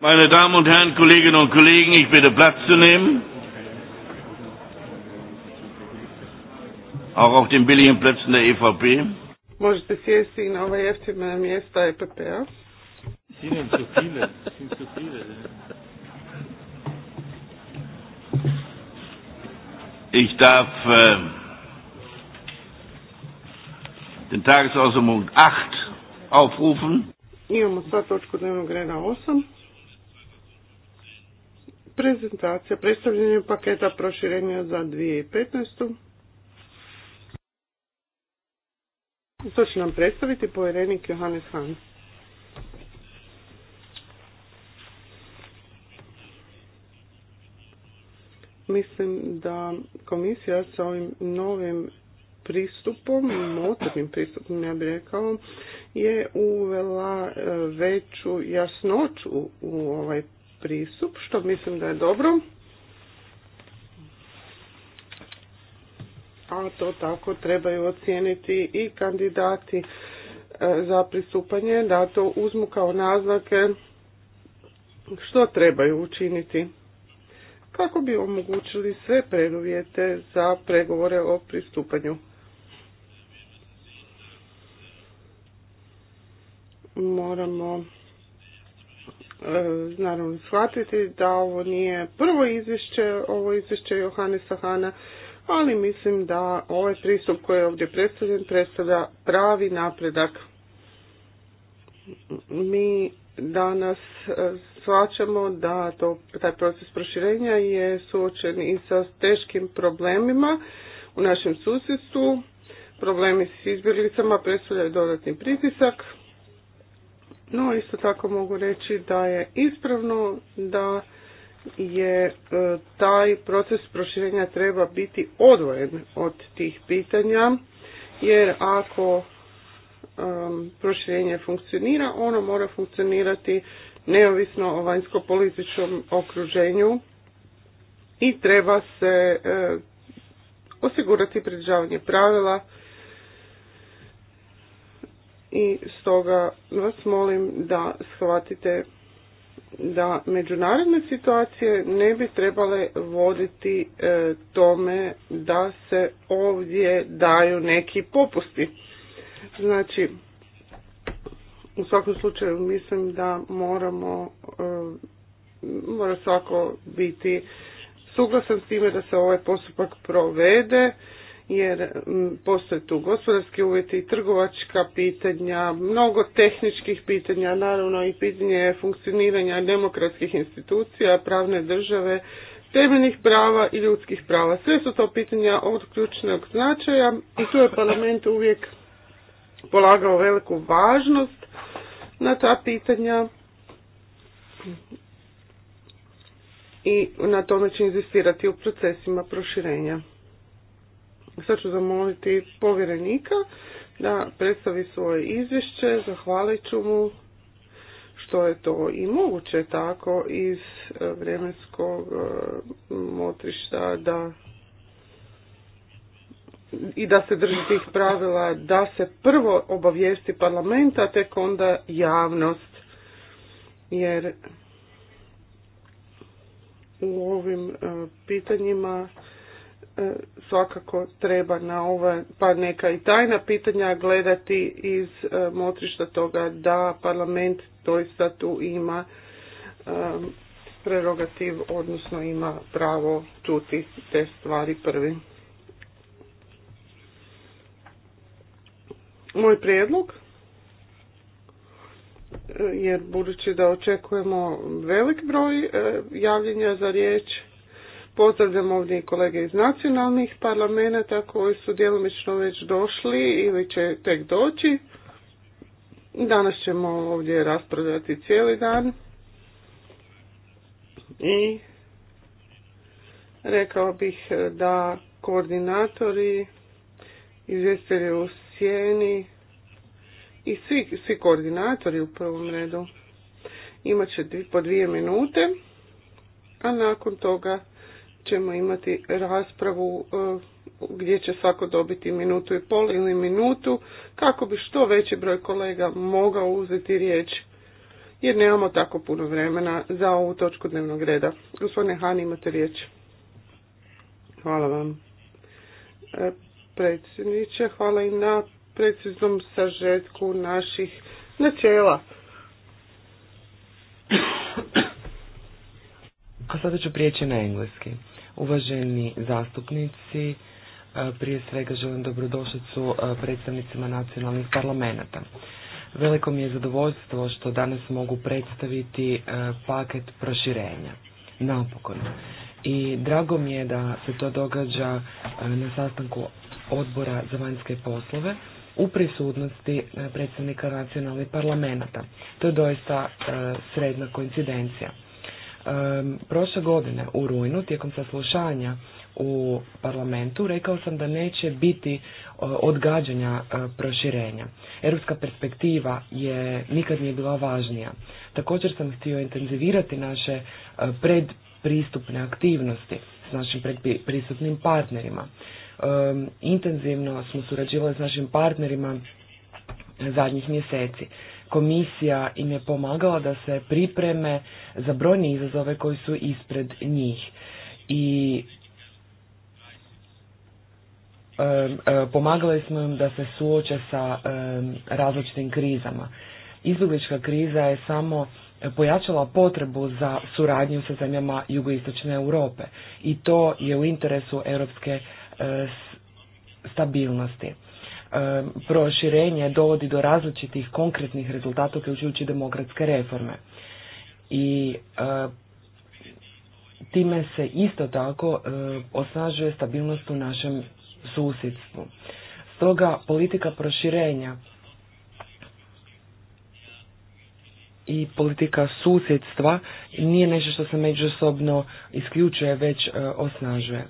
Meine Damen und Herren, Kolleginnen und Kollegen, ich bitte Platz zu nehmen. Auch auf den billigen Plätzen der EVP. Možete sjesti i na ova jeftina mjesta EPP-a. Sind zu viele, sind zu viele. Ich darf äh, den Tagesordnungspunkt 8 aufrufen. Imamo sad 8. Prezentacija predstavljanja paketa proširenja za 2015. To će nam predstaviti povjerenik Johannes Hahn. Mislim da komisija sa ovim novim pristupom, motornim pristupom, ja bih rekao, je uvela eh, veću jasnoću u ovaj pristup, što mislim da je dobro. A to tako trebaju ocijeniti i kandidati e, za pristupanje, da to uzmu kao naznake što trebaju učiniti kako bi omogućili sve preduvjete za pregovore o pristupanju. Moramo E, naravno shvatiti da ovo nije prvo izvješće, ovo izvješće Johanesa Hana, ali mislim da ovaj pristup koji je ovdje predstavljen predstavlja pravi napredak. Mi danas e, shvaćamo da to, taj proces proširenja je suočen i sa teškim problemima u našem susjedstvu. Problemi s izbjeglicama predstavljaju dodatni pritisak no, isto tako mogu reći da je ispravno da je e, taj proces proširenja treba biti odvojen od tih pitanja, jer ako proširenje funkcionira, ono mora funkcionirati neovisno o vanjsko-političkom okruženju i treba se e, osigurati pridržavanje pravila i stoga vas molim da shvatite da međunarodne situacije ne bi trebale voditi e, tome da se ovdje daju neki popusti. Znači, u svakom slučaju mislim da moramo, e, mora svako biti suglasan s time da se ovaj postupak provede jer postoje tu gospodarski uvjeti i trgovačka pitanja, mnogo tehničkih pitanja, naravno i pitanje funkcioniranja demokratskih institucija, pravne države, temeljnih prava i ljudskih prava. Sve su to pitanja od ključnog značaja i tu je parlament uvijek polagao veliku važnost na ta pitanja i na tome će inzistirati u procesima proširenja. Sad ću zamoliti povjerenika da predstavi svoje izvješće, zahvalit ću mu što je to i moguće tako iz e, vremenskog e, motrišta da i da se drži tih pravila da se prvo obavijesti parlamenta, tek onda javnost. Jer u ovim e, pitanjima E, svakako treba na ova pa neka i tajna pitanja gledati iz e, motrišta toga da parlament doista tu ima e, prerogativ, odnosno ima pravo čuti te stvari prvi. Moj prijedlog, jer budući da očekujemo velik broj javljenja za riječ, Pozdravljam ovdje i kolege iz nacionalnih parlamenta koji su djelomično već došli ili će tek doći. Danas ćemo ovdje raspravljati cijeli dan i rekao bih da koordinatori, izvjestitelji u sjeni i svi, svi koordinatori u prvom redu imat će po dvije minute, a nakon toga ćemo imati raspravu e, gdje će svako dobiti minutu i pol ili minutu kako bi što veći broj kolega mogao uzeti riječ jer nemamo tako puno vremena za ovu točku dnevnog reda. Gospodine Han, imate riječ. Hvala vam. E, predsjedniče, hvala i na preciznom sažetku naših načela. A sada ću prijeći na engleski. Uvaženi zastupnici, e, prije svega želim dobrodošlicu e, predstavnicima nacionalnih parlamenta. Veliko mi je zadovoljstvo što danas mogu predstaviti e, paket proširenja. Napokon. I drago mi je da se to događa na sastanku odbora za vanjske poslove u prisutnosti predstavnika nacionalnih parlamenta. To je doista sredna koincidencija prošle godine u rujnu tijekom saslušanja u parlamentu rekao sam da neće biti e, odgađanja e, proširenja. Europska perspektiva je nikad nije bila važnija. Također sam htio intenzivirati naše e, predpristupne aktivnosti s našim predpristupnim partnerima. Intenzivno smo surađivali s našim partnerima zadnjih mjeseci. Komisija im je pomagala da se pripreme za brojne izazove koji su ispred njih i e, pomagali smo im da se suoče sa različitim krizama. Izbjeglička kriza je samo pojačala potrebu za suradnju sa zemljama jugoistočne Europe i to je u interesu europske e, stabilnosti proširenje dovodi do različitih konkretnih rezultata uključujući demokratske reforme. I time se isto tako osnažuje stabilnost u našem susjedstvu. Stoga politika proširenja i politika susjedstva nije nešto što se međusobno isključuje, već osnažuje.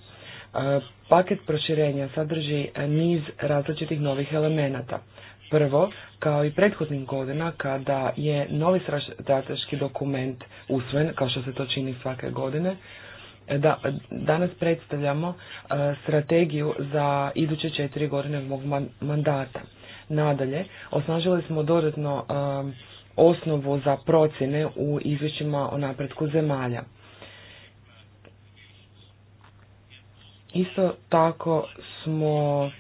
E, paket proširenja sadrži e, niz različitih novih elemenata. Prvo, kao i prethodnih godina kada je novi strateški dokument usvojen, kao što se to čini svake godine, e, da, danas predstavljamo strategiju za iduće četiri godine mog mandata. Nadalje, osnažili smo dodatno osnovu za procjene u izvješćima o napretku zemalja. Isto tako smo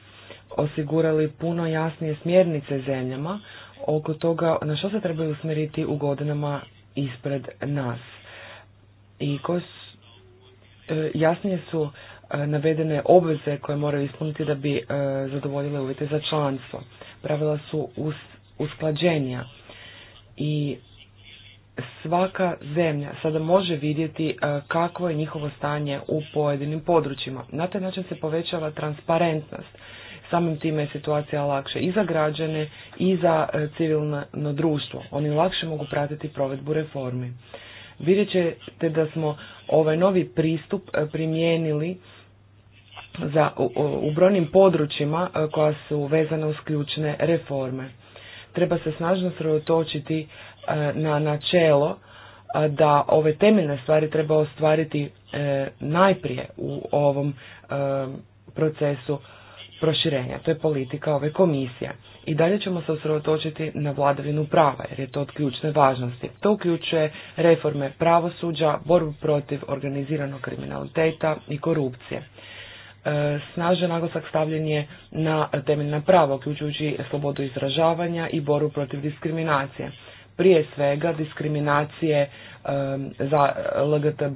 osigurali puno jasnije smjernice zemljama oko toga na što se trebaju usmjeriti u godinama ispred nas. I koje e, jasnije su e, navedene obveze koje moraju ispuniti da bi e, zadovoljile uvjete za članstvo. Pravila su usklađenja i svaka zemlja sada može vidjeti e, kakvo je njihovo stanje u pojedinim područjima. Na taj način se povećava transparentnost. Samim time je situacija lakše i za građane i za e, civilno društvo. Oni lakše mogu pratiti provedbu reformi. Vidjet ćete da smo ovaj novi pristup e, primijenili za, u, brojnim područjima koja su vezana uz ključne reforme. Treba se snažno sredotočiti E, na načelo e, da ove temeljne stvari treba ostvariti e, najprije u ovom procesu proširenja. To je politika ove komisije. I dalje ćemo se usredotočiti na vladavinu prava, jer je to od ključne važnosti. To uključuje reforme pravosuđa, borbu protiv organiziranog kriminaliteta i korupcije. Snažan naglasak stavljen je na temeljna prava, uključujući slobodu izražavanja i borbu protiv diskriminacije prije svega diskriminacije za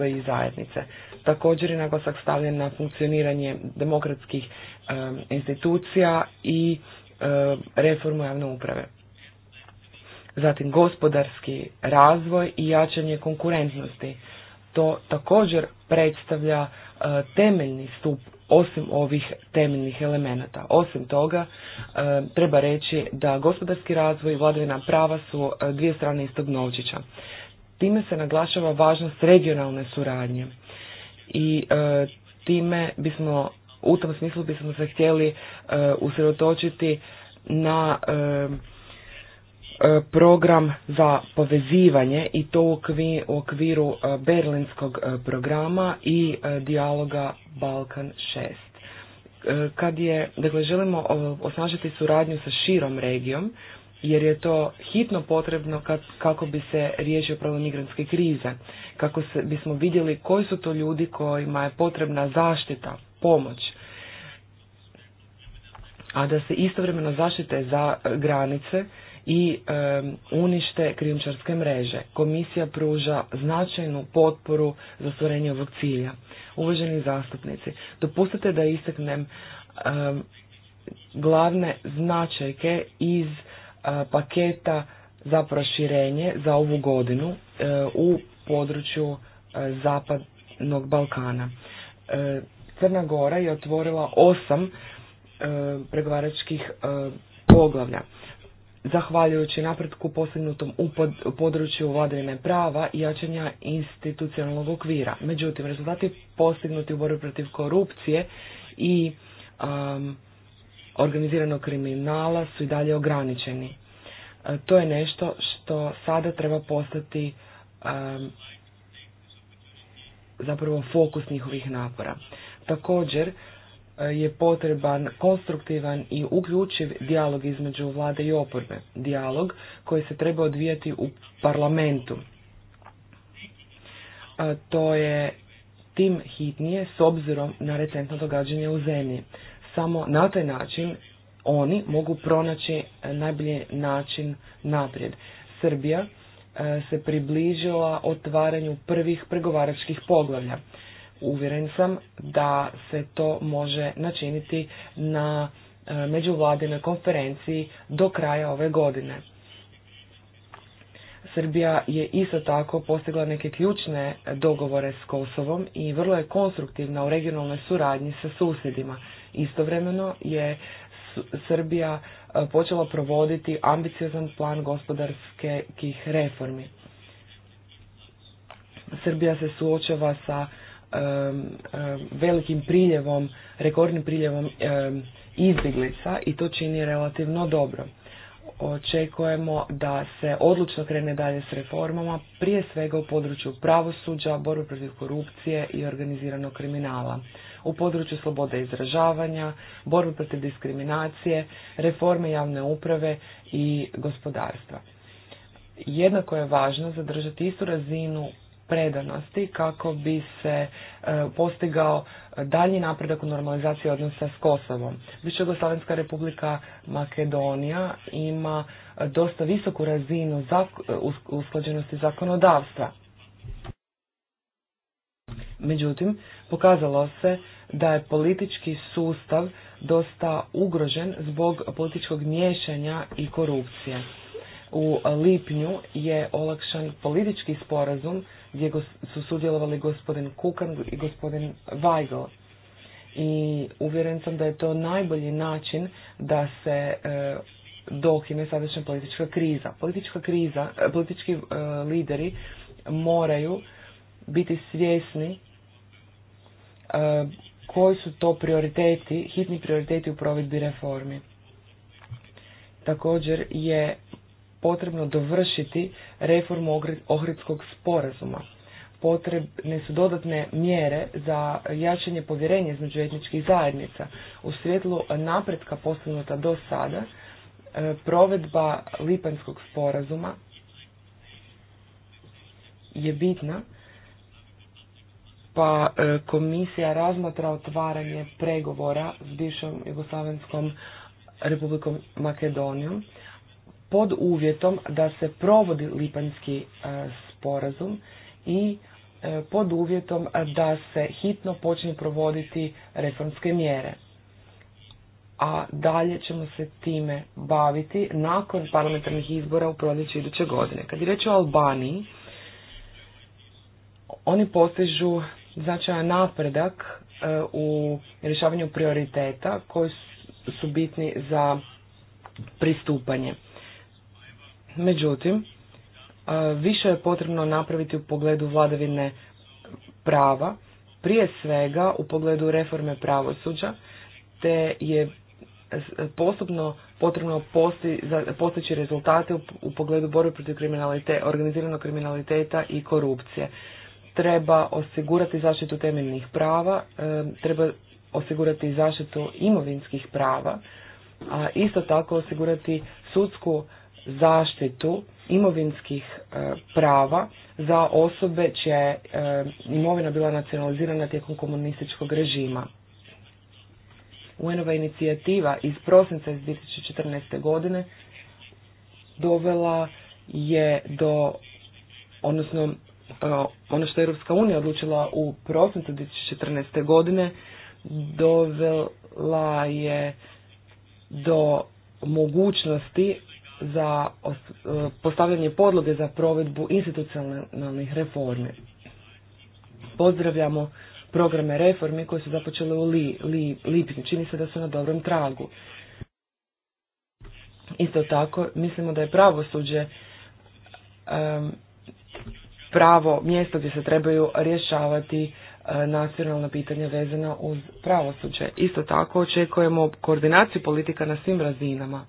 i zajednice. Također je naglasak stavljen na funkcioniranje demokratskih institucija i reformu javne uprave. Zatim gospodarski razvoj i jačanje konkurentnosti. To također predstavlja temeljni stup osim ovih temeljnih elemenata. Osim toga, e, treba reći da gospodarski razvoj i vladavina prava su e, dvije strane istog novčića. Time se naglašava važnost regionalne suradnje i e, time bismo, u tom smislu bismo se htjeli usredotočiti na E, program za povezivanje i to u okviru e, berlinskog e, programa i dijaloga Balkan 6. Kad je, dakle, želimo osnažiti suradnju sa širom regijom, jer je to hitno potrebno kako bi se riješio problem migrantske krize, kako se, bismo vidjeli koji su to ljudi kojima je potrebna zaštita, pomoć, a da se istovremeno zaštite za granice i unište krijumčarske mreže. Komisija pruža značajnu potporu za stvorenje ovog cilja. Uvaženi zastupnici, dopustite da istaknem glavne značajke iz paketa za proširenje za ovu godinu e, u području e, Zapadnog Balkana. E, Crna Gora je otvorila osam pregovaračkih poglavlja zahvaljujući napretku postignutom u području vladavine prava i jačanja institucionalnog okvira. Međutim, rezultati postignuti u borbi protiv korupcije i um, organiziranog kriminala su i dalje ograničeni. E, to je nešto što sada treba postati um, zapravo fokus njihovih napora. Također, Eh, je potreban konstruktivan i uključiv dijalog između vlade i oporbe. Dijalog koji se treba odvijati u parlamentu. Eh, to je tim hitnije s obzirom na recentno događanje u zemlji. Samo na taj način oni mogu pronaći eh, najbolji način naprijed. Srbija se približila otvaranju prvih pregovaračkih poglavlja. Uvjeren sam da se to može načiniti na e, međuvladinoj konferenciji do kraja ove godine. Srbija je isto tako postigla neke ključne dogovore s Kosovom i vrlo je konstruktivna u regionalnoj suradnji sa susjedima. Istovremeno je Srbija e, počela provoditi ambiciozan plan gospodarskih reformi. Srbija se suočava sa velikim priljevom, rekordnim priljevom izbjeglica i to čini relativno dobro. Očekujemo da se odlučno krene dalje s reformama, prije svega u području pravosuđa, borbe protiv korupcije i organiziranog kriminala. U području slobode izražavanja, borbe protiv diskriminacije, reforme javne uprave i gospodarstva. Jednako je važno zadržati istu razinu predanosti kako bi se e, postigao dalji napredak u normalizaciji odnosa s Kosovom. Višegoslavenska republika Makedonija ima dosta visoku razinu usklađenosti zakonodavstva. Međutim, pokazalo se da je politički sustav dosta ugrožen zbog političkog miješanja i korupcije. U lipnju je olakšan politički sporazum gdje su sudjelovali gospodin Kukan i gospodin Weigl. I uvjeren sam da je to najbolji način da se e, dohine sadašnja politička kriza. Politička kriza, e, politički e, lideri moraju biti svjesni e, koji su to prioriteti, hitni prioriteti u provedbi reformi. Također je potrebno dovršiti reformu Ohridskog sporazuma. Potrebne su dodatne mjere za jačanje povjerenja između etničkih zajednica. U svjetlu napretka postignuta do sada, e, provedba Lipanskog sporazuma je bitna, pa e, komisija razmatra otvaranje pregovora s bivšom Jugoslavenskom republikom Makedonijom, pod uvjetom da se provodi lipanski e, sporazum i e, pod uvjetom e, da se hitno počne provoditi reformske mjere. A dalje ćemo se time baviti nakon parlamentarnih izbora u proljeću iduće godine. Kad je reč o Albaniji, oni postižu značajan napredak u rješavanju prioriteta koji su bitni za pristupanje. Međutim, e, više je potrebno napraviti u pogledu vladavine prava, prije svega u pogledu reforme pravosuđa, te je postupno potrebno postići rezultate u, pogledu borbe protiv kriminaliteta, organiziranog kriminaliteta i korupcije. Treba osigurati zaštitu temeljnih prava, e, treba osigurati zaštitu imovinskih prava, a isto tako osigurati sudsku zaštitu imovinskih e, prava za osobe čija je e, imovina bila nacionalizirana tijekom komunističkog režima. UN-ova inicijativa iz prosinca iz 2014. godine dovela je do, odnosno e, ono što je Europska unija odlučila u prosincu 2014. godine dovela je do mogućnosti za e, postavljanje podloge za provedbu institucionalnih reformi. Pozdravljamo programe reformi koje su započele u li, li, lipnju. Čini se da su na dobrom tragu. Isto tako, mislimo da je pravosuđe um, pravo mjesto gdje se trebaju rješavati e, nacionalna pitanja vezana uz pravosuđe. Isto tako očekujemo koordinaciju politika na svim razinama.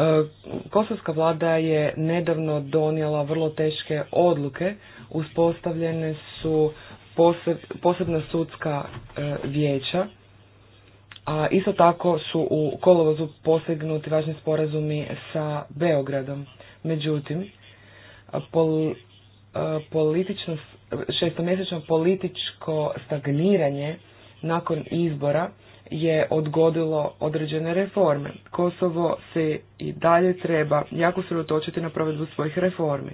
E, kosovska vlada je nedavno donijela vrlo teške odluke, uspostavljene su posebna sudska e, vijeća, a isto tako su u kolovozu posegnuti važni sporazumi sa Beogradom. Međutim, pol, e, politično, šestomjesečno političko stagniranje nakon izbora je odgodilo određene reforme. Kosovo se i dalje treba jako se na provedbu svojih reformi.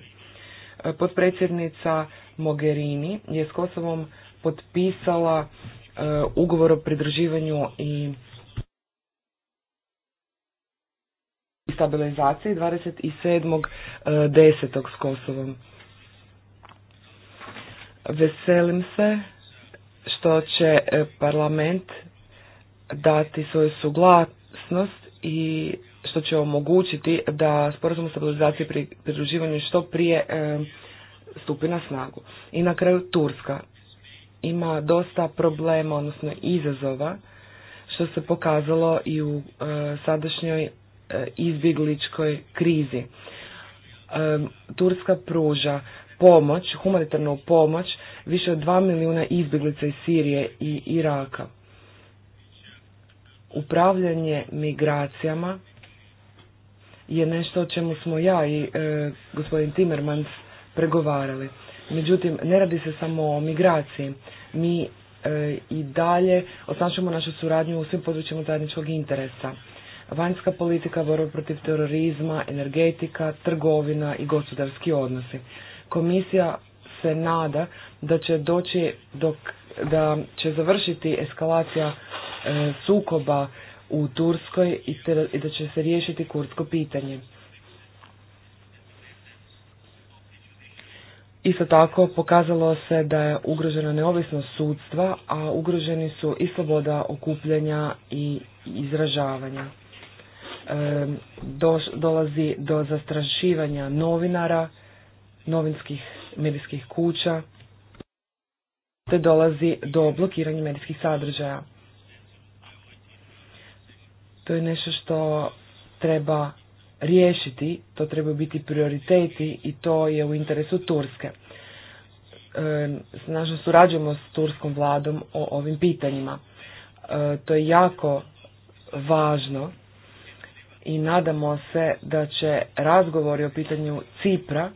E, potpredsjednica Mogherini je s Kosovom potpisala e, ugovor o pridrživanju i stabilizaciji 27.10. E, s Kosovom. Veselim se što će parlament dati svoju suglasnost i što će omogućiti da sporazum o stabilizaciji pri pridruživanju što prije e, stupi na snagu. I na kraju Turska ima dosta problema, odnosno izazova, što se pokazalo i u e, sadašnjoj e, izbjegličkoj krizi. Turska pruža pomoć, humanitarnu pomoć, više od 2 milijuna izbjeglica iz Sirije i Iraka upravljanje migracijama je nešto o čemu smo ja i e, gospodin Timmermans pregovarali. Međutim, ne radi se samo o migraciji. Mi e, i dalje osnačujemo našu suradnju u svim područjima zajedničkog interesa. Vanjska politika, borba protiv terorizma, energetika, trgovina i gospodarski odnosi. Komisija se nada da će doći dok da će završiti eskalacija E, sukoba u Turskoj i, da će se riješiti kurtsko pitanje. Isto tako pokazalo se da je ugrožena neovisnost sudstva, a ugroženi su i sloboda okupljanja i izražavanja. E, dolazi do zastrašivanja novinara, novinskih medijskih kuća, te dolazi do blokiranja medijskih sadržaja. To je nešto što treba riješiti, to treba biti prioriteti i to je u interesu Turske. Snažno surađujemo s turskom vladom o ovim pitanjima. E, to je jako važno i nadamo se da će razgovori o pitanju Cipra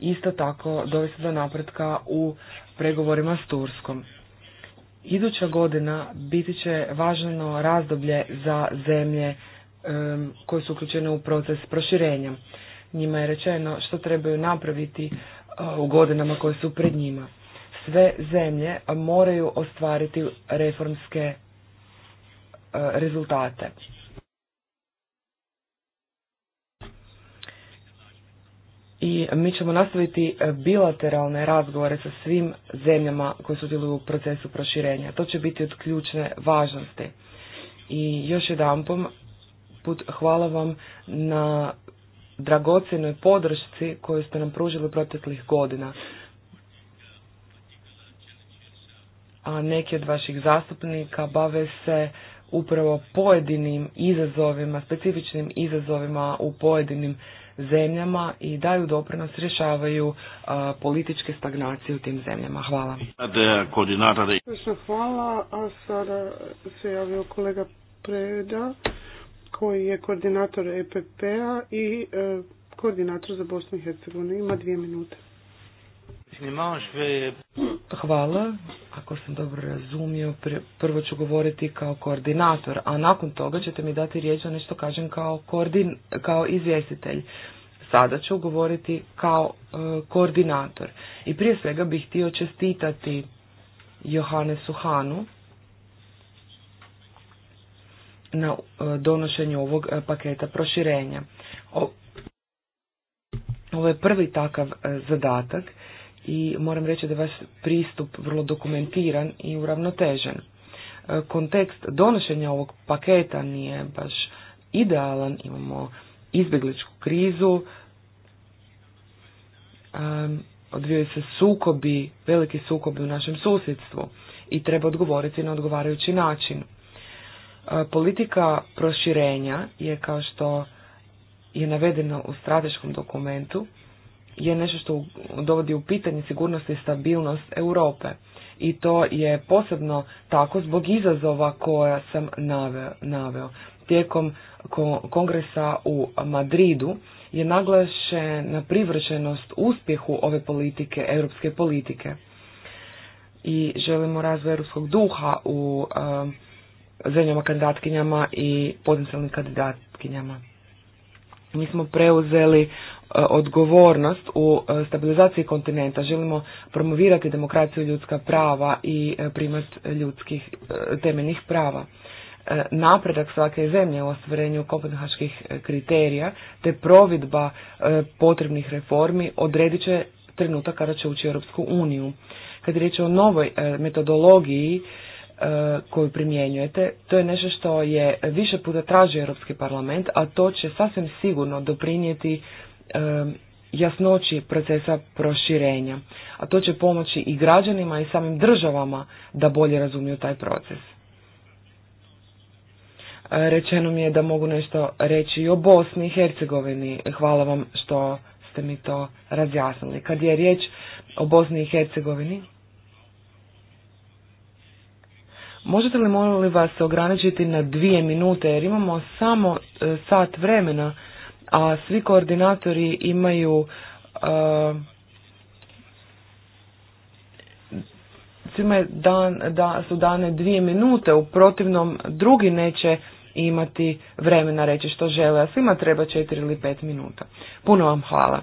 isto tako dovesti do napretka u pregovorima s Turskom. Iduća godina biti će važno razdoblje za zemlje koje su uključene u proces proširenja. Njima je rečeno što trebaju napraviti e, u godinama koje su pred njima. Sve zemlje moraju ostvariti reformske e, rezultate. i mi ćemo nastaviti e, bilateralne razgovore sa svim zemljama koje sudjeluju u procesu proširenja. To će biti od ključne važnosti. I još jedan put hvala vam na dragocjenoj podršci koju ste nam pružili proteklih godina. A neki od vaših zastupnika bave se upravo pojedinim izazovima, specifičnim izazovima u pojedinim zemljama i daju doprinos rješavaju političke stagnacije u tim zemljama. Hvala. Hvala, a sada se javio kolega Preda koji je koordinator EPP-a i e, koordinator za Bosnu i Ima dvije minute. Hvala. Ako sam dobro razumio, prvo ću govoriti kao koordinator, a nakon toga ćete mi dati riječ da nešto kažem kao, koordin, kao izvjestitelj. Sada ću govoriti kao e, koordinator. I prije svega bih htio čestitati Johane Suhanu na e, donošenju ovog e, paketa proširenja. O, ovo je prvi takav zadatak i moram reći da je vaš pristup vrlo dokumentiran i uravnotežen. E, kontekst donošenja ovog paketa nije baš idealan, imamo izbjegličku krizu, e, odvijaju se sukobi, veliki sukobi u našem susjedstvu i treba odgovoriti na odgovarajući način. E, politika proširenja je kao što je navedeno u strateškom dokumentu, je nešto što dovodi u pitanje sigurnost i stabilnost Europe. I to je posebno tako zbog izazova koja sam naveo. Tijekom kongresa u Madridu je naglašena privršenost uspjehu ove politike, europske politike. I želimo razvoj europskog duha u um, zemljama kandidatkinjama i potencijalnim kandidatkinjama. Mi smo preuzeli E, odgovornost u e, stabilizaciji kontinenta. Želimo promovirati demokraciju ljudska prava i e, primat ljudskih temeljnih prava. Napredak svake zemlje u ostvarenju kopenhaških kriterija te providba potrebnih reformi odredit će trenutak kada će ući u Europsku uniju. Kad je riječ o novoj metodologiji koju primjenjujete, to je nešto što je više puta tražio Europski parlament, a to će sasvim sigurno doprinijeti jasnoći procesa proširenja. A to će pomoći i građanima i samim državama da bolje razumiju taj proces. E, rečeno mi je da mogu nešto reći i o Bosni i Hercegovini. Hvala vam što ste mi to razjasnili. Kad je riječ o Bosni i Hercegovini, možete li molim vas ograničiti na dvije minute jer imamo samo e, sat vremena a svi koordinatori imaju uh, svima dan, da, su dane dvije minute, u protivnom drugi neće imati vremena reći što žele, a svima treba četiri ili pet minuta. Puno vam hvala.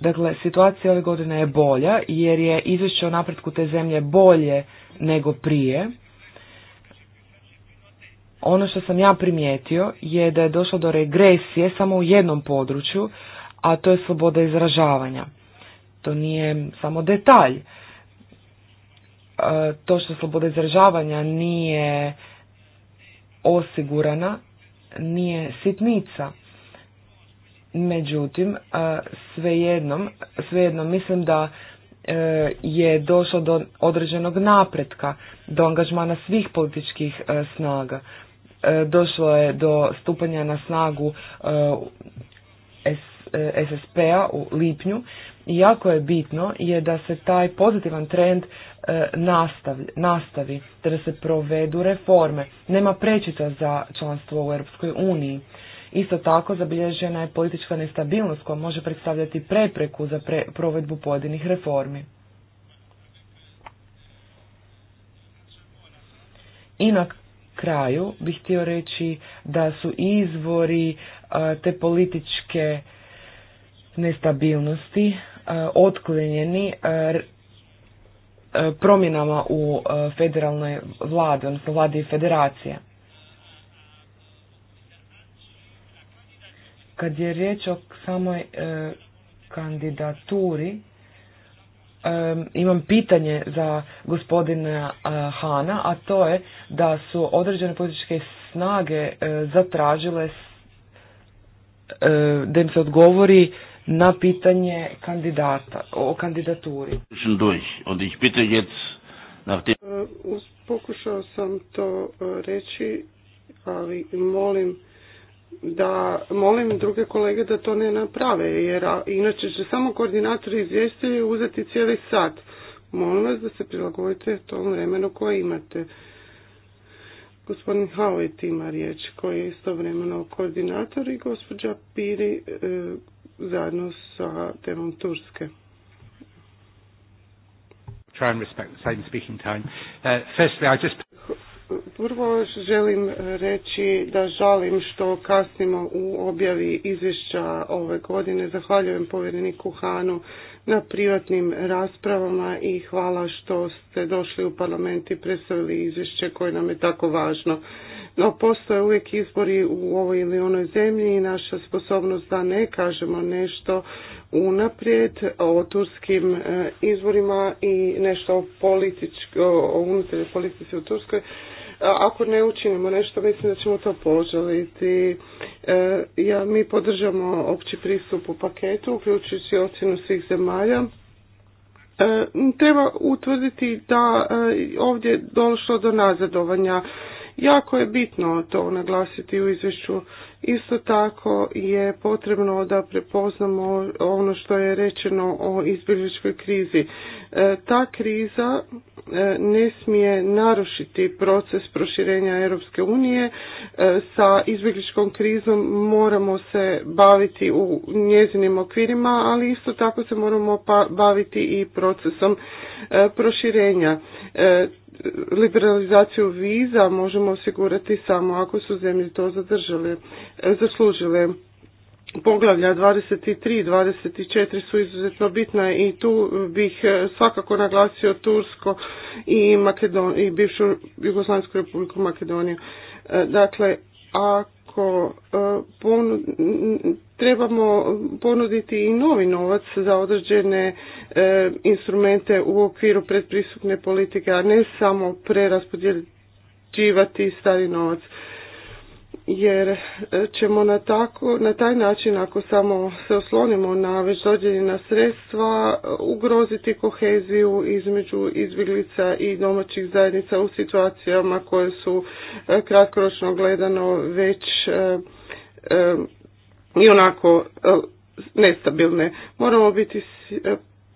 Dakle, situacija ove godine je bolja jer je izvješće o napretku te zemlje bolje nego prije. Ono što sam ja primijetio je da je došlo do regresije samo u jednom području, a to je sloboda izražavanja. To nije samo detalj. E, to što sloboda izražavanja nije osigurana, nije sitnica. Međutim, e, svejedno svejednom mislim da e, je došlo do određenog napretka, do angažmana svih političkih snaga. E, došlo je do stupanja na snagu e, SSP-a e, u lipnju i jako je bitno je da se taj pozitivan trend nastavi, te da se provedu reforme. Nema prečita za članstvo u Europskoj uniji. Isto tako zabilježena je politička nestabilnost koja može predstavljati prepreku za pre provedbu pojedinih reformi. I kraju bih htio reći da su izvori e, te političke nestabilnosti e, otklonjeni e, promjenama u federalnoj vladi, odnosno vladi federacije. Kad je riječ o samoj kandidaturi, imam pitanje za gospodina Hana, a to je da su određene političke snage e, zatražile e, da im se odgovori na pitanje kandidata, o kandidaturi. E, pokušao sam to reći, ali molim da molim druge kolege da to ne naprave, jer inače će samo koordinator izvijestili uzeti cijeli sat. Molim vas da se prilagodite tom vremenu koje imate. Gospodin Halit ima riječ koji je istovremeno koordinator i gospođa Piri e, zajedno sa temom Turske. Try respect the speaking time. Uh, firstly, I just Prvo želim reći da žalim što kasnimo u objavi izvješća ove godine. Zahvaljujem povjereniku Hanu na privatnim raspravama i hvala što ste došli u parlament i predstavili izvješće koje nam je tako važno. No, postoje uvijek izbori u ovoj ili onoj zemlji i naša sposobnost da ne kažemo nešto unaprijed o turskim e, izborima i nešto o, političko, o unutarnjoj politici u Turskoj ako ne učinimo nešto, mislim da ćemo to požaliti. E, ja, mi podržamo opći pristup u paketu, uključujući ocjenu svih zemalja. E, treba utvrditi da e, ovdje došlo do nazadovanja. Jako je bitno to naglasiti u izvješću Isto tako je potrebno da prepoznamo ono što je rečeno o izbjegličkoj krizi. E, ta kriza e, ne smije narušiti proces proširenja Europske unije. E, sa izbjegličkom krizom moramo se baviti u njezinim okvirima, ali isto tako se moramo pa-, baviti i procesom proširenja liberalizaciju viza možemo osigurati samo ako su zemlje to zadržale, e, zaslužile. Poglavlja 23 i 24 su izuzetno bitna i tu bih e, svakako naglasio Tursko i, Makedon, i bivšu Jugoslavijsku republiku Makedoniju. E, dakle, ako ako e, trebamo ponuditi i novi novac za određene e, instrumente u okviru predpristupne politike, a ne samo preraspodjeljivati stari novac jer e, ćemo na, tako, na taj način ako samo se oslonimo na već dodijeljena sredstva ugroziti koheziju između izbjeglica i domaćih zajednica u situacijama koje su e, kratkoročno gledano već e, i onako nestabilne. Moramo biti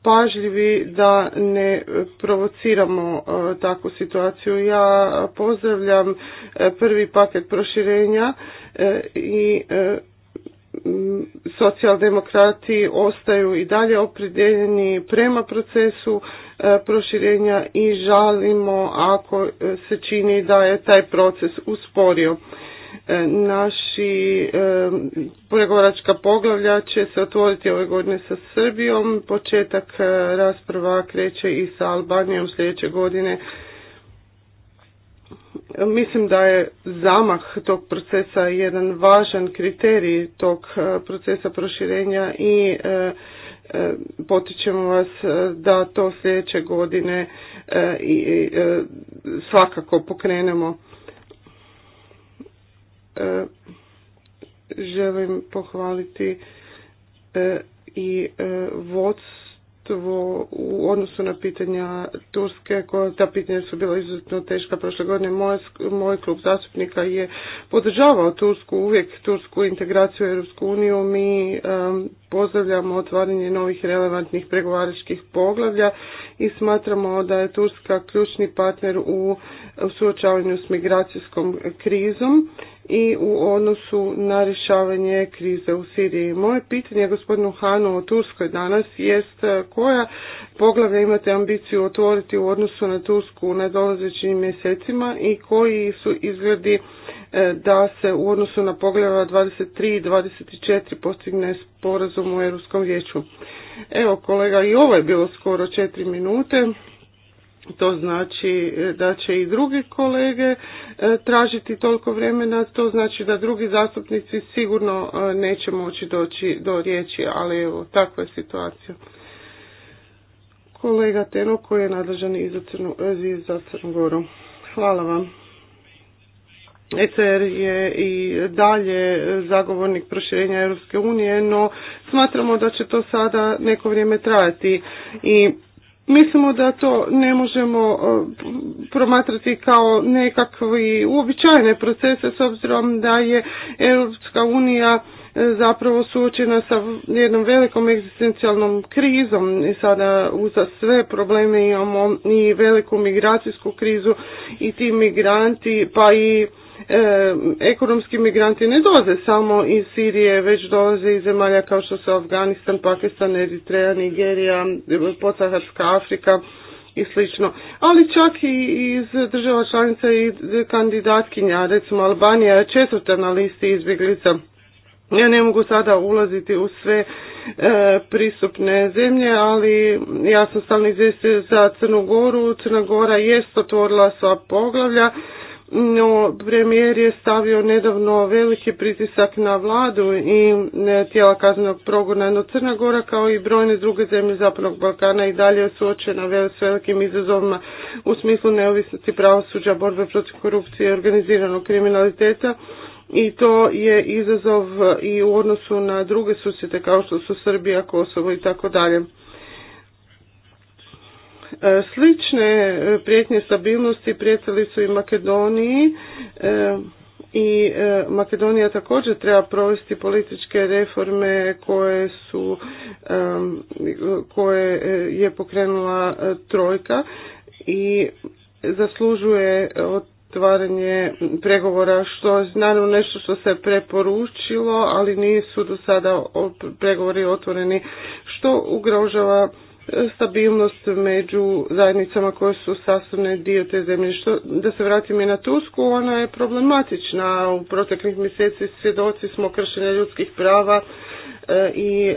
pažljivi da ne provociramo e, takvu situaciju. Ja pozdravljam e, prvi paket proširenja e, i socijaldemokrati ostaju i dalje opredeljeni prema procesu proširenja i žalimo ako se čini da je taj proces usporio. E, naši e, pregovaračka poglavlja će se otvoriti ove godine sa Srbijom. Početak e, rasprava kreće i sa Albanijom sljedeće godine. Mislim da je zamah tog procesa jedan važan kriterij tog procesa proširenja i potičemo vas da to sljedeće godine svakako pokrenemo. E, želim pohvaliti e, i e, vodstvo u odnosu na pitanja Turske, koja, ta pitanja su bila izuzetno teška prošle godine. Moj, klub zastupnika je podržavao Tursku, uvijek Tursku integraciju u Europsku uniju. Mi pozdravljamo otvaranje novih relevantnih pregovaračkih poglavlja i smatramo da je Turska ključni partner u suočavanju s migracijskom krizom i u odnosu na rješavanje krize u Siriji. Moje pitanje gospodinu Hanu o Turskoj danas jest e, koja poglavlja imate ambiciju otvoriti u odnosu na Tursku u nadolazećim mjesecima i koji su izgledi e, da se u odnosu na poglavlja 23 i 24 postigne sporazum u Europskom vijeću. Evo kolega i ovo je bilo skoro četiri minute to znači e, da će i drugi kolege e, tražiti toliko vremena, to znači da drugi zastupnici sigurno e, neće moći doći do riječi, ali evo, takva je situacija. Kolega Teno koji je nadležan i za, Crnu, Hvala vam. ECR je i dalje zagovornik proširenja Europske unije, no smatramo da će to sada neko vrijeme trajati i Mislimo da to ne možemo e, promatrati kao nekakvi uobičajene procese s obzirom da je Europska unija e, zapravo suočena sa jednom velikom egzistencijalnom krizom i sada uza sve probleme imamo i veliku migracijsku krizu i ti migranti pa i E, ekonomski migranti ne dolaze samo iz Sirije, već dolaze iz zemalja kao što su Afganistan, Pakistan, Eritreja, Nigerija, Podsaharska Afrika i slično. Ali čak i iz država članica i kandidatkinja, recimo Albanija je četvrta na listi izbjeglica. Ja ne mogu sada ulaziti u sve e, zemlje, ali ja sam stalni izvestio za Crnu Goru. Crna Gora jest otvorila sva poglavlja no premijer je stavio nedavno veliki pritisak na vladu i e, tijela kaznenog progona, no Crna Gora kao i brojne druge zemlje Zapadnog Balkana i dalje je suočena s velikim izazovima u smislu neovisnosti pravosuđa, borbe protiv korupcije i organiziranog kriminaliteta i to je izazov i u odnosu na druge susjede kao što su Srbija, Kosovo i tako dalje. E, slične e, prijetnje stabilnosti prijetili su i Makedoniji e, i Makedonija također treba provesti političke reforme koje su koje je pokrenula trojka i zaslužuje otvaranje pregovora što je naravno nešto što se preporučilo, ali nisu do sada pregovori otvoreni što ugrožava stabilnost među zajednicama koje su sastavne dio te zemlje. Što, da se vratim i na Tursku, ona je problematična. U proteklih mjeseci svjedoci smo kršenja ljudskih prava e, i e,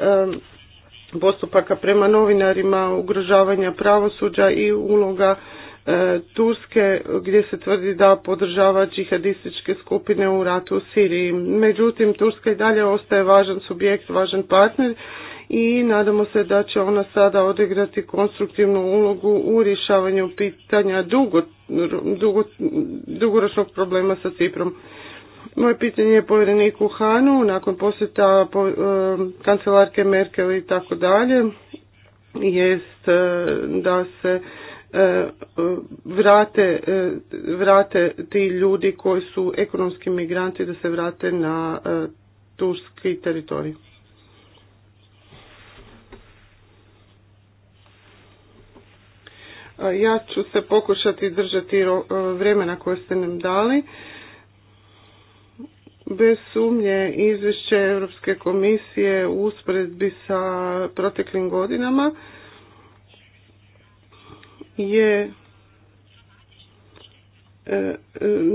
postupaka prema novinarima, ugrožavanja pravosuđa i uloga e, Turske gdje se tvrdi da podržava džihadističke skupine u ratu u Siriji. Međutim, Turska i dalje ostaje važan subjekt, važan partner i nadamo se da će ona sada odigrati konstruktivnu ulogu u rješavanju pitanja dugo, dugoročnog problema sa Ciprom. Moje pitanje je povjereniku Hanu nakon posjeta e, kancelarke Merkel i tako dalje jest e, da se e, vrate, vrate ti ljudi koji su ekonomski migranti da se vrate na turski teritorij. Ja ću se pokušati držati e, vremena koje ste nam dali. Bez sumnje izvješće Europske komisije u usporedbi sa proteklim godinama je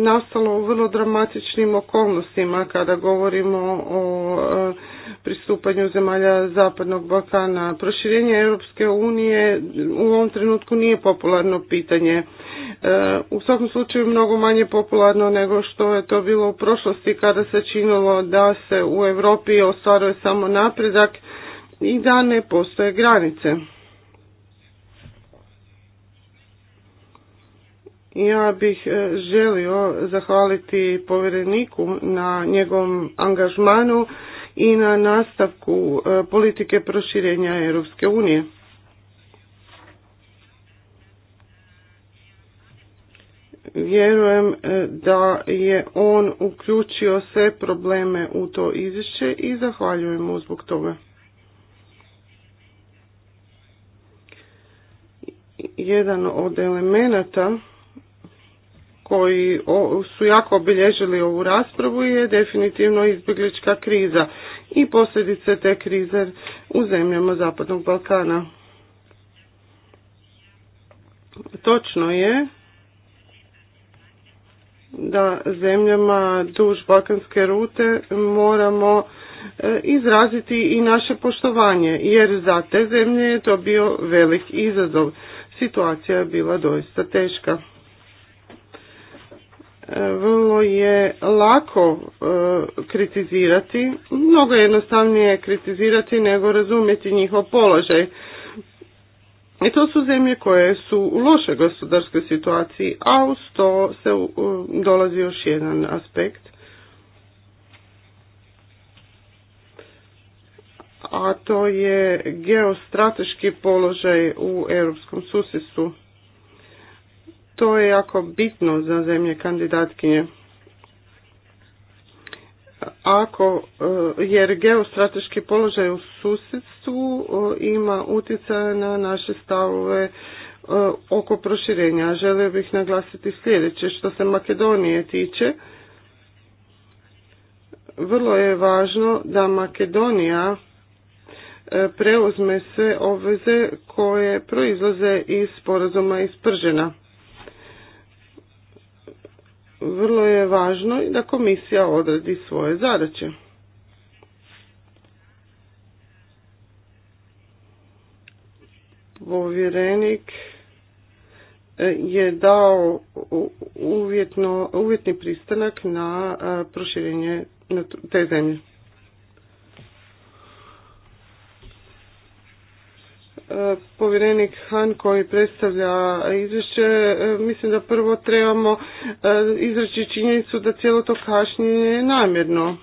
nastalo u vrlo dramatičnim okolnostima kada govorimo o e, pristupanju zemalja Zapadnog Balkana. Proširenje Europske unije u ovom trenutku nije popularno pitanje. E, u svakom slučaju mnogo manje popularno nego što je to bilo u prošlosti kada se činilo da se u Europi ostvaruje samo napredak i da ne postoje granice. Ja bih e, želio zahvaliti povjereniku na njegovom angažmanu i na nastavku e, politike proširenja Europske unije. Vjerujem e, da je on uključio sve probleme u to izvješće i zahvaljujem mu zbog toga. Jedan od elemenata koji su jako obilježili ovu raspravu je definitivno izbjeglička kriza i posljedice te krize u zemljama Zapadnog Balkana. Točno je da zemljama duž balkanske rute moramo e, izraziti i naše poštovanje, jer za te zemlje je to bio velik izazov. Situacija je bila doista teška vrlo je lako e, kritizirati, mnogo jednostavnije kritizirati nego razumjeti njihov položaj. I to su zemlje koje su u lošoj gospodarskoj situaciji, a uz to se dolazi još jedan aspekt. A to je geostrateški položaj u europskom susjedstvu. To je jako bitno za zemlje kandidatkinje. Ako, e, jer geostrateški položaj u susjedstvu e, ima utjecaja na naše stavove e, oko proširenja. Želio bih naglasiti sljedeće. Što se Makedonije tiče, vrlo je važno da Makedonija preuzme sve obveze koje proizlaze iz sporazuma iz Pržena vrlo je važno i da komisija odradi svoje zadaće. Povjerenik e, je dao uvjetno, uvjetni pristanak na e, proširenje te zemlje. povjerenik Han koji predstavlja izvješće, e, mislim da prvo trebamo e, izreći činjenicu da cijelo to kašnjenje je namjerno.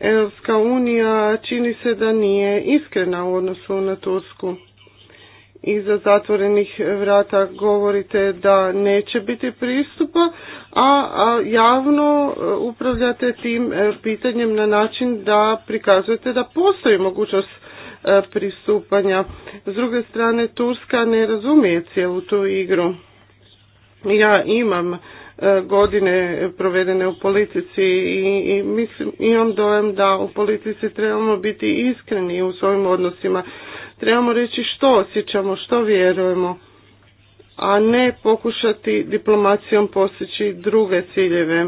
Europska unija čini se da nije iskrena u odnosu na Tursku. Iza zatvorenih vrata govorite da neće biti pristupa, a javno e, upravljate tim pitanjem na način da prikazujete da postoji mogućnost E, pristupanja. S druge strane, Turska ne razumije cijelu tu igru. Ja imam e, godine provedene u politici i, i mislim, imam dojam da u politici trebamo biti iskreni u svojim odnosima. Trebamo reći što osjećamo, što vjerujemo, a ne pokušati diplomacijom postići druge ciljeve.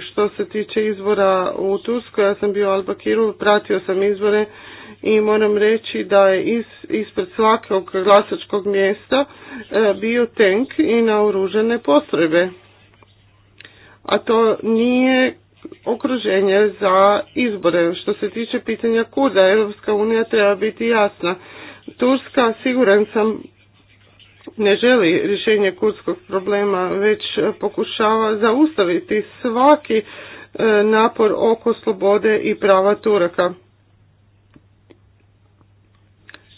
Što se tiče izbora u Tursku, ja sam bio u Albakiru, pratio sam izbore i moram reći da je ispred svakog glasačkog mjesta e, bio tank i naoružene postrojbe. A to nije okruženje za izbore. Što se tiče pitanja kuda, Europska unija treba biti jasna. Turska, siguran sam, ne želi rješenje kurdskog problema, već pokušava zaustaviti svaki e, napor oko slobode i prava Turaka.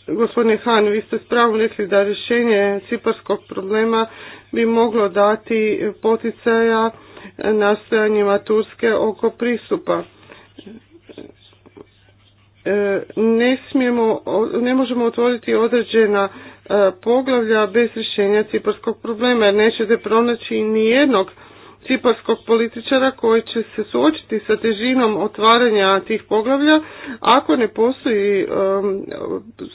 Gospodine Han, vi ste spravo rekli da rješenje ciparskog problema bi moglo dati poticaja nastojanjima Turske oko pristupa. E, ne, smijemo, ne možemo otvoriti određena E, poglavlja bez rješenja ciparskog problema jer nećete pronaći ni jednog ciparskog političara koji će se suočiti sa težinom otvaranja tih poglavlja ako ne postoji e,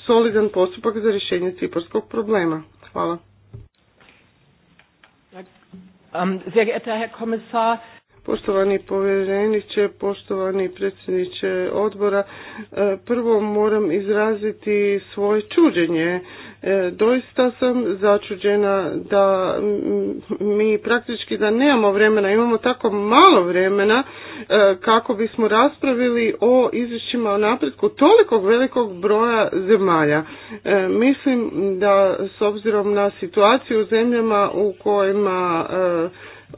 solidan postupak za rješenje ciparskog problema. Hvala. Um, sehr geehrter Herr Kommissar, Poštovani povjereniče, poštovani predsjedniče odbora, e, prvo moram izraziti svoje čuđenje. E, doista sam začuđena da mi praktički da nemamo vremena, imamo tako malo vremena e, kako bismo raspravili o izvješćima o napretku tolikog velikog broja zemalja. Mislim da s obzirom na situaciju u zemljama u kojima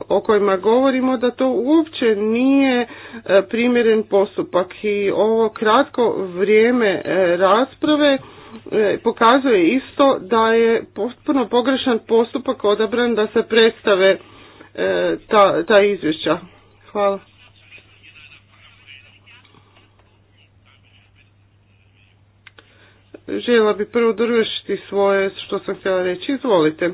o kojima govorimo da to uopće nije e, primjeren postupak i ovo kratko vrijeme e, rasprave e, pokazuje isto da je potpuno pogrešan postupak odabran da se predstave ta, ta izvješća. Hvala. željela bi prvo dovršiti svoje što sam htjela reći. Izvolite.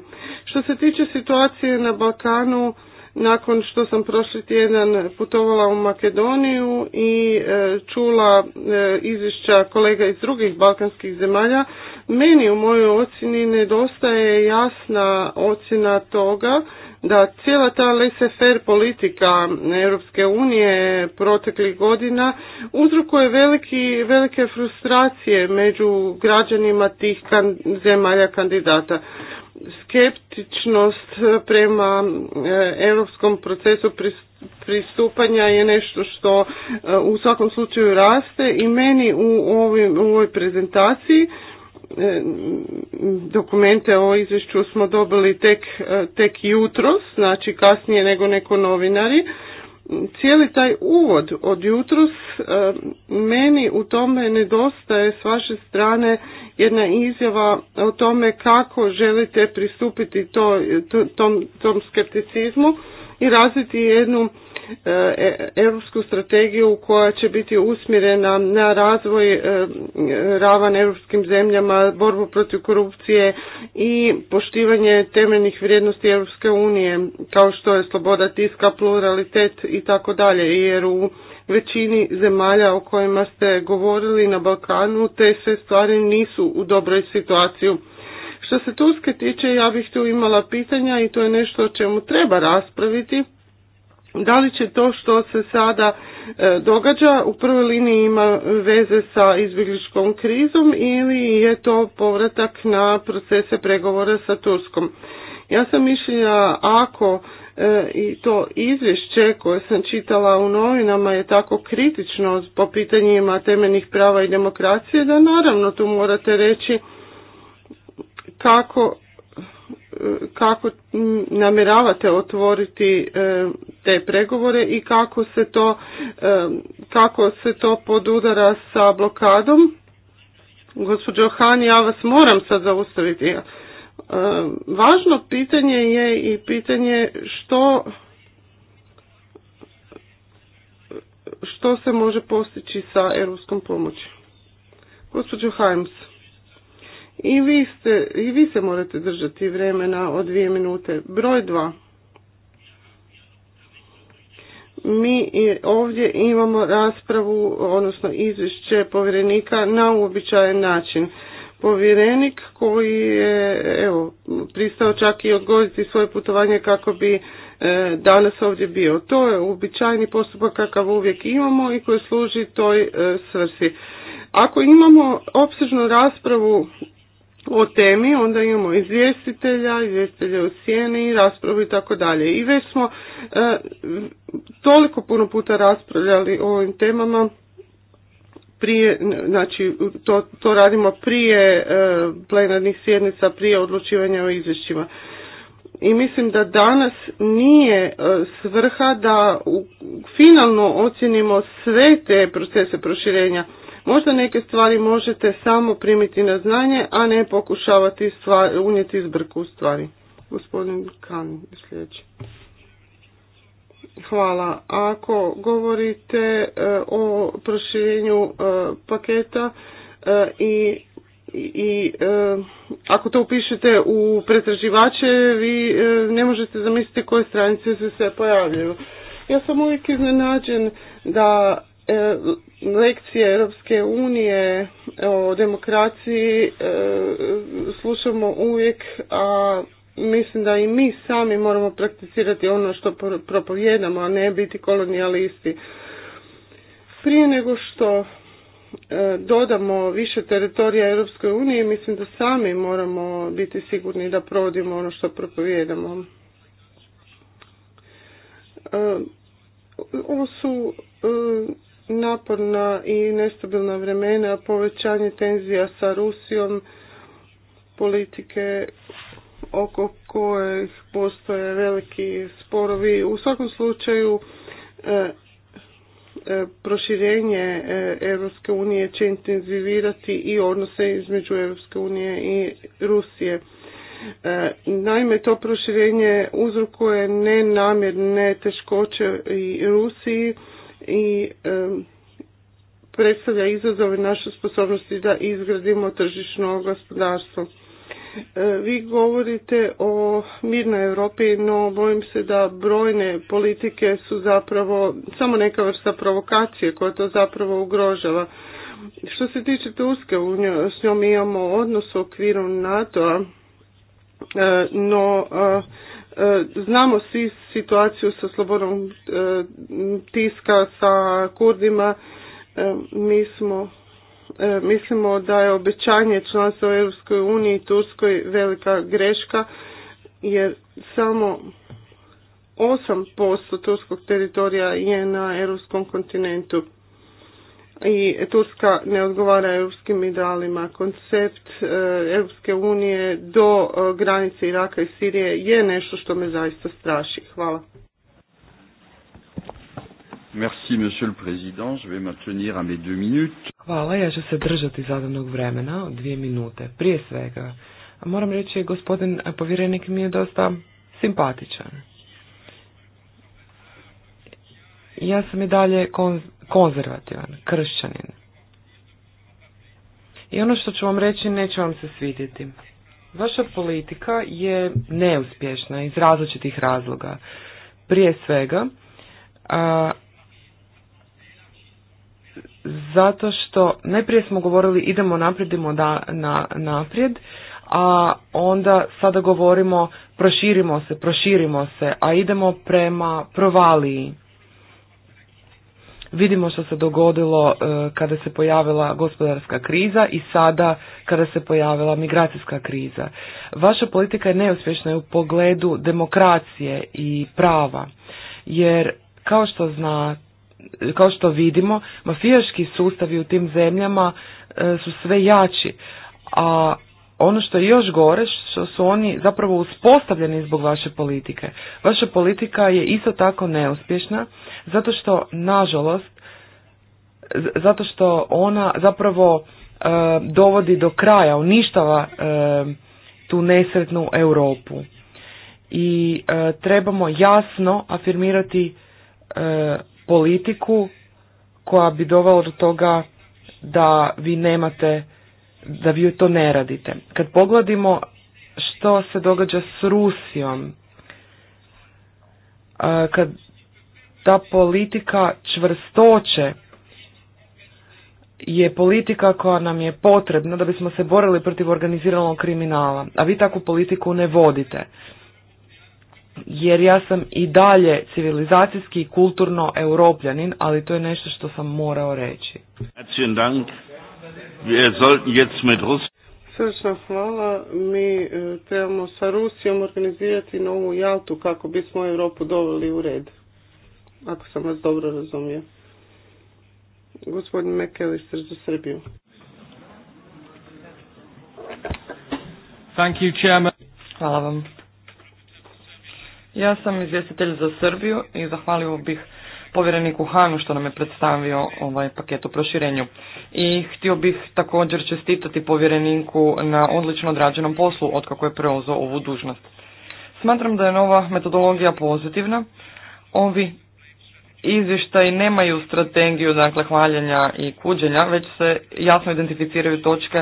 Što se tiče situacije na Balkanu, nakon što sam prošli tjedan putovala u Makedoniju i e, čula e, izvješća kolega iz drugih balkanskih zemalja, meni u mojoj ocjeni nedostaje jasna ocjena toga da cijela ta laissez-faire politika Europske unije proteklih godina uzrokuje veliki, velike frustracije među građanima tih zemalja kandidata. Skeptičnost prema eh, europskom procesu pristupanja je nešto što eh, u svakom slučaju raste i meni u u ovoj prezentaciji E, dokumente o izvješću smo dobili tek, e, tek jutros, znači kasnije nego neko novinari. Cijeli taj uvod od jutros e, meni u tome nedostaje s vaše strane jedna izjava o tome kako želite pristupiti to, tom, tom skepticizmu i razviti jednu e, e, europsku strategiju koja će biti usmjerena na razvoj e, ravan europskim zemljama, borbu protiv korupcije i poštivanje temeljnih vrijednosti Europske unije kao što je sloboda tiska, pluralitet i tako dalje jer u većini zemalja o kojima ste govorili na Balkanu te se stvari nisu u dobroj situaciji što se Turske tiče, ja bih tu imala pitanja i to je nešto o čemu treba raspraviti. Da li će to što se sada e, događa u prvoj liniji ima veze sa izbjegličkom krizom ili je to povratak na procese pregovora sa Turskom? Ja sam mišljenja ako e, i to izvješće koje sam čitala u novinama je tako kritično po pitanjima temeljnih prava i demokracije da naravno tu morate reći kako kako namjeravate otvoriti e, te pregovore i kako se to e, kako se to podudara sa blokadom. Gospođo Han, ja vas moram sad zaustaviti. E, važno pitanje je i pitanje što što se može postići sa europskom pomoći. Gospođo Hajms. I vi, ste, I vi se morate držati vremena od dvije minute. Broj dva. Mi ovdje imamo raspravu, odnosno izvješće povjerenika na uobičajen način. Povjerenik koji je evo, pristao čak i odgoditi svoje putovanje kako bi e, danas ovdje bio. To je uobičajeni postupak kakav uvijek imamo i koji služi toj e, svrsi. Ako imamo opsežnu raspravu o temi, onda imamo izvjestitelja, izvjestitelja u sjeni, raspravu i tako dalje. I već smo e, toliko puno puta raspravljali o ovim temama, prije, znači to, to radimo prije e, plenarnih sjednica, prije odlučivanja o izvješćima. I mislim da danas nije e, svrha da finalno ocjenimo sve te procese proširenja Možda neke stvari možete samo primiti na znanje, a ne pokušavati unijeti izbrku u stvari. Gospodin Kan, sljedeći. Hvala. Ako govorite e, o proširenju e, paketa e, i i ako to upišete u pretraživače vi ne možete zamisliti koje stranice se sve pojavljaju. Ja sam uvijek iznenađen da E, lekcije Europske unije o demokraciji e, slušamo uvijek, a mislim da i mi sami moramo prakticirati ono što propovjedamo, a ne biti kolonijalisti. Prije nego što e, dodamo više teritorija Europskoj uniji, mislim da sami moramo biti sigurni da provodimo ono što propovijedamo. Ovo su naporna i nestabilna vremena, povećanje tenzija sa Rusijom, politike oko koje postoje veliki sporovi. U svakom slučaju e, e, proširenje e, Europske unije će intenzivirati i odnose između Europske unije i Rusije. Naime, to proširenje uzrokuje nenamjerne teškoće i Rusiji i predstavlja izazove naše sposobnosti da izgradimo tržišno gospodarstvo. E, vi govorite o mirnoj Europi, no bojim se da brojne politike su zapravo samo neka vrsta provokacije koja to zapravo ugrožava. Što se tiče Turske, s njom imamo odnos u okviru NATO-a, e, no e, Znamo svi situaciju sa slobodom e, tiska, sa kurdima. E, mi smo, e, mislimo da je obećanje članstva u Europskoj uniji i Turskoj velika greška, jer samo 8% turskog teritorija je na europskom kontinentu i Turska ne odgovara europskim idealima. Koncept e, Europske unije do e, granice Iraka i Sirije je nešto što me zaista straši. Hvala. Merci, monsieur le président. Je vais à mes minutes. Hvala, ja ću se držati zadanog vremena, dvije minute. Prije svega, moram reći, gospodin povjerenik mi je dosta simpatičan. Ja sam i dalje konzervativan, kršćanin. I ono što ću vam reći neće vam se svidjeti. Vaša politika je neuspješna iz različitih razloga. Prije svega, a, zato što najprije smo govorili idemo naprijed, idemo da, na, naprijed, a onda sada govorimo proširimo se, proširimo se, a idemo prema provaliji. Vidimo što se dogodilo e, kada se pojavila gospodarska kriza i sada kada se pojavila migracijska kriza. Vaša politika je neuspješna u pogledu demokracije i prava, jer kao što zna, kao što vidimo, mafijaški sustavi u tim zemljama e, su sve jači, a ono što je još gore, što su oni zapravo uspostavljeni zbog vaše politike. Vaša politika je isto tako neuspješna, zato što, nažalost, zato što ona zapravo e, dovodi do kraja, uništava e, tu nesretnu Europu. I e, trebamo jasno afirmirati politiku koja bi dovela do toga da vi nemate da vi to ne radite. Kad pogledimo što se događa s Rusijom, kad ta politika čvrstoće je politika koja nam je potrebna da bismo se borili protiv organiziranog kriminala, a vi takvu politiku ne vodite. Jer ja sam i dalje civilizacijski i kulturno europljanin, ali to je nešto što sam morao reći. Wir sollten jetzt mit hvala. Mi e, trebamo sa Rusijom organizirati novu jaltu kako bismo Europu doveli u red. Ako sam vas dobro razumio. Gospodin Mekelister za Srbiju. Thank Hvala vam. Ja sam izvjestitelj za Srbiju i zahvalio bih povjereniku Hanu što nam je predstavio ovaj paket o proširenju. I htio bih također čestitati povjereniku na odlično odrađenom poslu otkako je preuzeo ovu dužnost. Smatram da je nova metodologija pozitivna. Ovi izvještaji nemaju strategiju dakle hvaljenja i kuđenja, već se jasno identificiraju točke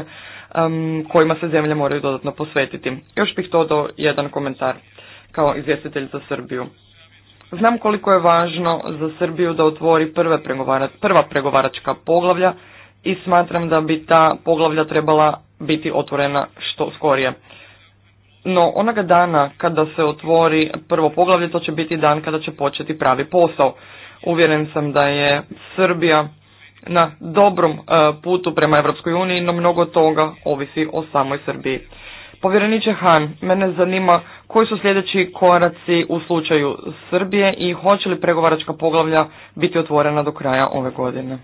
kojima se zemlje moraju dodatno posvetiti. Još bih to do jedan komentar kao izvjestitelj za Srbiju. Znam koliko je važno za Srbiju da otvori prve prva pregovaračka poglavlja i smatram da bi ta poglavlja trebala biti otvorena što skorije. No, onoga dana kada se otvori prvo poglavlje, to će biti dan kada će početi pravi posao. Uvjeren sam da je Srbija na dobrom e, putu prema Europskoj uniji, no mnogo toga ovisi o samoj Srbiji. Povjereniče Han, mene zanima koji su sljedeći koraci u slučaju Srbije i hoće li pregovaračka poglavlja biti otvorena do kraja ove godine?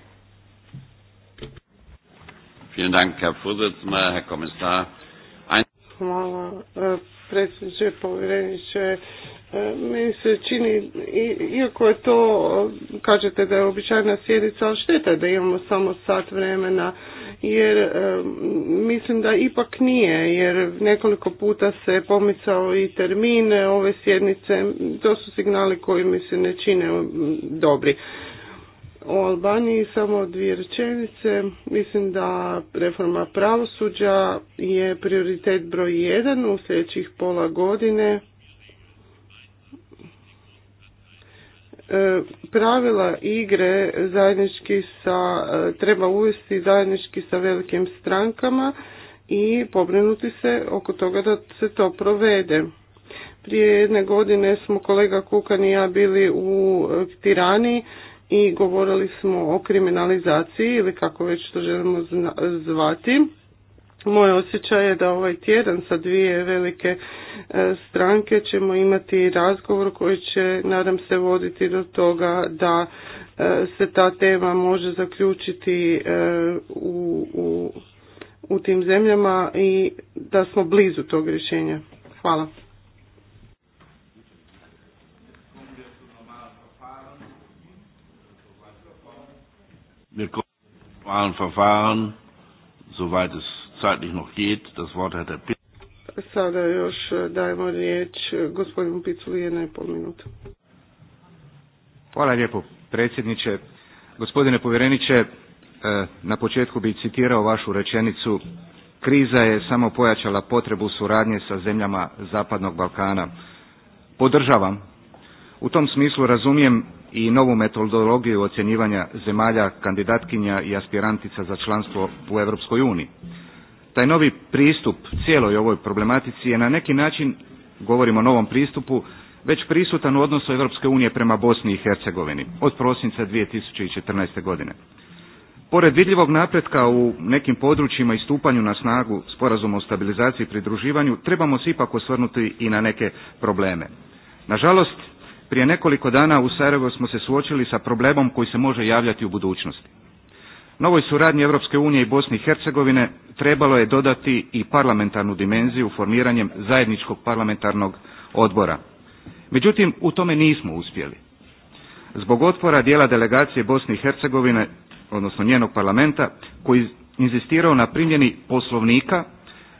Hvala eh, predsjedniče povjereniče. E, meni se čini, iako je to, kažete da je običajna sjednica, ali šteta da imamo samo sat vremena, jer e, mislim da ipak nije, jer nekoliko puta se pomicao i termin ove sjednice, to su signali koji mi se ne čine dobri. O Albaniji samo dvije rečenice. Mislim da reforma pravosuđa je prioritet broj jedan u sljedećih pola godine E, pravila igre zajednički sa, e, treba uvesti zajednički sa velikim strankama i pobrinuti se oko toga da se to provede. Prije jedne godine smo kolega Kukan i ja bili u e, Tirani i govorili smo o kriminalizaciji ili kako već to želimo zvati moj osjećaj je da ovaj tjedan sa dvije velike e, stranke ćemo imati razgovor koji će, nadam se, voditi do toga da e, se ta tema može zaključiti e, u, u, u tim zemljama i da smo blizu tog rješenja. Hvala zeitlich noch Das Sada još dajemo riječ gospodinu jedna i pol minuta. Hvala lijepo predsjedniče. Gospodine povjereniče, e, na početku bih citirao vašu rečenicu kriza je samo pojačala potrebu suradnje sa zemljama Zapadnog Balkana. Podržavam. U tom smislu razumijem i novu metodologiju ocjenjivanja zemalja kandidatkinja i aspirantica za članstvo u Europskoj uniji. Taj novi pristup cijeloj ovoj problematici je na neki način, govorimo o novom pristupu, već prisutan u odnosu Europske unije prema Bosni i Hercegovini od prosinca 2014. godine. Pored vidljivog napretka u nekim područjima i stupanju na snagu sporazuma o stabilizaciji i pridruživanju, trebamo se ipak osvrnuti i na neke probleme. Nažalost, prije nekoliko dana u Sarajevo smo se suočili sa problemom koji se može javljati u budućnosti. Novoj suradnji Europske unije i Bosne i Hercegovine trebalo je dodati i parlamentarnu dimenziju formiranjem zajedničkog parlamentarnog odbora. Međutim, u tome nismo uspjeli. Zbog otpora dijela delegacije Bosne i Hercegovine, odnosno njenog parlamenta, koji inzistirao na primjeni poslovnika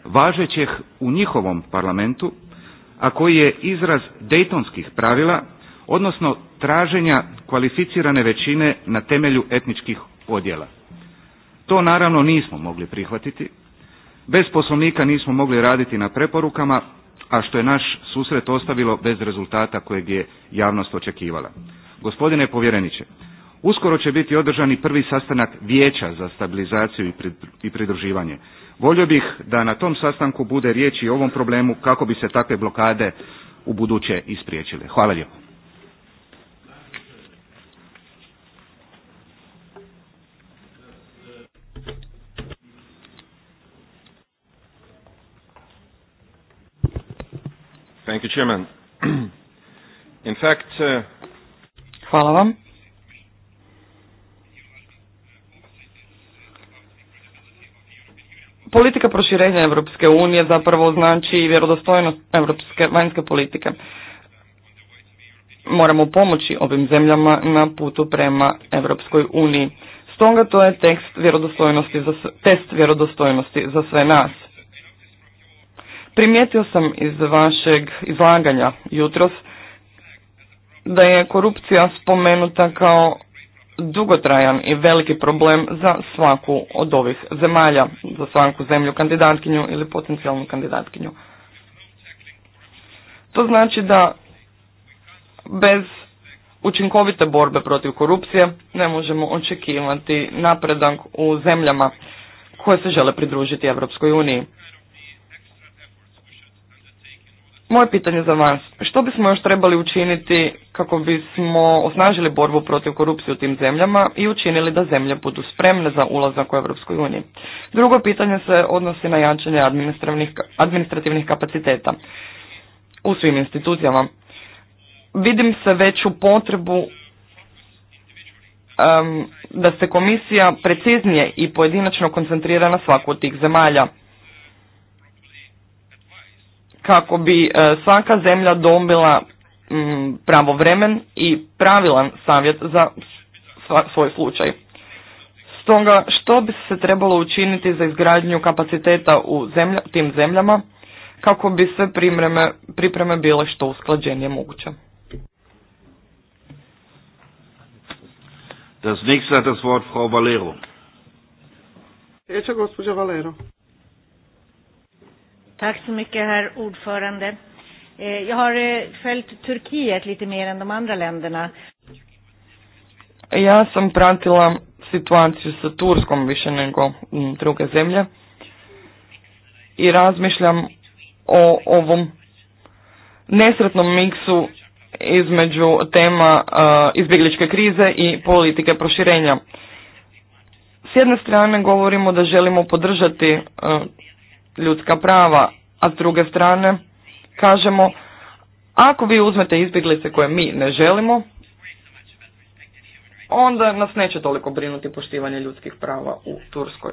važećih u njihovom parlamentu, a koji je izraz dejtonskih pravila, odnosno traženja kvalificirane većine na temelju etničkih odjela. To naravno nismo mogli prihvatiti. Bez poslovnika nismo mogli raditi na preporukama, a što je naš susret ostavilo bez rezultata kojeg je javnost očekivala. Gospodine povjereniče, uskoro će biti održani prvi sastanak Vijeća za stabilizaciju i pridruživanje. Volio bih da na tom sastanku bude riječ i o ovom problemu kako bi se takve blokade u buduće ispriječile. Hvala lijepo. Thank In fact, uh, Hvala vam. Politika proširenja Europske unije zapravo znači i vjerodostojnost europske vanjske politike. Moramo pomoći ovim zemljama na putu prema Europskoj uniji. Stoga to je tekst vjerodostojnosti za, test vjerodostojnosti za sve nas. Primijetio sam iz vašeg izlaganja jutros da je korupcija spomenuta kao dugotrajan i veliki problem za svaku od ovih zemalja, za svaku zemlju kandidatkinju ili potencijalnu kandidatkinju. To znači da bez učinkovite borbe protiv korupcije ne možemo očekivati napredak u zemljama koje se žele pridružiti Europskoj uniji. Moje pitanje za vas, što bismo još trebali učiniti kako bismo osnažili borbu protiv korupcije u tim zemljama i učinili da zemlje budu spremne za ulazak u Europskoj uniji? Drugo pitanje se odnosi na jačanje administrativnih kapaciteta u svim institucijama. Vidim se veću potrebu da se komisija preciznije i pojedinačno koncentrira na svaku od tih zemalja kako bi e, svaka zemlja dobila mm, pravovremen i pravilan savjet za svoj slučaj. Stoga, što bi se trebalo učiniti za izgradnju kapaciteta u zemlja, tim zemljama kako bi sve primreme, pripreme bile što usklađenije moguće? Das nächste das Wort Frau Valero. gospođa Valero. Tack så mycket, herr ordförande. Eh, jag har eh, följt Turkiet lite mer än de andra länderna. Ja sam pratila situaciju sa Turskom više nego mm, druge zemlje i razmišljam o ovom nesretnom miksu između tema eh, izbjegličke krize i politike proširenja. S jedne strane govorimo da želimo podržati ljudska prava, a s druge strane kažemo ako vi uzmete izbjeglice koje mi ne želimo, onda nas neće toliko brinuti poštivanje ljudskih prava u Turskoj.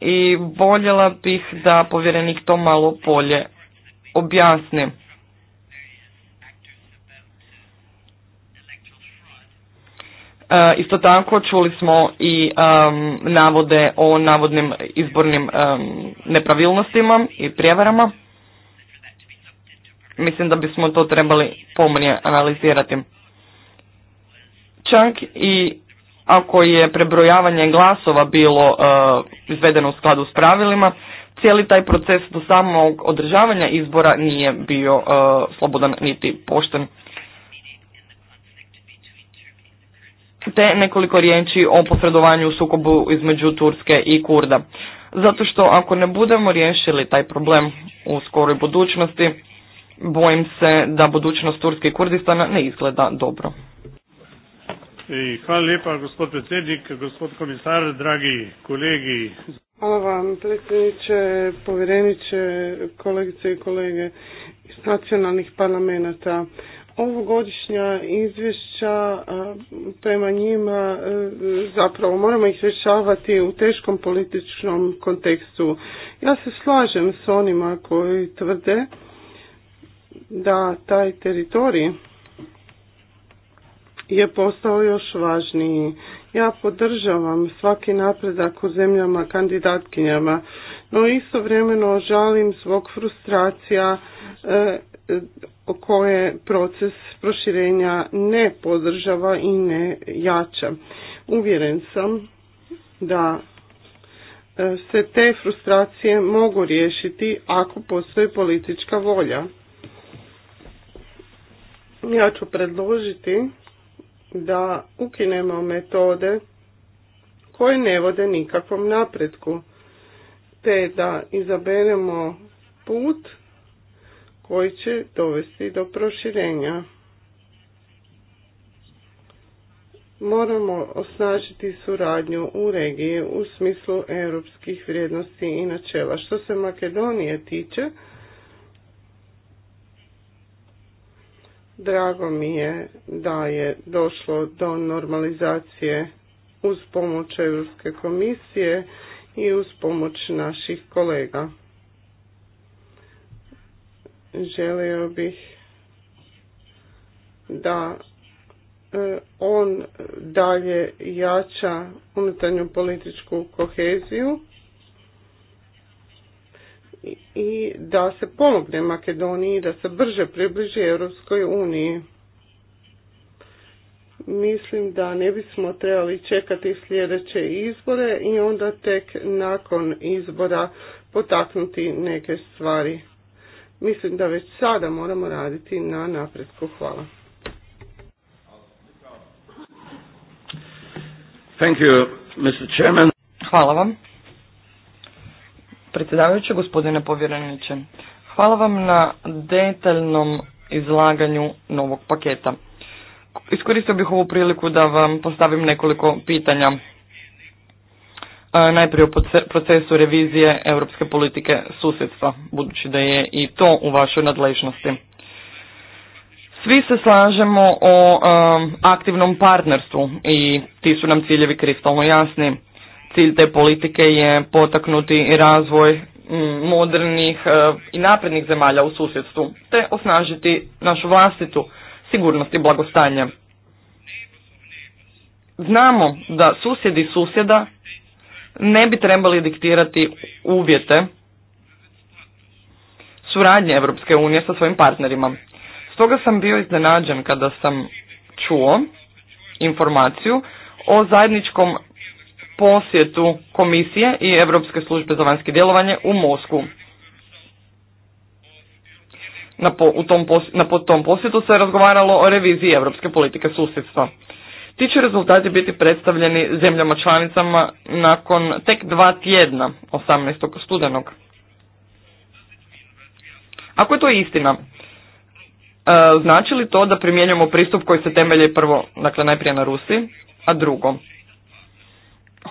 I voljela bih da povjerenik to malo polje objasni. Eh, isto tako čuli smo i navode o navodnim izbornim nepravilnostima i prijevarama. Mislim da bismo to trebali pomnije analizirati. Čak i ako je prebrojavanje glasova bilo eh, izvedeno u skladu s pravilima, cijeli taj proces do samog održavanja izbora nije bio eh, slobodan niti pošten. te nekoliko riječi o posredovanju u sukobu između Turske i Kurda. Zato što ako ne budemo riješili taj problem u skoroj budućnosti, bojim se da budućnost Turske i Kurdistana ne izgleda dobro. I hvala lijepa gospod predsjednik, gospod komisar, dragi kolegi. Hvala vam predsjedniče, povjereniče, kolegice i kolege iz nacionalnih parlamenta ovogodišnja izvješća prema njima e, zapravo moramo ih rješavati u teškom političkom kontekstu. Ja se slažem s onima koji tvrde da taj teritorij je postao još važniji. Ja podržavam svaki napredak u zemljama kandidatkinjama, no istovremeno žalim zbog frustracija e, koje proces proširenja ne podržava i ne jača. Uvjeren sam da e, se te frustracije mogu riješiti ako postoji politička volja. Ja ću predložiti da ukinemo metode koje ne vode nikakvom napretku, te da izaberemo put koji će dovesti do proširenja. Moramo osnažiti suradnju u regiji u smislu europskih vrijednosti i načela. Što se Makedonije tiče, drago mi je da je došlo do normalizacije uz pomoć Europske komisije i uz pomoć naših kolega želio bih da e, on dalje jača unutarnju političku koheziju i da se pomogne Makedoniji da se brže približi Europskoj uniji. Mislim da ne bismo trebali čekati sljedeće izbore i onda tek nakon izbora potaknuti neke stvari. Mislim da već sada moramo raditi na napretku. Hvala. Hvala vam. Predsjedavajući, gospodine povjereniče, hvala vam na detaljnom izlaganju novog paketa. Iskoristio bih ovu priliku da vam postavim nekoliko pitanja. E, najprije o procesu revizije europske politike susjedstva, budući da je i to u vašoj nadležnosti. Svi se slažemo o e, aktivnom partnerstvu i ti su nam ciljevi kristalno jasni. Cilj te politike je potaknuti razvoj modernih e, i naprednih zemalja u susjedstvu, te osnažiti našu vlastitu sigurnost i blagostanje. Znamo da susjedi susjeda ne bi trebali diktirati uvjete suradnje Europske unije sa svojim partnerima. Stoga sam bio iznenađen kada sam čuo informaciju o zajedničkom posjetu Komisije i Europske službe za vanjske djelovanje u Mosku. Na, po, u tom, posjetu, na po tom posjetu se razgovaralo o reviziji europske politike susjedstva. Ti će rezultati biti predstavljeni zemljama članicama nakon tek dva tjedna 18. studenog. Ako je to istina, e, znači li to da primjenjujemo pristup koji se temelje prvo, dakle najprije na Rusi, a drugo?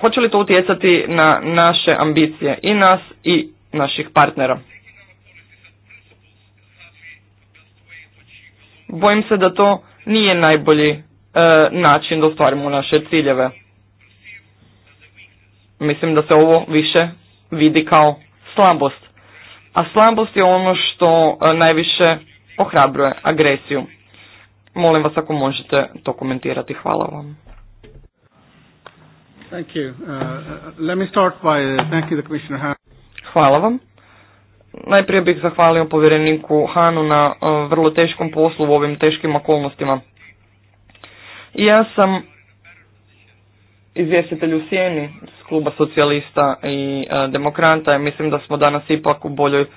Hoće li to utjecati na naše ambicije i nas i naših partnera? Bojim se da to nije najbolji E, način da ostvarimo naše ciljeve. Mislim da se ovo više vidi kao slabost. A slabost je ono što e, najviše ohrabruje agresiju. Molim vas ako možete to komentirati. Hvala vam. Thank you. Uh, uh, let me start by uh, the Hvala vam. Najprije bih zahvalio povjereniku Hanu na e, vrlo teškom poslu u ovim teškim okolnostima. Ja sam izvjestitelj u sjeni s kluba socijalista i e, demokrata i mislim da smo danas ipak u boljoj e,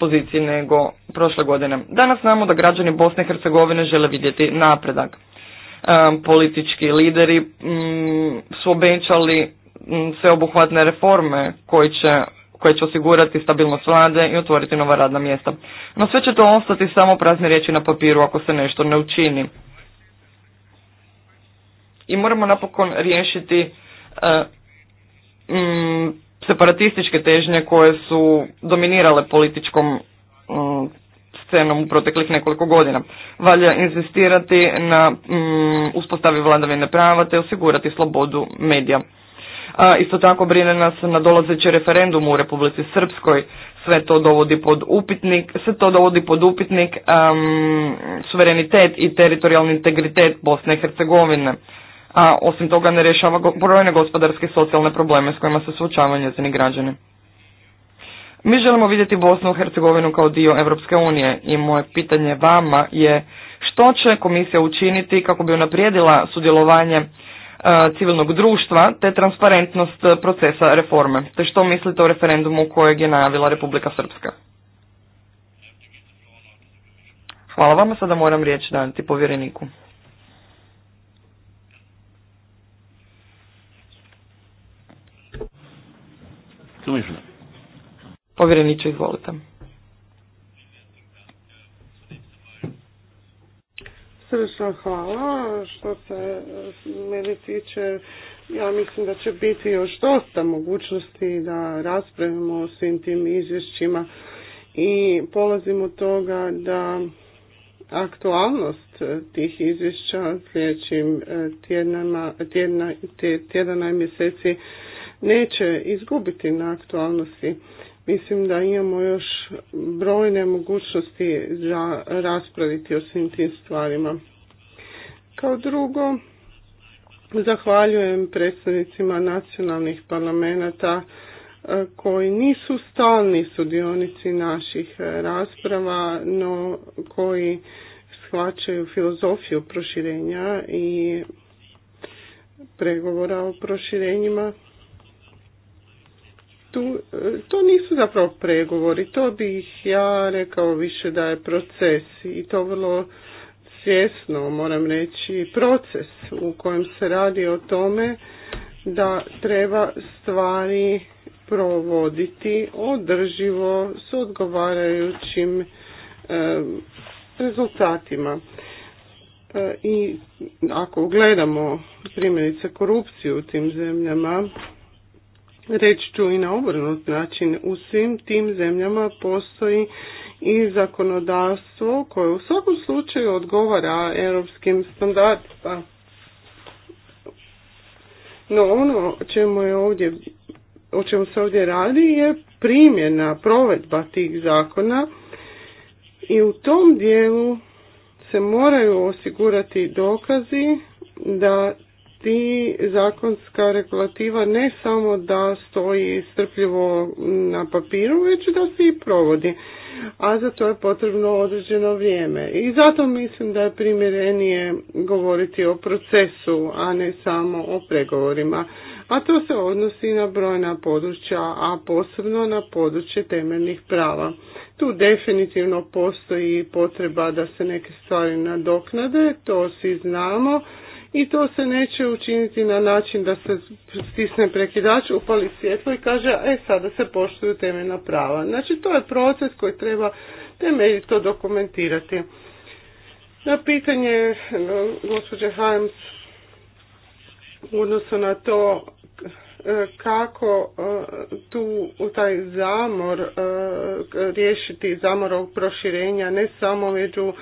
poziciji nego prošle godine. Danas znamo da građani Bosne i Hercegovine žele vidjeti napredak. E, politički lideri mm, su obećali mm, sveobuhvatne reforme koje će koje će osigurati stabilnost vlade i otvoriti nova radna mjesta. No sve će to ostati samo prazne riječi na papiru ako se nešto ne učini i moramo napokon riješiti e, mm, separatističke težnje koje su dominirale političkom mm, scenom u proteklih nekoliko godina. Valja insistirati na mm, uspostavi vladavine prava te osigurati slobodu medija. isto tako brine nas na dolazeći referendum u Republici Srpskoj. Sve to dovodi pod upitnik, sve to dovodi pod upitnik suverenitet i teritorijalni integritet Bosne i Hercegovine a osim toga ne rješava brojne gospodarske i socijalne probleme s kojima se suočavaju njezini građani. Mi želimo vidjeti Bosnu i Hercegovinu kao dio Europske unije i moje pitanje vama je što će komisija učiniti kako bi unaprijedila sudjelovanje e, civilnog društva te transparentnost procesa reforme, te što mislite o referendumu kojeg je najavila Republika Srpska. Hvala vama, sada moram riječ dati povjereniku. Commissioner. Povjereniče, izvolite. hvala. Što se e, mene tiče, ja mislim da će biti još dosta mogućnosti da raspravimo o svim tim izvješćima i polazimo od toga da aktualnost tih izvješća sljedećim e, tjedana i mjeseci neće izgubiti na aktualnosti. Mislim da imamo još brojne mogućnosti za raspraviti o svim tim stvarima. Kao drugo, zahvaljujem predstavnicima nacionalnih parlamenta e, koji nisu stalni sudionici naših rasprava, no koji shvaćaju filozofiju proširenja i pregovora o proširenjima tu, to nisu zapravo pregovori, to bih ja rekao više da je proces i to vrlo svjesno, moram reći, proces u kojem se radi o tome da treba stvari provoditi održivo s odgovarajućim e, rezultatima. E, I ako gledamo primjerice korupciju u tim zemljama, Reći ću i na obrnut način, u svim tim zemljama postoji i zakonodavstvo koje u svakom slučaju odgovara europskim standardima. No ono čemu je ovdje, o čemu se ovdje radi je primjena, provedba tih zakona i u tom dijelu se moraju osigurati dokazi da ti zakonska regulativa ne samo da stoji strpljivo na papiru, već da se i provodi. A za to je potrebno određeno vrijeme. I zato mislim da je primjerenije govoriti o procesu, a ne samo o pregovorima. A to se odnosi na brojna područja, a posebno na područje temeljnih prava. Tu definitivno postoji potreba da se neke stvari nadoknade, to svi znamo i to se neće učiniti na način da se stisne prekidač, upali svjetlo i kaže e sada se poštuju temeljna prava. Znači to je proces koji treba temeljito dokumentirati. Na pitanje gospođe Hajms u odnosu na to kako e, tu u taj zamor e, riješiti zamor ovog proširenja ne samo među e,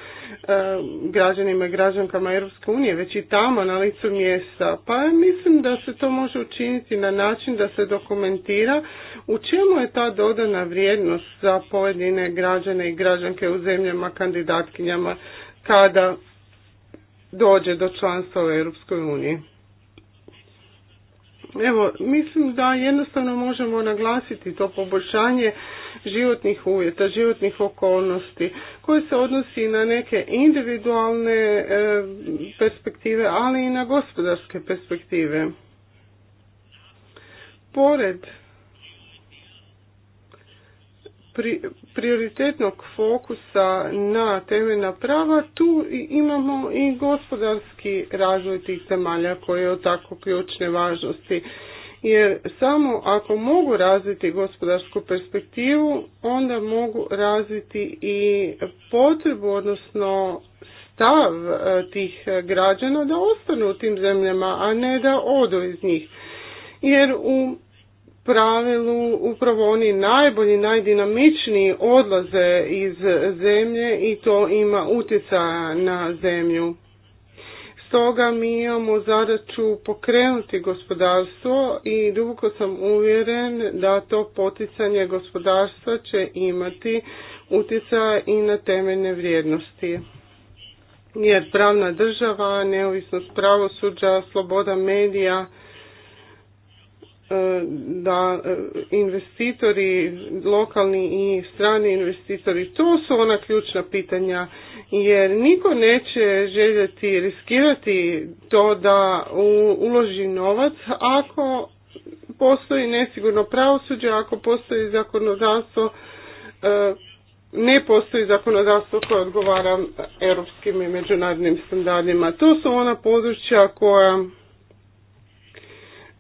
građanima i građankama Europske unije, već i tamo na licu mjesta. Pa mislim da se to može učiniti na način da se dokumentira u čemu je ta dodana vrijednost za pojedine građane i građanke u zemljama kandidatkinjama kada dođe do članstva u Europskoj uniji. Evo, mislim da jednostavno možemo naglasiti to poboljšanje životnih uvjeta, životnih okolnosti koje se odnosi na neke individualne e, perspektive, ali i na gospodarske perspektive. Pored prioritetnog fokusa na temeljna prava, tu imamo i gospodarski razvoj tih zemalja koji je od tako ključne važnosti. Jer samo ako mogu razviti gospodarsku perspektivu, onda mogu razviti i potrebu, odnosno stav e, tih građana da ostanu u tim zemljama, a ne da odu iz njih. Jer u pravilu upravo oni najbolji, najdinamičniji odlaze iz zemlje i to ima utjecaja na zemlju. Stoga mi imamo zadaću pokrenuti gospodarstvo i duboko sam uvjeren da to poticanje gospodarstva će imati utjecaja i na temeljne vrijednosti. Jer pravna država, neovisnost pravosuđa, sloboda medija, E, da e, investitori, lokalni i strani investitori, to su ona ključna pitanja jer niko neće željeti riskirati to da uloži novac ako postoji nesigurno pravosuđe, ako postoji zakonodavstvo, e, ne postoji zakonodavstvo koje odgovara europskim i međunarodnim standardima. To su ona područja koja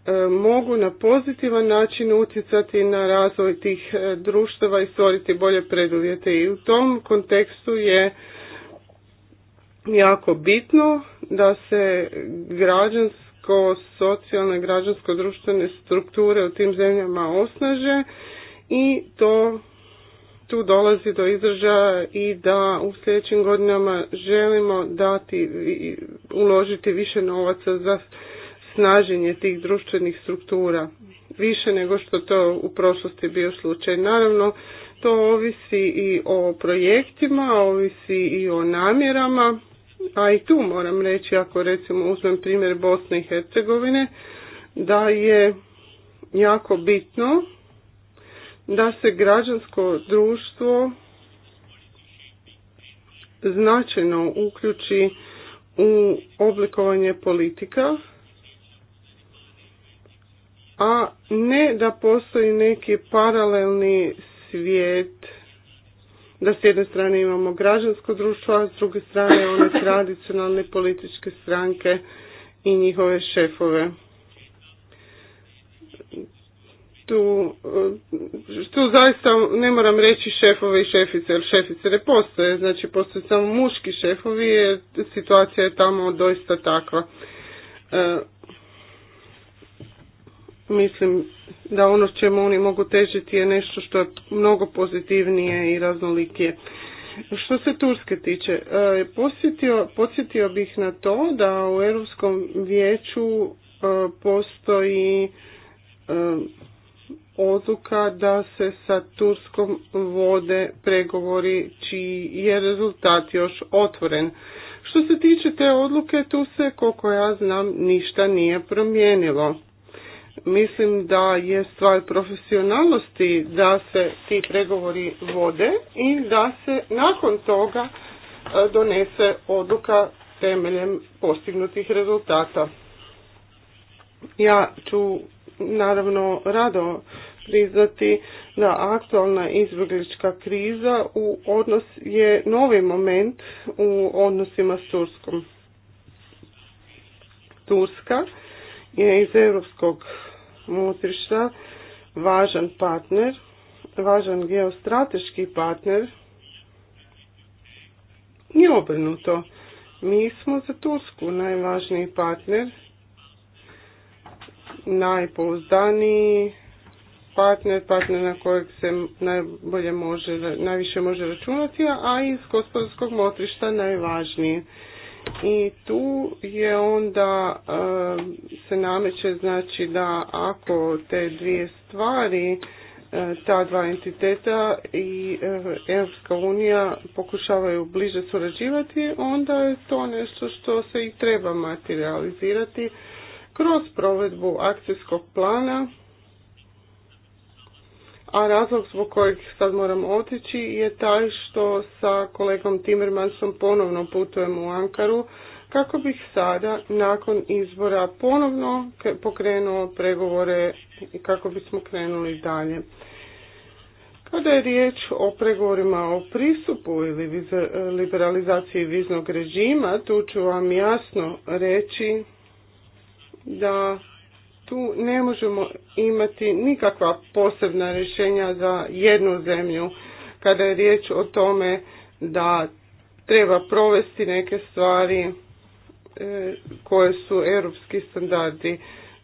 E, mogu na pozitivan način utjecati na razvoj tih e, društava i stvoriti bolje preduvjete. I u tom kontekstu je jako bitno da se građansko, socijalne, građansko-društvene strukture u tim zemljama osnaže i to tu dolazi do izražaja i da u sljedećim godinama želimo dati, uložiti više novaca za snaženje tih društvenih struktura više nego što to u prošlosti bio slučaj. Naravno, to ovisi i o projektima, ovisi i o namjerama, a i tu moram reći, ako recimo uzmem primjer Bosne i Hercegovine, da je jako bitno da se građansko društvo značajno uključi u oblikovanje politika a ne da postoji neki paralelni svijet da s jedne strane imamo građansko društvo, a s druge strane one tradicionalne političke stranke i njihove šefove. Tu, tu zaista ne moram reći šefove i šefice, jer šefice ne postoje, znači postoje samo muški šefovi, jer situacija je tamo doista takva. E, Mislim da ono čemu oni mogu težiti je nešto što je mnogo pozitivnije i raznolikije. Što se Turske tiče, e, posjetio, podsjetio bih na to da u Europskom vijeću e, postoji e, odluka da se sa Turskom vode pregovori čiji je rezultat još otvoren. Što se tiče te odluke, tu se, koliko ja znam, ništa nije promijenilo. Mislim da je stvar profesionalnosti da se ti pregovori vode i da se nakon toga e, donese odluka temeljem postignutih rezultata. Ja ću naravno rado priznati da aktualna izbjeglička kriza u odnos je novi moment u odnosima s Turskom. Turska je iz europskog mutrišta važan partner, važan geostrateški partner i obrnuto. Mi smo za Tursku najvažniji partner, najpouzdaniji partner, partner na kojeg se najbolje može, najviše može računati, a iz gospodarskog motrišta najvažniji. I tu je onda se nameće znači da ako te dvije stvari ta dva entiteta i Europska unija pokušavaju bliže surađivati, onda je to nešto što se i treba materializirati kroz provedbu akcijskog plana a razlog zbog kojeg sad moram otići je taj što sa kolegom Timmermansom ponovno putujem u Ankaru kako bih sada nakon izbora ponovno pokrenuo pregovore i kako bismo krenuli dalje. Kada je riječ o pregovorima o pristupu ili liberalizaciji viznog režima, tu ću vam jasno reći da tu ne možemo imati nikakva posebna rješenja za jednu zemlju kada je riječ o tome da treba provesti neke stvari e, koje su europski standardi.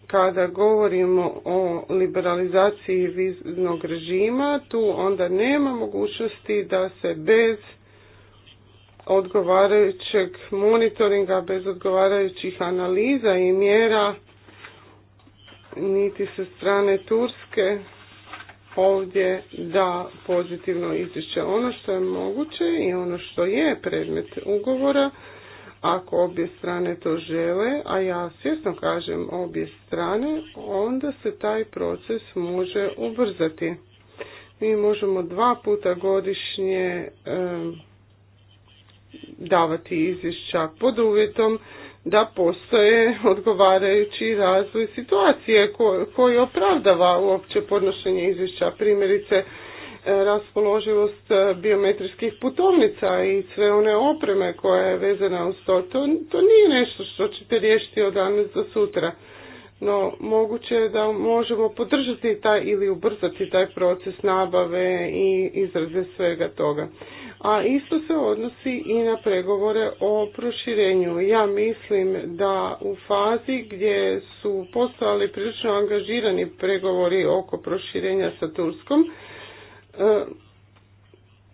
Kada govorimo o liberalizaciji viznog režima, tu onda nema mogućnosti da se bez odgovarajućeg monitoringa, bez odgovarajućih analiza i mjera niti sa strane Turske ovdje da pozitivno izvješće. Ono što je moguće i ono što je predmet ugovora, ako obje strane to žele, a ja svjesno kažem obje strane, onda se taj proces može ubrzati. Mi možemo dva puta godišnje davati izvješća pod uvjetom da postoje odgovarajući razvoj situacije koji opravdava uopće podnošenje izvješća. Primjerice, e, raspoloživost e, biometrijskih putovnica i sve one opreme koja je vezana uz to. To, nije nešto što ćete riješiti od danas do sutra. No, moguće je da možemo podržati taj ili ubrzati taj proces nabave i izraze svega toga a isto se odnosi i na pregovore o proširenju. Ja mislim da u fazi gdje su postojali prilično angažirani pregovori oko proširenja sa Turskom, e,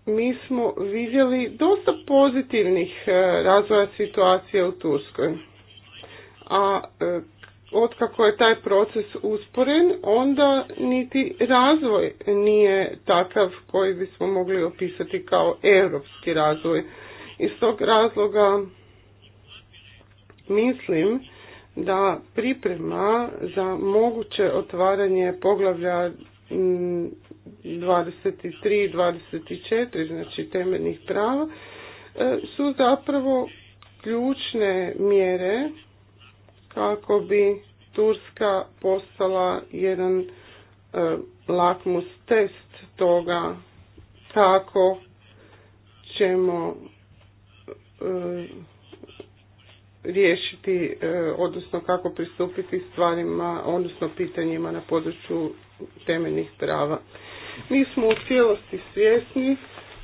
mi smo vidjeli dosta pozitivnih e, razvoja situacije u Turskoj. A e, otkako je taj proces usporen, onda niti razvoj nije takav koji bismo mogli opisati kao europski razvoj. Iz tog razloga mislim da priprema za moguće otvaranje poglavlja 23 i 24, znači temeljnih prava, e, su zapravo ključne mjere kako bi Turska postala jedan e, lakmus test toga kako ćemo e, riješiti, e, odnosno kako pristupiti stvarima, odnosno pitanjima na području temeljnih prava. Mi smo u cijelosti svjesni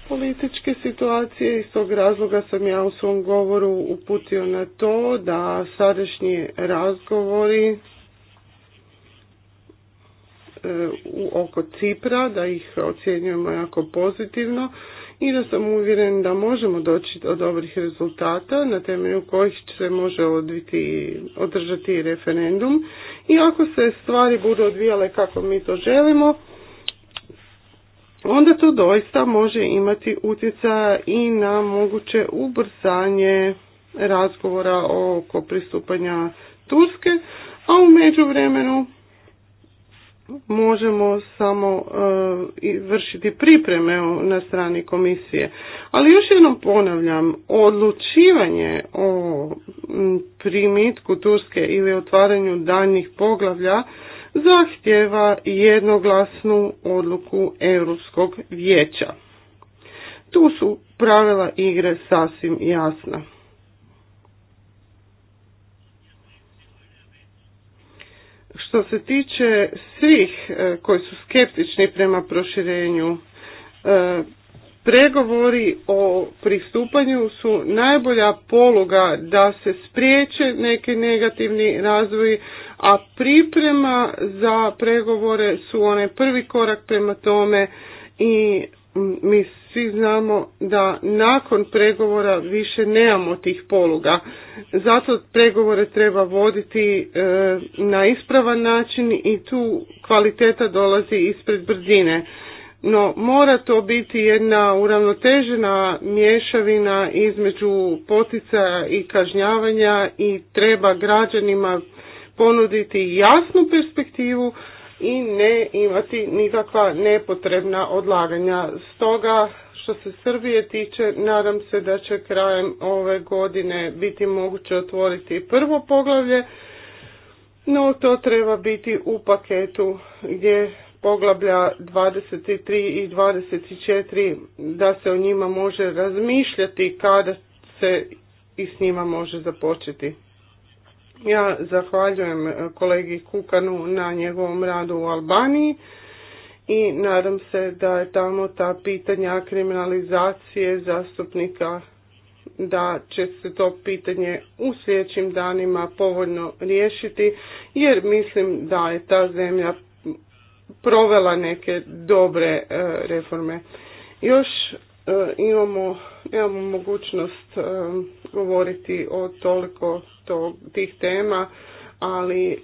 političke situacije. Iz tog razloga sam ja u svom govoru uputio na to da sadašnji razgovori e, oko Cipra, da ih ocjenjujemo jako pozitivno i da sam uvjeren da možemo doći do dobrih rezultata na temelju kojih se može odviti, održati referendum. I ako se stvari budu odvijale kako mi to želimo, onda to doista može imati utjecaja i na moguće ubrzanje razgovora oko pristupanja Turske, a u međuvremenu možemo samo e, vršiti pripreme na strani komisije. Ali još jednom ponavljam, odlučivanje o primitku Turske ili otvaranju daljnjih poglavlja zahtjeva jednoglasnu odluku Europskog vijeća. Tu su pravila igre sasvim jasna. Što se tiče svih e, koji su skeptični prema proširenju, e, pregovori o pristupanju su najbolja poluga da se spriječe neki negativni razvoj, a priprema za pregovore su onaj prvi korak prema tome i mi svi znamo da nakon pregovora više nemamo tih poluga. Zato pregovore treba voditi e, na ispravan način i tu kvaliteta dolazi ispred brzine. No mora to biti jedna uravnotežena mješavina između poticaja i kažnjavanja i treba građanima ponuditi jasnu perspektivu i ne imati nikakva nepotrebna odlaganja. Stoga što se Srbije tiče, nadam se da će krajem ove godine biti moguće otvoriti prvo poglavlje, no to treba biti u paketu gdje poglavlja 23 i 24 da se o njima može razmišljati kada se i s njima može započeti. Ja zahvaljujem e, kolegi Kukanu na njegovom radu u Albaniji i nadam se da je tamo ta pitanja kriminalizacije zastupnika da će se to pitanje u sljedećim danima povoljno riješiti jer mislim da je ta zemlja provela neke dobre e, reforme. Još e, imamo imamo mogućnost e, govoriti o toliko to, tih tema, ali e,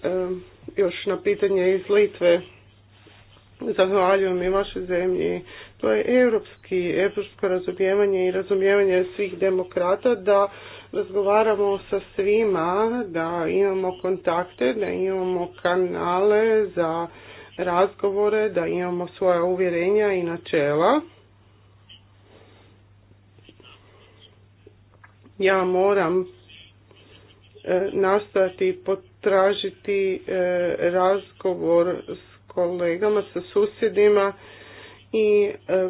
još na pitanje iz Litve zahvaljujem i vašoj zemlji. To je europski, europsko razumijevanje i razumijevanje svih demokrata da razgovaramo sa svima, da imamo kontakte, da imamo kanale za razgovore, da imamo svoja uvjerenja i načela ja moram e, nastojati potražiti e, razgovor s kolegama, sa susjedima i e,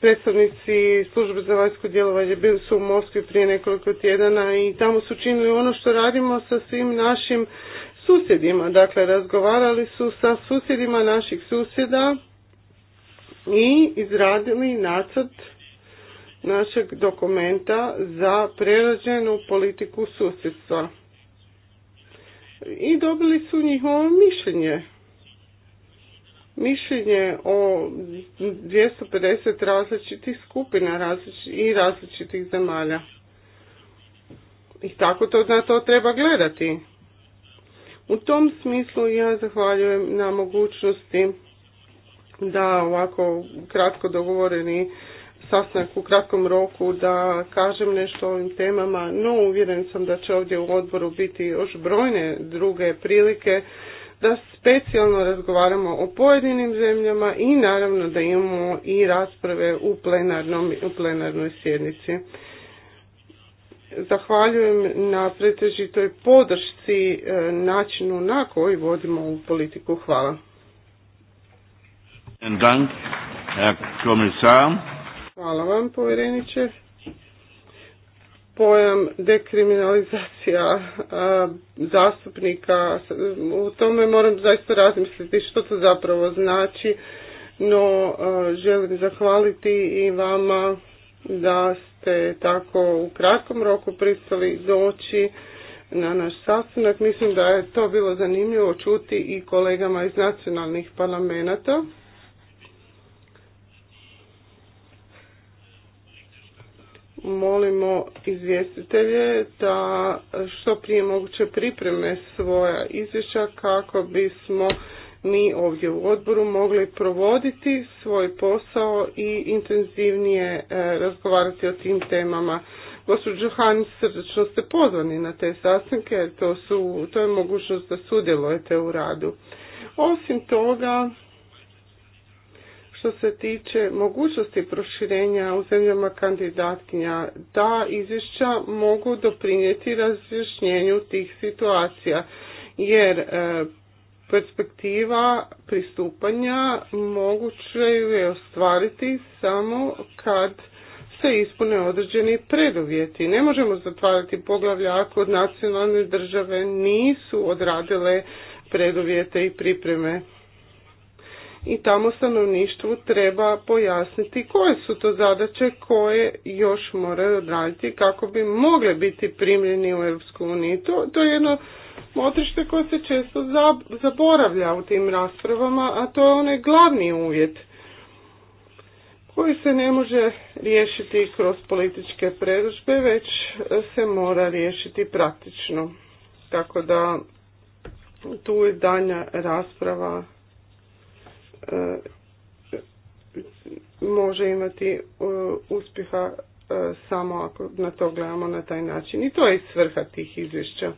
predstavnici službe za vanjsko djelovanje bili su u Moskvi prije nekoliko tjedana i tamo su činili ono što radimo sa svim našim susjedima. Dakle, razgovarali su sa susjedima naših susjeda i izradili nacrt našeg dokumenta za prerađenu politiku susjedstva. I dobili su njihovo mišljenje. Mišljenje o 250 različitih skupina i različitih zemalja. I tako to na to treba gledati. U tom smislu ja zahvaljujem na mogućnosti da ovako kratko dogovoreni sastanak u kratkom roku da kažem nešto o ovim temama, no uvjeren sam da će ovdje u odboru biti još brojne druge prilike da specijalno razgovaramo o pojedinim zemljama i naravno da imamo i rasprave u, u plenarnoj sjednici. Zahvaljujem na pretežitoj podršci e, načinu na koji vodimo ovu politiku. Hvala. Dank, Herr Kommissar. Hvala vam, povjereniče. Pojam dekriminalizacija zastupnika, u tome moram zaista razmisliti što to zapravo znači, no želim zahvaliti i vama da ste tako u kratkom roku pristali doći na naš sastanak. Mislim da je to bilo zanimljivo čuti i kolegama iz nacionalnih parlamenta. molimo izvjestitelje da što prije moguće pripreme svoja izvješća kako bismo mi ovdje u odboru mogli provoditi svoj posao i intenzivnije e, razgovarati o tim temama. Gospođo Han, srdečno ste pozvani na te sastanke to, su, to je mogućnost da sudjelujete u radu. Osim toga, što se tiče mogućnosti proširenja u zemljama kandidatkinja, da izvješća mogu doprinijeti razjašnjenju tih situacija, jer e, perspektiva pristupanja moguće ju je ostvariti samo kad se ispune određeni preduvjeti. Ne možemo zatvarati poglavlja ako nacionalne države nisu odradile preduvjete i pripreme i tamo stanovništvu treba pojasniti koje su to zadaće koje još moraju odraditi kako bi mogle biti primljeni u EU. To, to je jedno motrište koje se često zaboravlja u tim raspravama, a to je onaj glavni uvjet koji se ne može riješiti kroz političke predužbe, već se mora riješiti praktično. Tako da tu je danja rasprava E, može imati e, uspjeha e, samo ako na to gledamo na taj način. I to je svrha tih izvješća.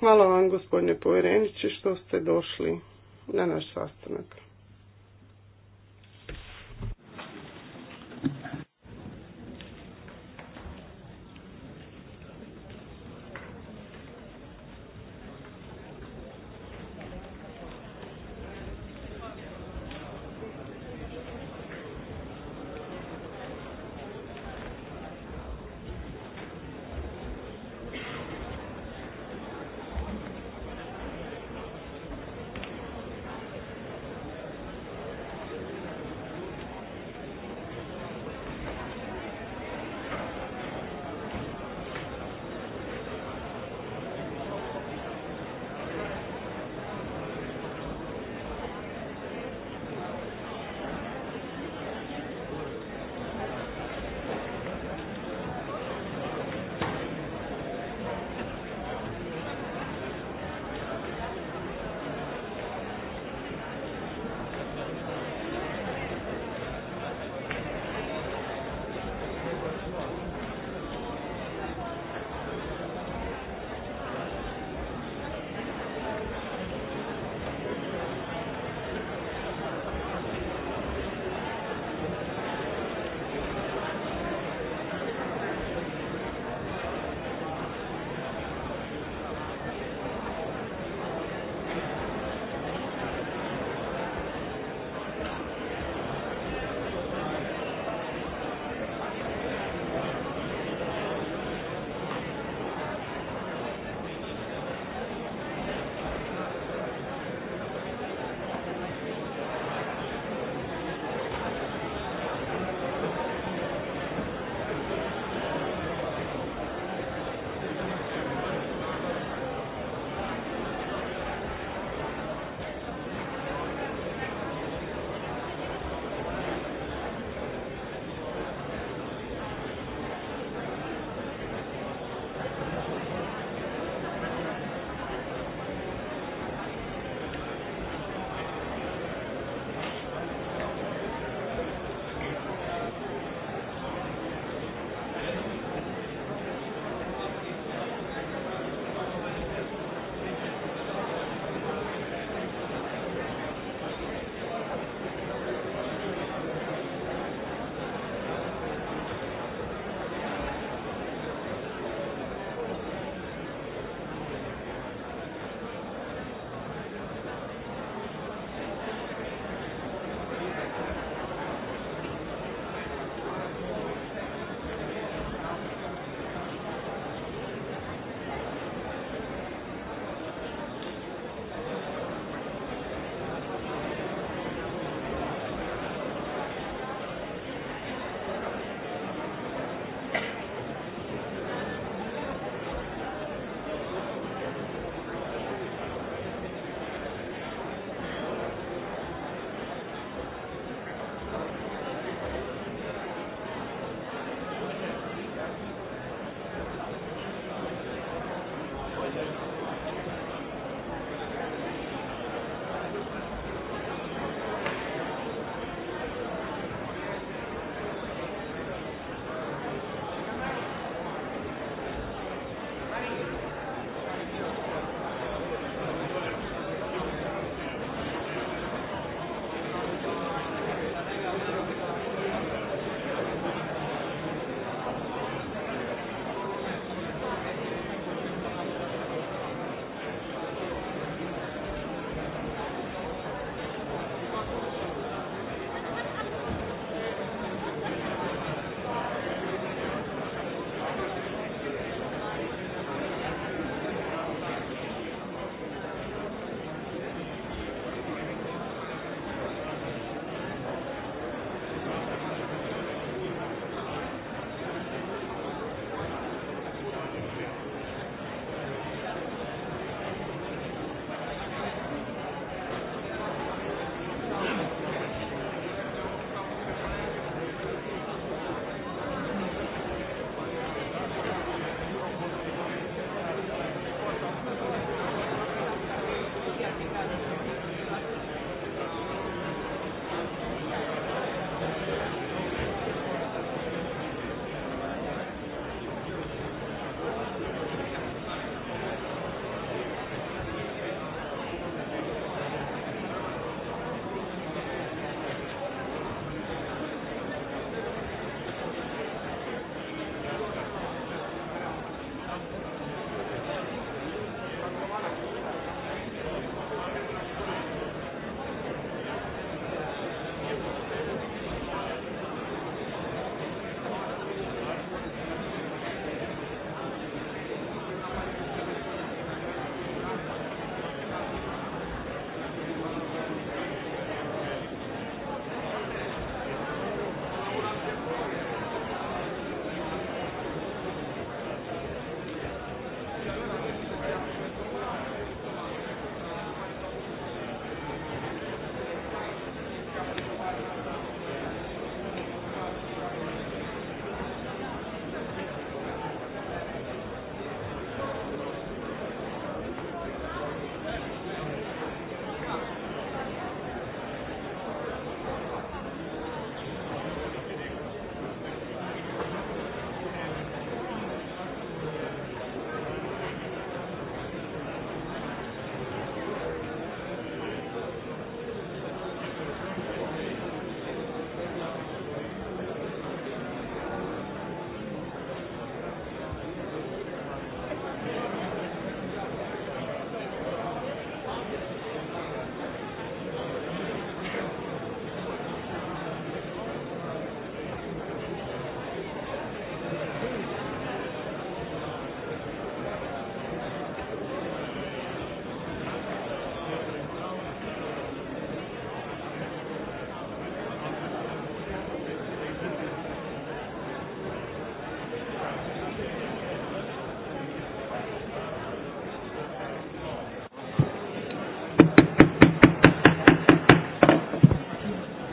Hvala vam gospodine povjereniče što ste došli na naš sastanak.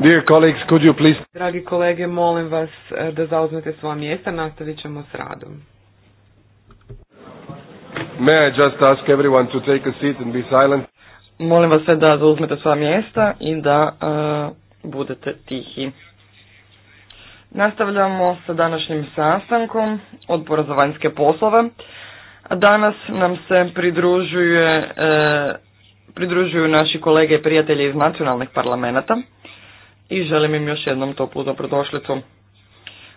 Dear colleagues, could you please... Dragi kolege, molim vas eh, da zauzmete svoja mjesta, nastavit ćemo s radom. May I just ask everyone to take a seat and be silent? Molim vas sve da zauzmete svoja mjesta i da eh, budete tihi. Nastavljamo sa današnjim sastankom odbora za vanjske poslove. Danas nam se pridružuje, eh, pridružuju naši kolege i prijatelji iz nacionalnih parlamenta i želim im još jednom toplu dobrodošlicu.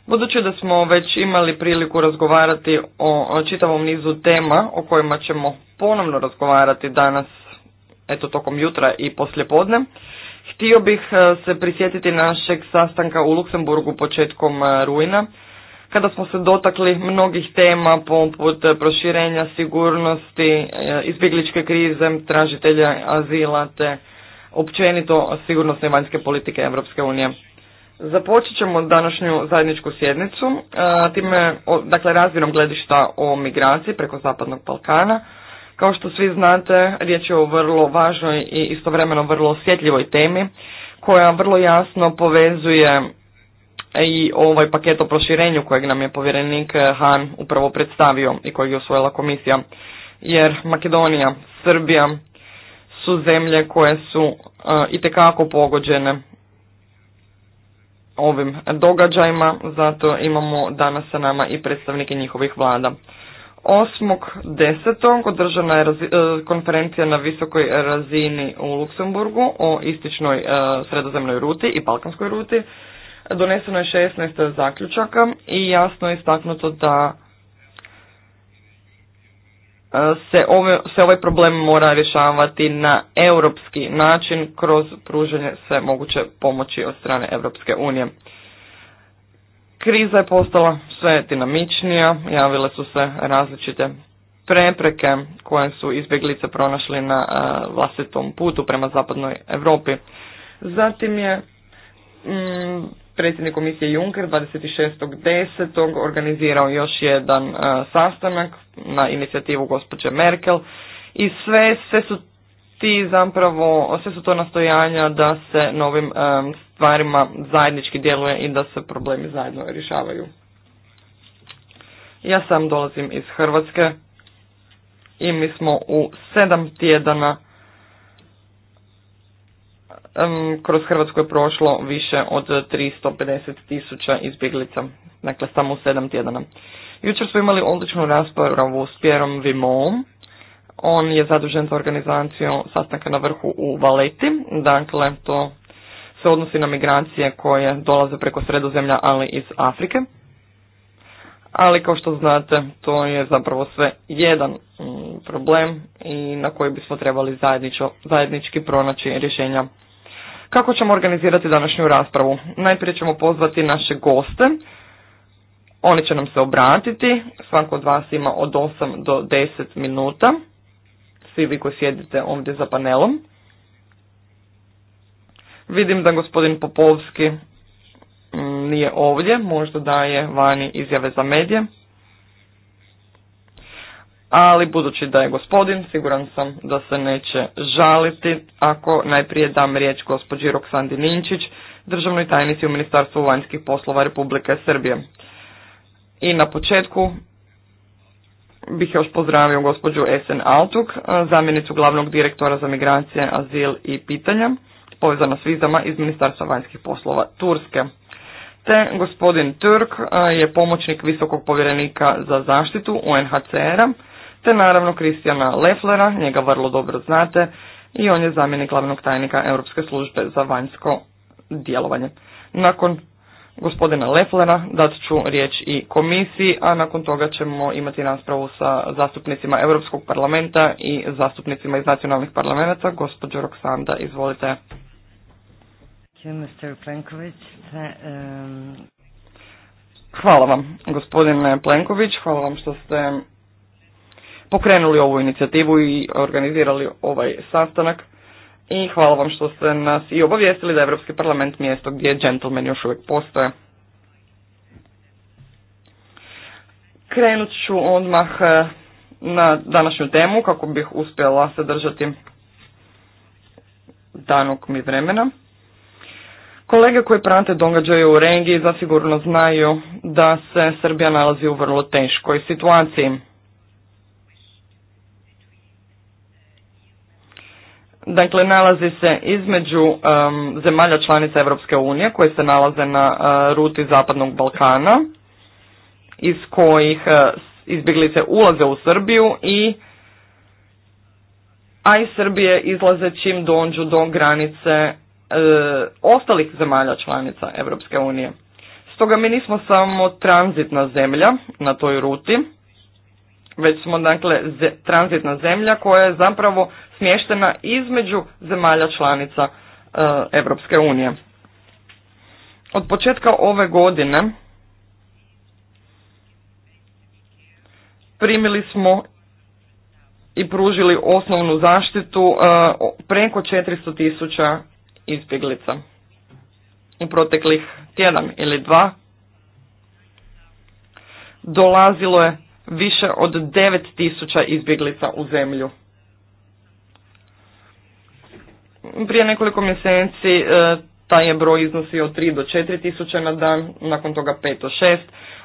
Budući da smo već imali priliku razgovarati o čitavom nizu tema o kojima ćemo ponovno razgovarati danas, eto tokom jutra i poslijepodne, htio bih e, se prisjetiti našeg sastanka u Luksemburgu početkom e, rujna, kada smo se dotakli mnogih tema poput proširenja sigurnosti, e, izbjegličke krize, tražitelja azila te općenito sigurnosne vanjske politike Europske unije. Započet ćemo današnju zajedničku sjednicu, e, time, dakle, razvirom gledišta o migraciji preko Zapadnog Balkana. Kao što svi znate, riječ je o vrlo važnoj i istovremeno vrlo osjetljivoj temi, koja vrlo jasno povezuje i ovaj paket o proširenju kojeg nam je povjerenik Han upravo predstavio i kojeg je osvojila komisija. Jer Makedonija, Srbija, su zemlje koje su e, itekako pogođene ovim događajima, zato imamo danas sa nama i predstavnike njihovih vlada. 8.10. održana je e, konferencija na visokoj razini u Luksemburgu o ističnoj e, sredozemnoj ruti i balkanskoj ruti. Doneseno je 16 zaključaka i jasno je istaknuto da E, se, ove, se ovaj problem mora rješavati na europski način kroz pruženje sve moguće pomoći od strane Europske unije. Kriza je postala sve dinamičnija, javile su se različite prepreke koje su izbjeglice pronašli na e, vlastitom putu prema zapadnoj Europi. Zatim je mm, predsjednik komisije Juncker 26.10. organizirao još jedan e, sastanak na inicijativu gospođe Merkel i sve, sve su ti zapravo, sve su to nastojanja da se novim e, stvarima zajednički djeluje i da se problemi zajedno rješavaju. Ja sam dolazim iz Hrvatske i mi smo u sedam tjedana kroz Hrvatsku je prošlo više od 350 tisuća izbjeglica, dakle samo u sedam tjedana. Jučer smo imali odličnu raspravu s Pierom Vimom, on je zadužen za organizaciju sastanka na vrhu u Valeti, dakle to se odnosi na migracije koje dolaze preko sredozemlja, ali iz Afrike. Ali kao što znate, to je zapravo sve jedan mm, problem i na koji bismo trebali zajednički pronaći rješenja kako ćemo organizirati današnju raspravu? Najprije ćemo pozvati naše goste. Oni će nam se obratiti. Svako od vas ima od 8 do 10 minuta. Svi vi koji sjedite ovdje za panelom. Vidim da gospodin Popovski mm, nije ovdje, možda daje vani izjave za medije ali budući da je gospodin, siguran sam da se neće žaliti ako najprije dam riječ gospođi Roksandi Ninčić, državnoj tajnici u Ministarstvu vanjskih poslova Republike Srbije. I na početku bih još pozdravio gospođu Esen Altuk, zamjenicu glavnog direktora za migracije, azil i pitanja, povezana s vizama iz Ministarstva vanjskih poslova Turske. Te gospodin Turk je pomoćnik visokog povjerenika za zaštitu UNHCR-a te naravno Kristijana Leflera, njega vrlo dobro znate, i on je zamjenik glavnog tajnika Europske službe za vanjsko djelovanje. Nakon gospodina Leflera dat ću riječ i komisiji, a nakon toga ćemo imati raspravu sa zastupnicima Europskog parlamenta i zastupnicima iz nacionalnih parlamenta. Gospođo Roksanda, izvolite. Um, hvala vam, gospodine Plenković, hvala vam što ste pokrenuli ovu inicijativu i organizirali ovaj sastanak. I hvala vam što ste nas i obavijestili da je Europski parlament mjesto gdje gentleman još uvijek postoje. Krenut ću odmah eh, na današnju temu kako bih uspjela se držati danog mi vremena. Kolege koji prate događaje u regiji zasigurno znaju da se Srbija nalazi u vrlo teškoj situaciji. Dakle, nalazi se između um, zemalja članica Europske unije koje se nalaze na uh, ruti Zapadnog Balkana, iz kojih uh, izbjeglice ulaze u Srbiju i a iz Srbije izlaze čim dođu do granice uh, ostalih zemalja članica Europske unije. Stoga mi nismo samo tranzitna zemlja na toj ruti, već smo dakle tranzitna zemlja koja je zapravo smještena između zemalja članica Europske unije. Od početka ove godine primili smo i pružili osnovnu zaštitu e, preko 400 tisuća izbjeglica u proteklih tjedan ili dva dolazilo je više od 9000 izbjeglica u zemlju. Prije nekoliko mjeseci e, taj je broj iznosio od 3 do 4.000 na dan, nakon toga 5 do 6,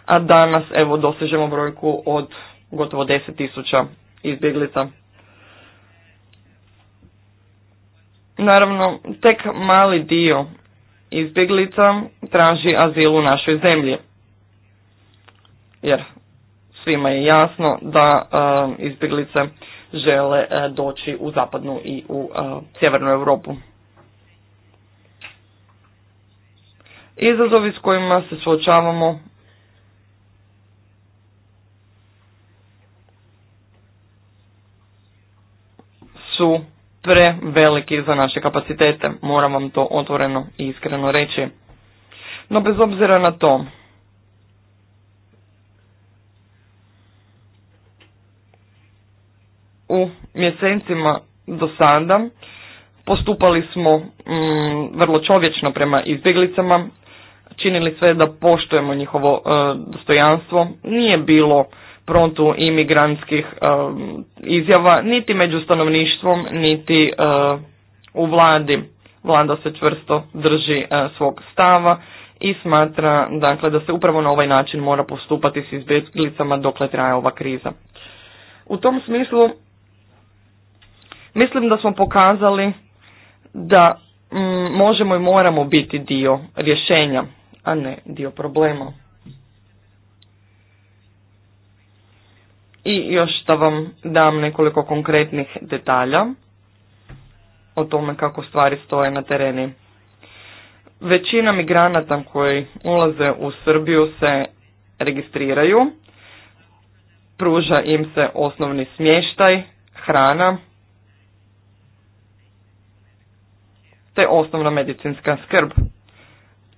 a danas evo dosežemo brojku od gotovo 10.000 tisuća izbjeglica. Naravno, tek mali dio izbjeglica traži azil u našoj zemlji. Jer Svima je jasno da um, izbjeglice žele uh, doći u zapadnu i u uh, sjevernu Europu. Izazovi s kojima se suočavamo su preveliki za naše kapacitete, moram vam to otvoreno i iskreno reći. No bez obzira na to, u mjesecima do sada postupali smo mm, vrlo čovječno prema izbjeglicama, činili sve da poštujemo njihovo e, dostojanstvo, nije bilo prontu imigrantskih e, izjava niti među stanovništvom, niti e, u vladi. Vlada se čvrsto drži svog stava i smatra dakle, da se upravo na ovaj način mora postupati s izbjeglicama dokle traje ova kriza. U tom smislu Mislim da smo pokazali da mm, možemo i moramo biti dio rješenja, a ne dio problema. I još da vam dam nekoliko konkretnih detalja o tome kako stvari stoje na tereni. Većina migranata koji ulaze u Srbiju se registriraju, pruža im se osnovni smještaj, hrana, te osnovna medicinska skrb.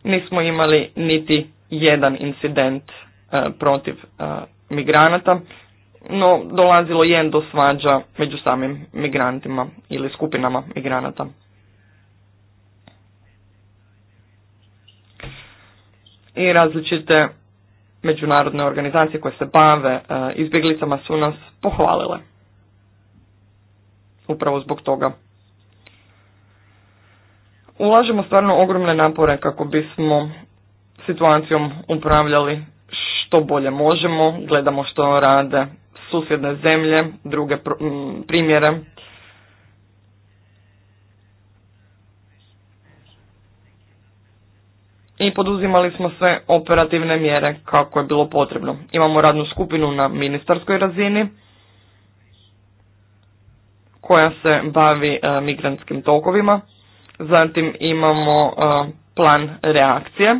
Nismo imali niti jedan incident e, protiv e, migranata, no dolazilo je do svađa među samim migrantima ili skupinama migranata. I različite međunarodne organizacije koje se bave e, izbjeglicama su nas pohvalile. Upravo zbog toga ulažemo stvarno ogromne napore kako bismo situacijom upravljali što bolje možemo, gledamo što rade susjedne zemlje, druge primjere. I poduzimali smo sve operativne mjere kako je bilo potrebno. Imamo radnu skupinu na ministarskoj razini koja se bavi e, migrantskim tokovima Zatim imamo e, plan reakcije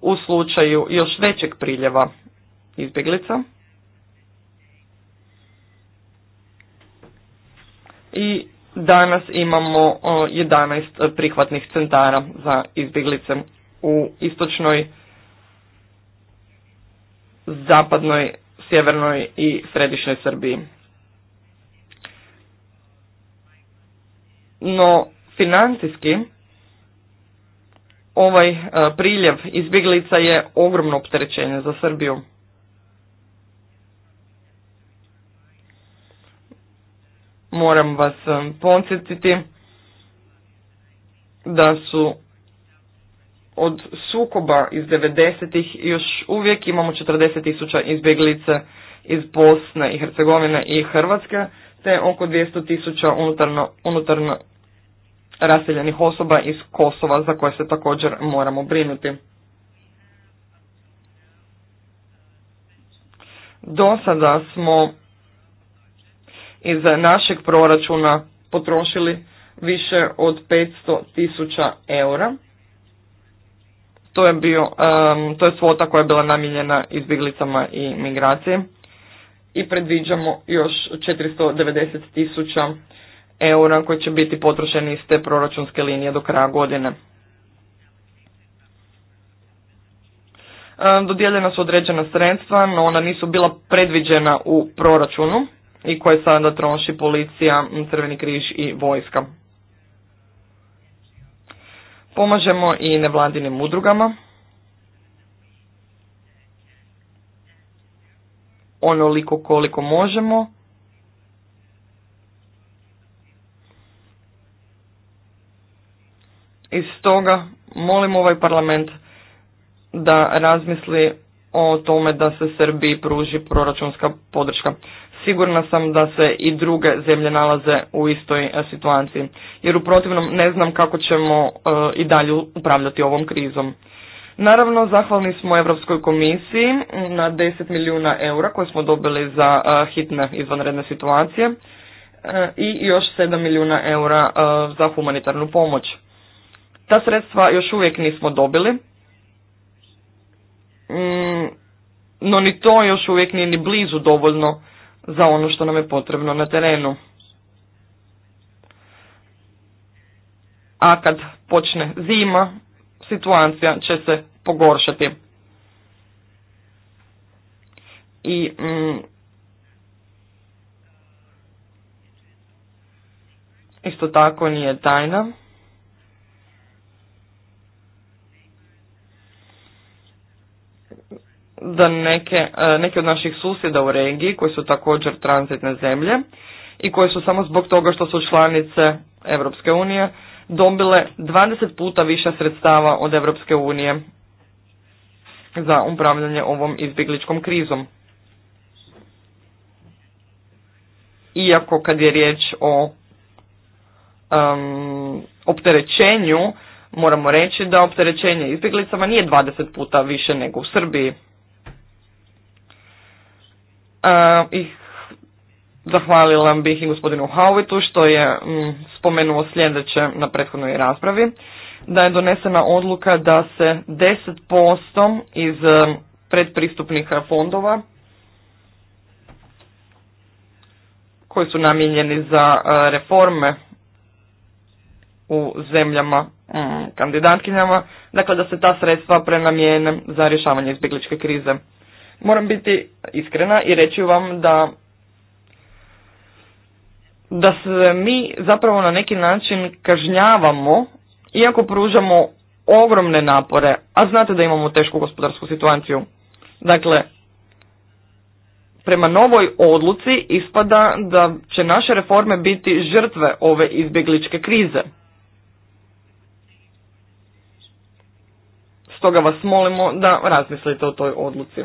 u slučaju još većeg priljeva izbjeglica. I danas imamo 11 e, prihvatnih centara za izbjeglice u istočnoj, zapadnoj, sjevernoj i središnjoj Srbiji. No, Financijski ovaj e, priljev izbjeglica je ogromno opterećenje za Srbiju. Moram vas e, podsjetiti da su od sukoba iz 90-ih još uvijek imamo 40 tisuća izbjeglica iz Bosne i Hercegovine i Hrvatske, te oko 200 tisuća unutarno, unutarno raseljenih osoba iz Kosova za koje se također moramo brinuti. Do sada smo iz našeg proračuna potrošili više od 500 tisuća eura. To je, bio, to je svota koja je bila namijenjena izbjeglicama i migracije i predviđamo još 490 tisuća eura koji će biti potrošeni iz te proračunske linije do kraja godine. Dodijeljena su određena sredstva, no ona nisu bila predviđena u proračunu i koje sada troši policija, Crveni križ i vojska. Pomažemo i nevladinim udrugama. Onoliko koliko možemo I stoga molim ovaj parlament da razmisli o tome da se Srbiji pruži proračunska podrška. Sigurna sam da se i druge zemlje nalaze u istoj e, situaciji, jer u protivnom ne znam kako ćemo e, i dalje upravljati ovom krizom. Naravno, zahvalni smo Europskoj komisiji na 10 milijuna eura koje smo dobili za e, hitne izvanredne situacije i još 7 milijuna eura za humanitarnu pomoć. Ta sredstva još uvijek nismo dobili, mm, no ni to još uvijek nije ni blizu dovoljno za ono što nam je potrebno na terenu. A kad počne zima, situacija će se pogoršati. I mm, isto tako nije tajna da neke, e, neke od naših susjeda u regiji koji su također transitne zemlje i koje su samo zbog toga što su članice Europske unije dobile 20 puta više sredstava od Europske unije za upravljanje ovom izbjegličkom krizom. Iako kad je riječ o um, opterećenju, moramo reći da opterećenje izbjeglicama nije 20 puta više nego u Srbiji. E, i zahvalila bih i gospodinu Hauvitu što je mm, spomenuo sljedeće na prethodnoj raspravi, da je donesena odluka da se 10% iz e, predpristupnih fondova koji su namijenjeni za e, reforme u zemljama mm, kandidatkinjama, dakle da se ta sredstva prenamijene za rješavanje izbjegličke krize. Moram biti iskrena i reći vam da da se mi zapravo na neki način kažnjavamo iako pružamo ogromne napore, a znate da imamo tešku gospodarsku situaciju. Dakle, prema novoj odluci ispada da će naše reforme biti žrtve ove izbjegličke krize. Stoga vas molimo da razmislite o toj odluci.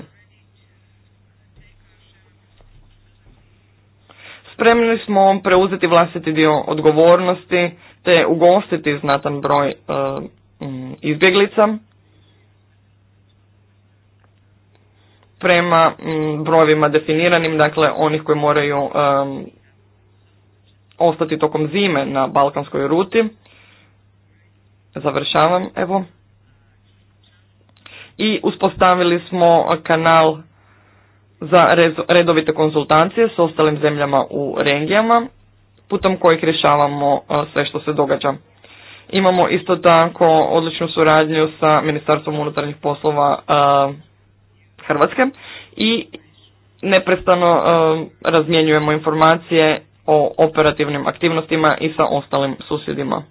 Spremni smo preuzeti vlastiti dio odgovornosti te ugostiti znatan broj e, mm, izbjeglica prema mm, brojevima definiranim, dakle onih koji moraju e, ostati tokom zime na balkanskoj ruti. Završavam, evo. I uspostavili smo kanal za redovite konzultacije s ostalim zemljama u regijama putom kojih rješavamo e, sve što se događa. Imamo isto tako odličnu suradnju sa Ministarstvom unutarnjih poslova e, Hrvatske i neprestano e, razmjenjujemo informacije o operativnim aktivnostima i sa ostalim susjedima.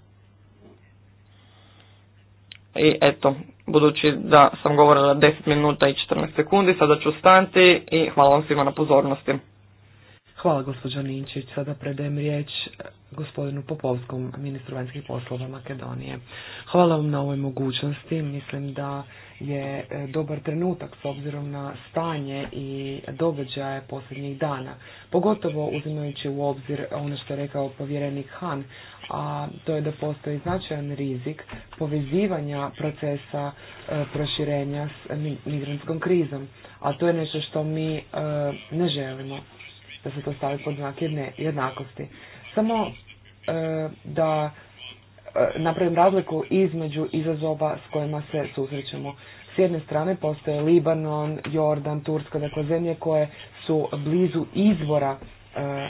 I eto, Budući da sam govorila 10 minuta i 14 sekundi, sada ću stanti i hvala vam svima na pozornosti. Hvala gospođo Ninčić. Sada predajem riječ eh, gospodinu Popovskom, ministru vanjskih poslova Makedonije. Hvala vam na ovoj mogućnosti. Mislim da je eh, dobar trenutak s obzirom na stanje i događaje posljednjih dana. Pogotovo uzimajući u obzir ono što je rekao povjerenik Han, a to je da postoji značajan rizik povezivanja procesa e, proširenja s migrantskom krizom, a to je nešto što mi e, ne želimo da se to stavi pod znak jednakosti. Samo e, da napravim razliku između izazova s kojima se susrećemo. S jedne strane postoje Libanon, Jordan, Turska, dakle zemlje koje su blizu izvora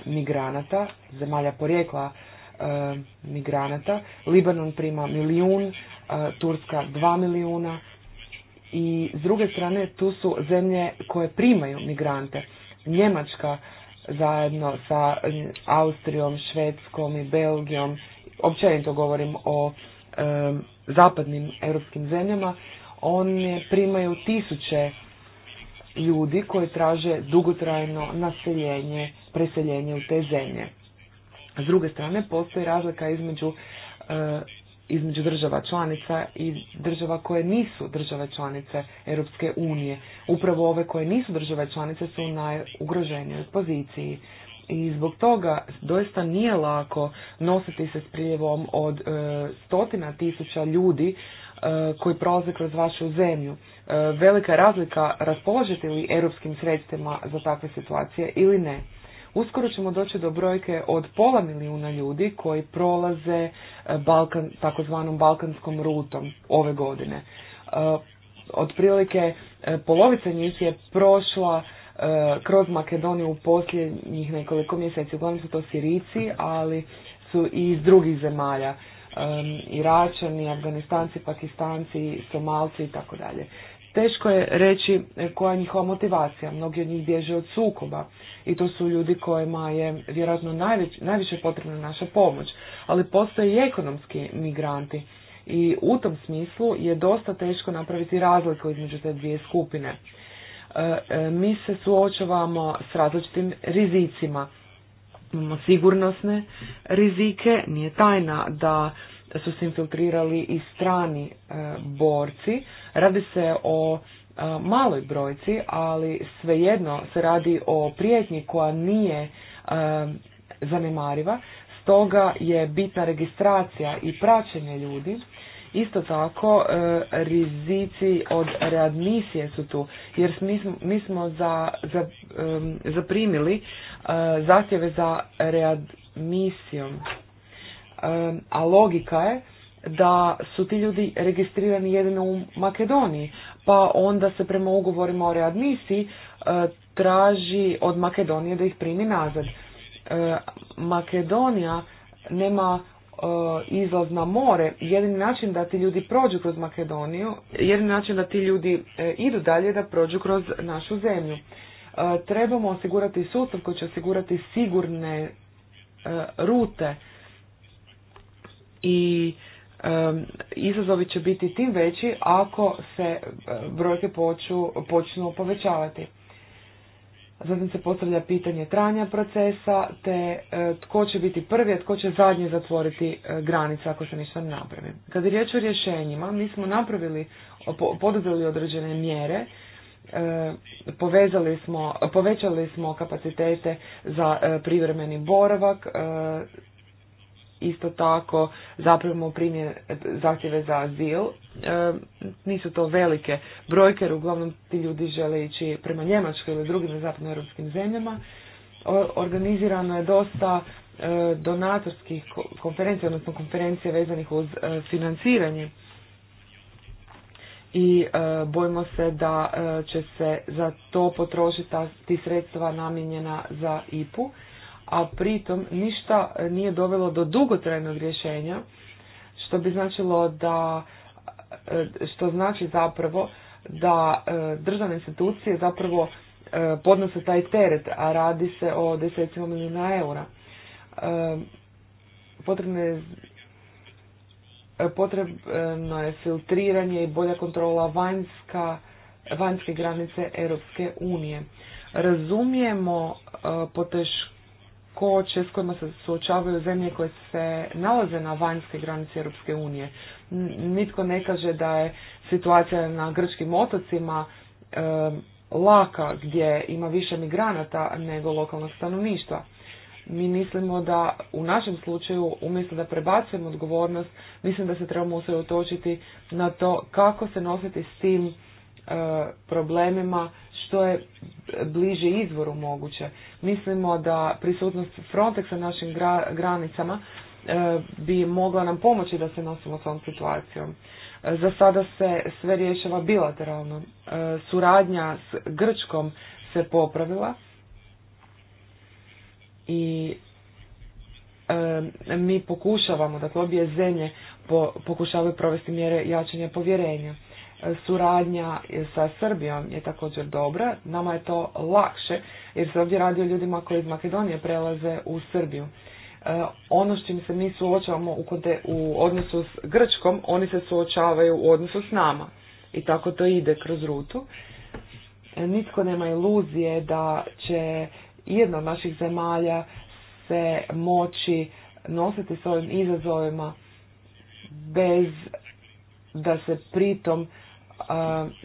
migranata, zemalja porijekla E, migranata, Libanon prima milijun, e, Turska dva milijuna i s druge strane tu su zemlje koje primaju migrante. Njemačka zajedno sa e, Austrijom, Švedskom i Belgijom, općenito govorim o zapadnim europskim zemljama, one primaju tisuće ljudi koji traže dugotrajno naseljenje, preseljenje u te zemlje. S druge strane, postoji razlika između e, između država članica i država koje nisu države članice Europske unije. Upravo ove koje nisu države članice su u najugroženijoj poziciji. I zbog toga doista nije lako nositi se s prijevom od e, stotina tisuća ljudi e, koji prolaze kroz vašu zemlju. E, velika je razlika raspoložiti li europskim sredstvima za takve situacije ili ne. Uskoro ćemo doći do brojke od pola milijuna ljudi koji prolaze e, Balkan, takozvanom balkanskom rutom ove godine. E, otprilike e, polovica njih je prošla kroz Makedoniju u posljednjih nekoliko mjeseci. Uglavnom su to Sirici, ali su i iz drugih zemalja. Iračani, Afganistanci, Pakistanci, Somalci i tako dalje. Teško je reći koja je njihova motivacija. Mnogi od njih bježe od sukoba i to su ljudi kojima je vjerojatno najveć, najviše potrebna naša pomoć. Ali postoje i ekonomski migranti i u tom smislu je dosta teško napraviti razliku između te dvije skupine. E, e, mi se suočavamo s različitim rizicima. Imamo sigurnosne rizike, nije tajna da su se infiltrirali i strani e, borci. Radi se o e, maloj brojci, ali svejedno se radi o prijetnji koja nije e, zanemariva, stoga je bitna registracija i praćenje ljudi. Isto tako, rizici od readmisije su tu, jer mi smo, mi smo za, za, zaprimili zahtjeve za readmisijom a logika je da su ti ljudi registrirani jedino u Makedoniji, pa onda se prema ugovorima o readmisiji e, traži od Makedonije da ih primi nazad. E, Makedonija nema e, izlaz na more, jedini način da ti ljudi prođu kroz Makedoniju, jedini način da ti ljudi idu dalje da prođu kroz našu zemlju. Trebamo osigurati sustav koji će osigurati sigurne rute i izazovi će biti tim veći ako se eh, brojke poču, počnu povećavati. Zatim se postavlja pitanje tranja procesa, te eh, tko će biti prvi, a tko će zadnji zatvoriti eh, granice ako se ništa ne napravi. Kad je riječ o rješenjima, mi smo napravili, poduzeli određene mjere, povezali smo, povećali smo kapacitete za privremeni boravak, isto tako zapravimo primjer zahtjeve za azil. E, nisu to velike brojke, jer uglavnom ti ljudi žele ići prema Njemačkoj ili drugim zapadnoeuropskim zemljama. organizirano je dosta e, donatorskih konferencija, odnosno konferencije vezanih uz e, financiranje. I bojimo se da će se za to potrošiti ti sredstva namijenjena za IPU a pritom ništa nije dovelo do dugotrajnog rješenja, što bi značilo da, e, što znači zapravo da e, državne institucije zapravo e, podnose taj teret, a radi se o desetima milijuna eura. Potrebno je je filtriranje i bolja kontrola vanjska, vanjske granice Europske unije. Razumijemo poteško teškoće s kojima se suočavaju zemlje koje se nalaze na vanjske granici Europske unije. Nitko ne kaže da je situacija na grčkim otocima laka gdje ima više migranata nego lokalnog stanovništva. Mi mislimo da u našem slučaju, umjesto da prebacujemo odgovornost, mislim da se trebamo usredotočiti na to kako se nositi s tim E, problemima što je bliže izvoru moguće. Mislimo da prisutnost Frontexa na našim granicama e, bi mogla nam pomoći da se nosimo s ovom situacijom. E, za sada se sve rješava bilateralno. Suradnja s Grčkom se popravila i mi pokušavamo, dakle obje zemlje pokušavaju provesti mjere jačanja povjerenja suradnja sa Srbijom je također dobra. Nama je to lakše jer se ovdje radi o ljudima koji iz Makedonije prelaze u Srbiju. E, ono s čim se mi suočavamo u odnosu s Grčkom, oni se suočavaju u odnosu s nama. I tako to ide kroz rutu. E, nitko nema iluzije da će jedna od naših zemalja se moći nositi s ovim izazovima bez da se pritom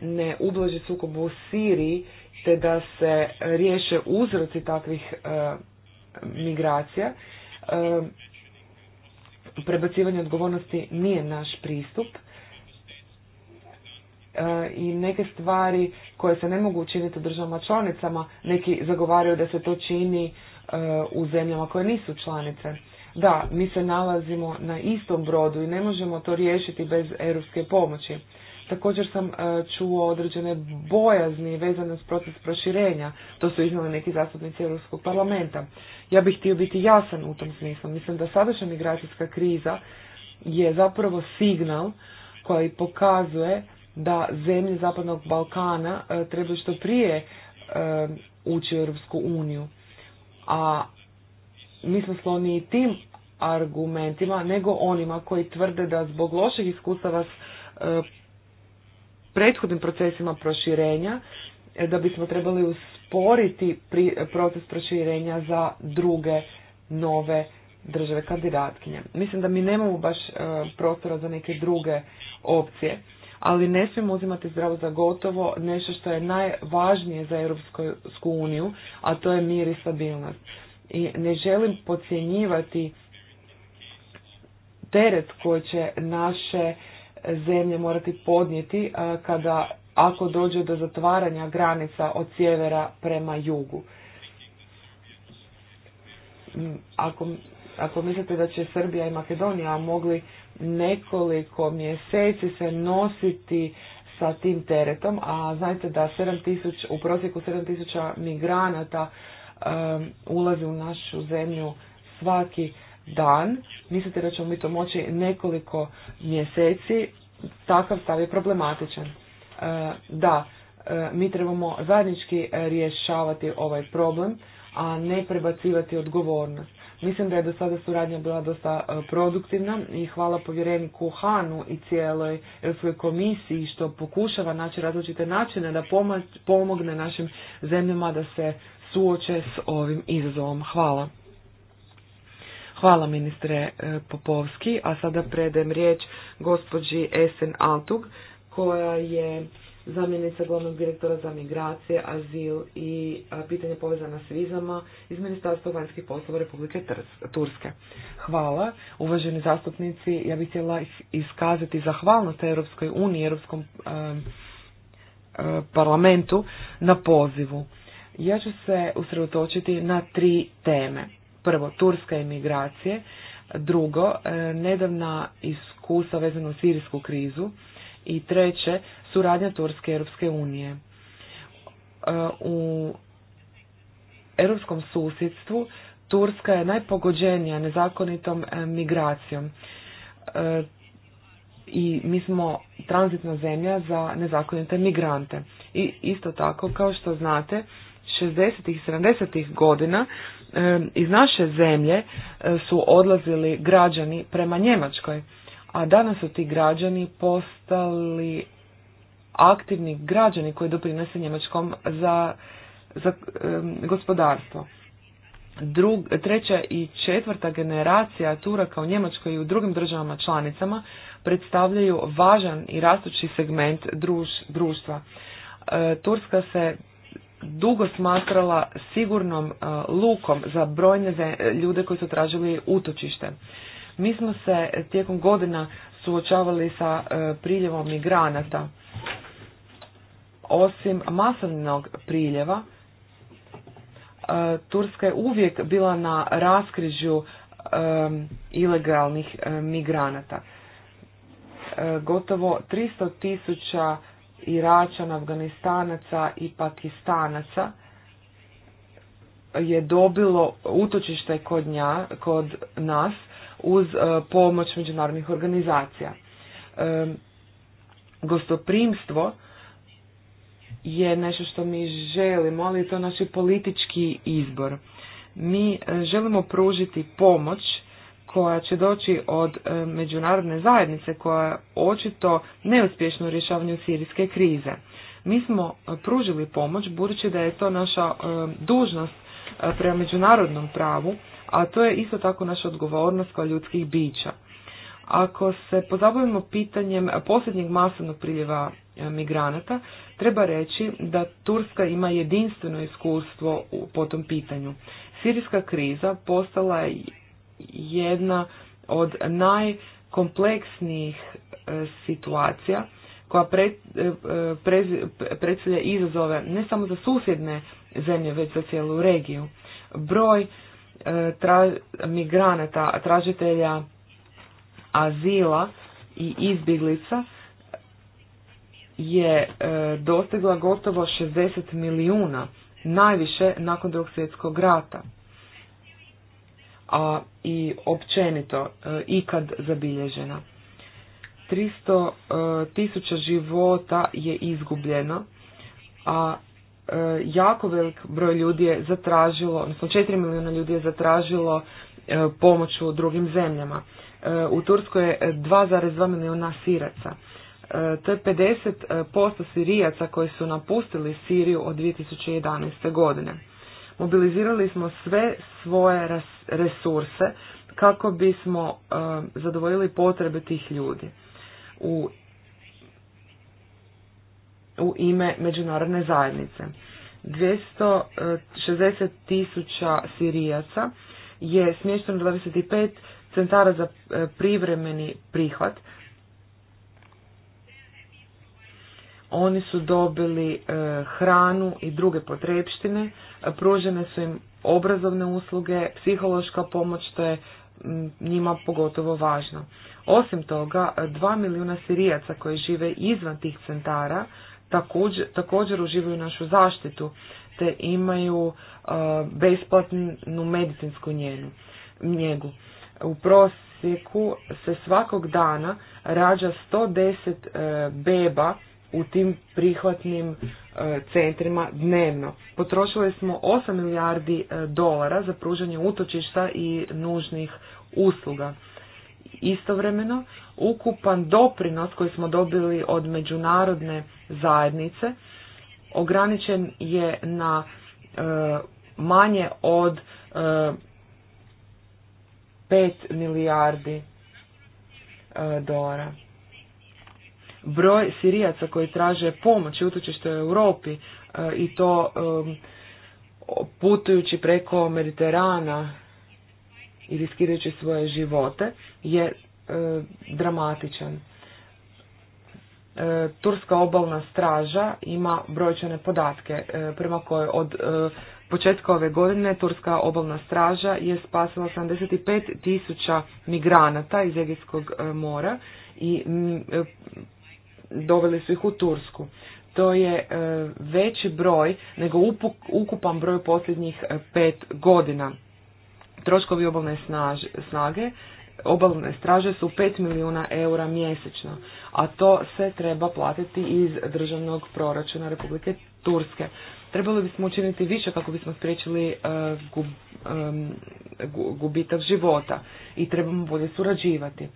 ne ublaži sukobu u Siriji te da se riješe uzroci takvih e, migracija, e, prebacivanje odgovornosti nije naš pristup e, i neke stvari koje se ne mogu učiniti u državama članicama, neki zagovaraju da se to čini u zemljama koje nisu članice. Da, mi se nalazimo na istom brodu i ne možemo to riješiti bez europske pomoći. Također sam e, čuo određene bojazni vezane uz proces proširenja. To su iznali neki zastupnici Europskog parlamenta. Ja bih htio biti jasan u tom smislu. Mislim da sadašnja migracijska kriza je zapravo signal koji pokazuje da zemlje Zapadnog Balkana e, treba što prije e, ući u Europsku uniju. A mi smo sloni i tim argumentima nego onima koji tvrde da zbog loših iskustava prethodnim procesima proširenja e, da bismo trebali usporiti pri, proces proširenja za druge nove države kandidatkinje. Mislim da mi nemamo baš e, prostora za neke druge opcije, ali ne smijemo uzimati zdravo za gotovo nešto što je najvažnije za Europsku uniju, a to je mir i stabilnost. I ne želim pocijenjivati teret koji će naše zemlje morati podnijeti kada ako dođe do zatvaranja granica od sjevera prema jugu. Ako, ako mislite da će Srbija i Makedonija mogli nekoliko mjeseci se nositi sa tim teretom, a znajte da 7000, u prosjeku 7000 migranata ulazi u našu zemlju svaki dan, mislite da ćemo mi to moći nekoliko mjeseci, takav stav je problematičan. E, da, e, mi trebamo zajednički rješavati ovaj problem, a ne prebacivati odgovornost. Mislim da je do sada suradnja bila dosta e, produktivna i hvala povjereniku Hanu i cijeloj Europskoj komisiji što pokušava naći različite načine da pomogne našim zemljama da se suoče s ovim izazovom. Hvala. Hvala ministre e, Popovski, a sada predajem riječ gospođi Esen Altug koja je zamjenica glavnog direktora za migracije, azil i e, pitanje povezana s vizama iz Ministarstva vanjskih poslova Republike Turske. Hvala. Uvaženi zastupnici, ja bih htjela iskazati zahvalnost Europskoj uniji, Europskom e, parlamentu na pozivu. Ja ću se usredotočiti na tri teme prvo, turska emigracije, drugo, e, nedavna iskustva vezano u sirijsku krizu i treće, suradnja Turske i Europske unije. E, u europskom susjedstvu Turska je najpogođenija nezakonitom e, migracijom i mi smo tranzitna zemlja za nezakonite migrante. I isto tako, kao što znate, 60. i 70. godina iz naše zemlje e, su odlazili građani prema Njemačkoj, a danas su ti građani postali aktivni građani koji doprinose Njemačkom za, za gospodarstvo. Drug, treća i četvrta generacija Turaka u Njemačkoj i u drugim državama članicama predstavljaju važan i rastući segment društva. E, Turska se dugo smatrala sigurnom e, lukom za brojne e, ljude koji su tražili utočište. Mi smo se tijekom godina suočavali sa e, priljevom migranata. Osim masovnog priljeva, Turska je uvijek bila na raskrižju ilegalnih migranata. Gotovo 300 tisuća Iračana, Afganistanaca i Pakistanaca je dobilo utočište kod, kod nas uz e, pomoć međunarodnih organizacija. E, gostoprimstvo je nešto što mi želimo, ali je to naš politički izbor. Mi e, želimo pružiti pomoć koja će doći od e, međunarodne zajednice koja je očito neuspješna u rješavanju sirijske krize. Mi smo e, pružili pomoć budući da je to naša e, dužnost prema međunarodnom pravu, a to je isto tako naša odgovornost kao ljudskih bića. Ako se pozabavimo pitanjem posljednjeg masovnog priljeva migranata, treba reći da Turska ima jedinstveno iskustvo po tom pitanju. Sirijska kriza postala je jedna od najkompleksnijih e, situacija koja e, e, predstavlja izazove ne samo za susjedne zemlje, već za cijelu regiju. Broj migranata, tražitelja azila i izbjeglica je dostigla gotovo 60 milijuna, najviše nakon drugog svjetskog rata a i općenito e, ikad zabilježena. 300 e, tisuća života je izgubljeno, a e, jako velik broj ljudi je zatražilo, odnosno 4 milijuna ljudi je zatražilo pomoć u drugim zemljama. U Turskoj je 2,2 milijuna siraca. To je 50% sirijaca koji su napustili Siriju od 2011. godine. Mobilizirali smo sve svoje resurse kako bismo e, zadovoljili potrebe tih ljudi u, u ime međunarodne zajednice. 260 tisuća sirijaca je smješteno 25 centara za e, privremeni prihvat. Oni su dobili e, hranu i druge potrebštine, pružene su im obrazovne usluge, psihološka pomoć je njima pogotovo važno. Osim toga, dva milijuna sirijaca koji žive izvan tih centara također, uživaju našu zaštitu te imaju e, besplatnu medicinsku njegu. U prosjeku se svakog dana rađa 110 e, beba u tim prihvatnim e, centrima dnevno. Potrošili smo 8 milijardi e, dolara za pružanje utočišta i nužnih usluga. Istovremeno, ukupan doprinos koji smo dobili od međunarodne zajednice ograničen je na e, manje od pet 5 milijardi dolara broj Sirijaca koji traže pomoć i utočište u Europi e, i to putujući preko Mediterana i riskirajući svoje živote je e, dramatičan. E, turska obalna straža ima brojčane podatke prema koje od početka ove godine Turska obalna straža je spasila 75 tisuća migranata iz Egijskog mora i doveli su ih u Tursku. To je e, veći broj nego ukupan broj posljednjih e, pet godina. Troškovi obalne snage obalne straže su 5 milijuna eura mjesečno, a to se treba platiti iz državnog proračuna Republike Turske. Trebali bismo učiniti više kako bismo spriječili e, gubitak života i trebamo bolje surađivati.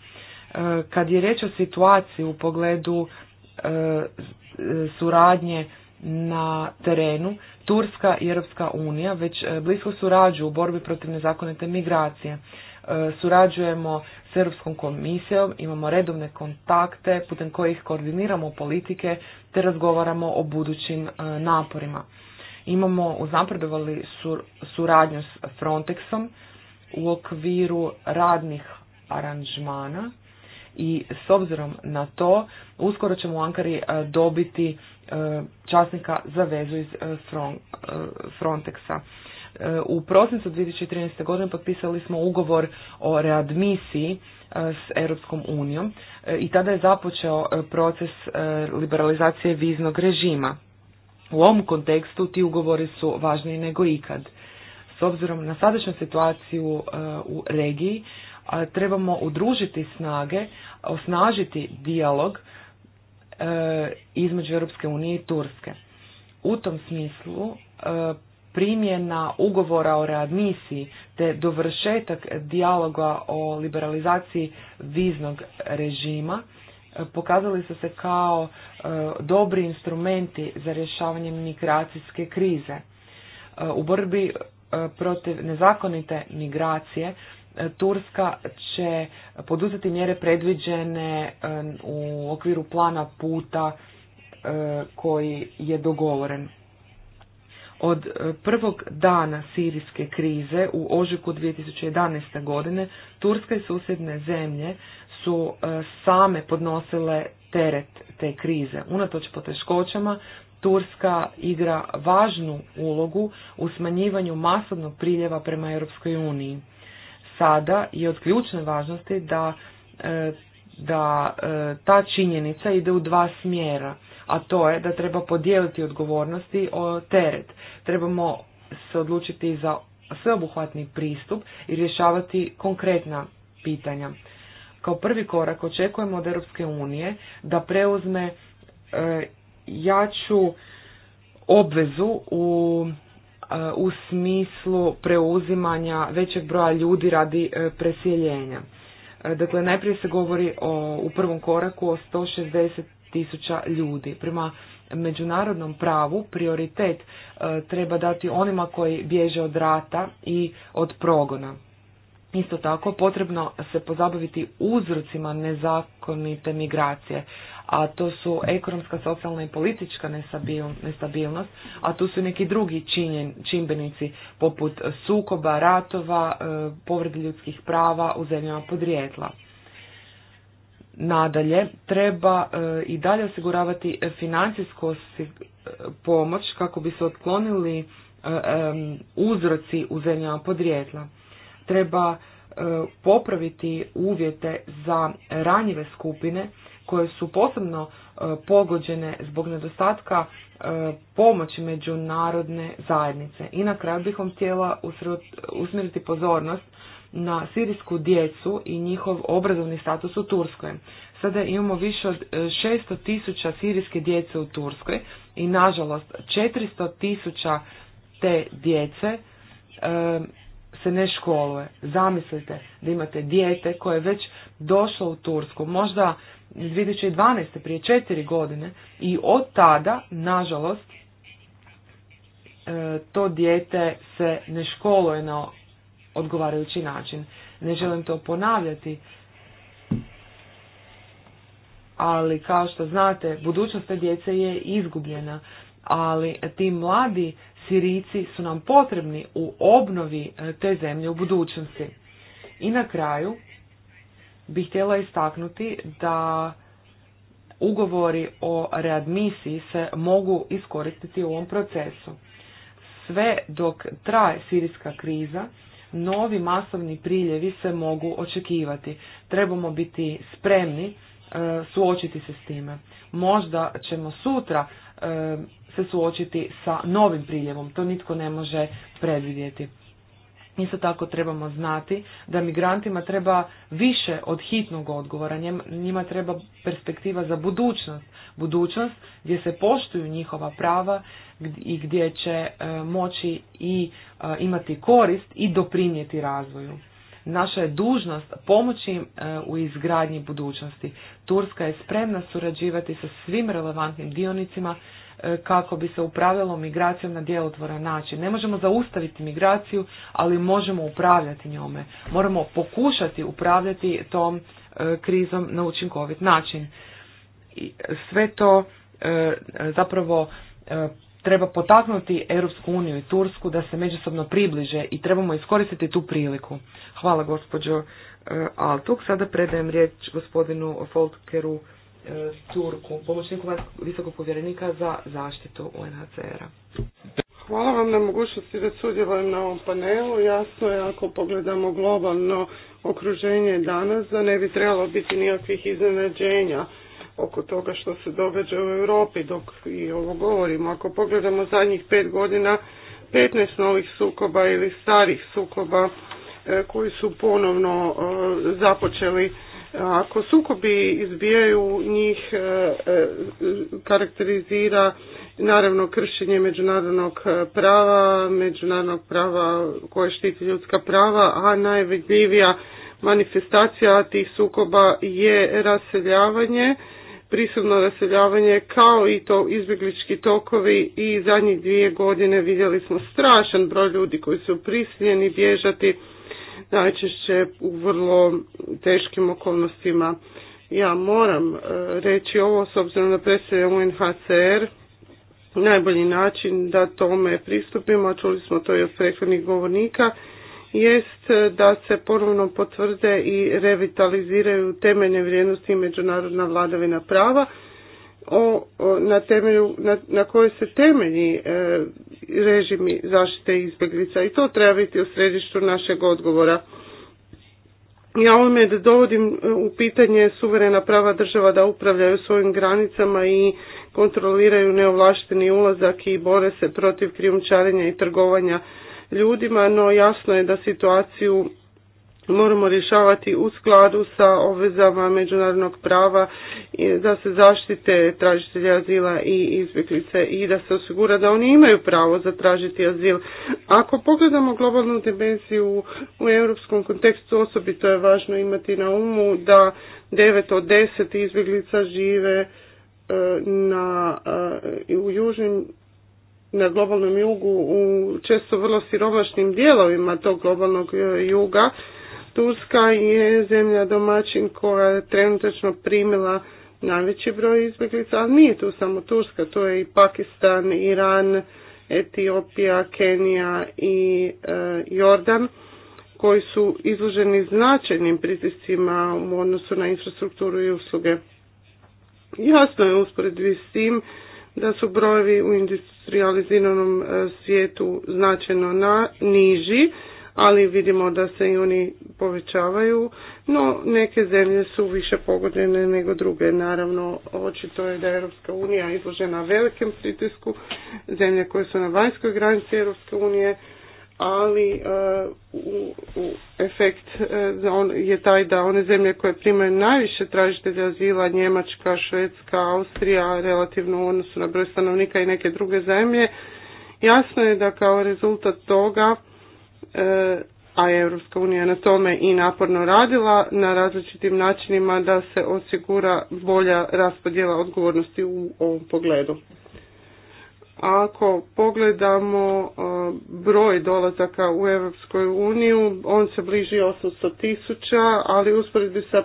E, kad je riječ o situaciji u pogledu e, suradnje na terenu, Turska i Europska unija već e, blisko surađuju u borbi protiv nezakonite migracije. Surađujemo s Europskom komisijom, imamo redovne kontakte putem kojih koordiniramo politike te razgovaramo o budućim naporima. Imamo uznapredovali suradnju s Frontexom u okviru radnih aranžmana i s obzirom na to uskoro ćemo u Ankari e, dobiti e, časnika za vezu iz e, Frontexa. U prosincu 2013. godine potpisali smo ugovor o readmisiji s Europskom unijom i tada je započeo proces liberalizacije viznog režima. U ovom kontekstu ti ugovori su važniji nego ikad. S obzirom na sadašnju situaciju u regiji, trebamo udružiti snage, osnažiti dijalog e, između Europske unije i Turske. U tom smislu e, primjena ugovora o readmisiji te dovršetak dijaloga o liberalizaciji viznog režima e, pokazali su se kao dobri instrumenti za rješavanje migracijske krize. u borbi protiv nezakonite migracije Turska će poduzeti mjere predviđene u okviru plana puta koji je dogovoren. Od prvog dana sirijske krize u ožujku 2011. godine Turska i susjedne zemlje su same podnosile teret te krize. Unatoč poteškoćama Turska igra važnu ulogu u smanjivanju masovnog priljeva prema Europskoj uniji sada je od ključne važnosti da, e, da e, ta činjenica ide u dva smjera, a to je da treba podijeliti odgovornosti o teret. Trebamo se odlučiti za sveobuhvatni pristup i rješavati konkretna pitanja. Kao prvi korak očekujemo od Europske unije da preuzme e, jaču obvezu u E, u smislu preuzimanja većeg broja ljudi radi e, presjeljenja. E, dakle, najprije se govori o, u prvom koraku o 160 tisuća ljudi. Prema međunarodnom pravu prioritet treba dati onima koji bježe od rata i od progona. Isto tako potrebno se pozabaviti uzrocima nezakonite migracije, a to su ekonomska, socijalna i politička nestabilnost, a tu su neki drugi činjen, čimbenici poput sukoba, ratova, e, povrede ljudskih prava u zemljama podrijetla. Nadalje, treba e, i dalje osiguravati financijsku e, pomoć kako bi se otklonili uzroci u zemljama podrijetla. Treba popraviti uvjete za ranjive skupine koje su posebno e, pogođene zbog nedostatka e, pomoći međunarodne zajednice. I na kraju bih vam htjela usmjeriti pozornost na sirijsku djecu i njihov obrazovni status u Turskoj. Sada imamo više od 600 e, tisuća sirijske djece u Turskoj i nažalost 400 tisuća te djece se ne školuje. Zamislite da imate dijete koje je već došlo u Tursku, možda iz 2012. prije četiri godine i od tada, nažalost, e, to dijete se ne školuje na odgovarajući način. Ne želim to ponavljati, ali kao što znate, budućnost te djece je izgubljena, ali ti mladi Sirici su nam potrebni u obnovi e, te zemlje u budućnosti. I na kraju, bih htjela istaknuti da ugovori o readmisiji se mogu iskoristiti u ovom procesu. Sve dok traje sirijska kriza, novi masovni priljevi se mogu očekivati. Trebamo biti spremni e, suočiti se s time. Možda ćemo sutra e, se suočiti sa novim priljevom, to nitko ne može predvidjeti. Isto tako trebamo znati da migrantima treba više od hitnog odgovora, njima treba perspektiva za budućnost, budućnost gdje se poštuju njihova prava i gdje će e, moći i e, imati korist i doprinijeti razvoju. Naša je dužnost pomoći im e, u izgradnji budućnosti. Turska je spremna surađivati sa svim relevantnim dionicima E, kako bi se upravljalo migracijom na djelotvoran način. Ne možemo zaustaviti migraciju, ali možemo upravljati njome. Moramo pokušati upravljati tom e, krizom na učinkovit način. I sve to e, zapravo treba potaknuti Europsku uniju i Tursku da se međusobno približe i trebamo iskoristiti tu priliku. Hvala gospođo Altuk. Sada predajem riječ gospodinu Folkeru. E, Turku, pomoćniku visokog povjerenika za zaštitu UNHCR-a. Hvala vam na mogućnosti da sudjelujem na ovom panelu. Jasno je ako pogledamo globalno okruženje danas da ne bi trebalo biti nikakvih iznenađenja oko toga što se događa u Europi dok i ovo govorimo. Ako pogledamo zadnjih pet godina 15 novih sukoba ili starih sukoba e, koji su ponovno e, započeli ako sukobi izbijaju njih e, e, karakterizira naravno kršenje međunarodnog e, prava, međunarodnog prava koje štiti ljudska prava, a najvidljivija manifestacija tih sukoba je raseljavanje, prisilno raseljavanje kao i to izbjeglički tokovi i zadnjih dvije godine vidjeli smo strašan broj ljudi koji su prisiljeni bježati najčešće u vrlo teškim okolnostima. Ja moram e, reći ovo s obzirom da predstavljam UNHCR, najbolji način da tome pristupimo, a čuli smo to i od prethodnih govornika, jest da se ponovno potvrde i revitaliziraju temeljne vrijednosti i međunarodna vladavina prava, o, na temelju na, kojoj se temelji e, režimi zaštite izbjeglica i to treba biti u središtu našeg odgovora. Ja ovome da dovodim e, u pitanje suverena prava država da upravljaju svojim granicama i kontroliraju neovlašteni ulazak i bore se protiv krijumčarenja i trgovanja ljudima, no jasno je da situaciju moramo rješavati u skladu sa obvezama međunarodnog prava da se zaštite tražitelja azila i izbjeglice i da se osigura da oni imaju pravo zatražiti azil. Ako pogledamo globalnu dimenziju u europskom kontekstu osobito je važno imati na umu da 9 od 10 izbjeglica žive e, na, e, u južnim na globalnom jugu u često vrlo siromašnim dijelovima tog globalnog e, juga Turska je zemlja domaćin koja je trenutačno primila najveći broj izbjeglica, ali nije tu samo Turska, to je i Pakistan, Iran, Etiopija, Kenija i e, Jordan koji su izloženi značajnim pritiscima u odnosu na infrastrukturu i usluge. Jasno je usporedbi s tim da su brojevi u industrializiranom e, svijetu značajno na, niži, ali vidimo da se i oni povećavaju, no neke zemlje su više pogodene nego druge. Naravno, očito je da je Europska unija izložena velikem pritisku, zemlje koje su na vanjskoj granici Europske unije, ali e, u, efekt e, je taj da one zemlje koje primaju najviše tražitelja azila, Njemačka, Švedska, Austrija, relativno u odnosu na broj stanovnika i neke druge zemlje, jasno je da kao rezultat toga E, a Europska unija na tome i naporno radila na različitim načinima da se osigura bolja raspodjela odgovornosti u ovom pogledu. ako pogledamo e, broj dolazaka u Europskoj uniju, on se bliži 800 tisuća, ali usporedbi sa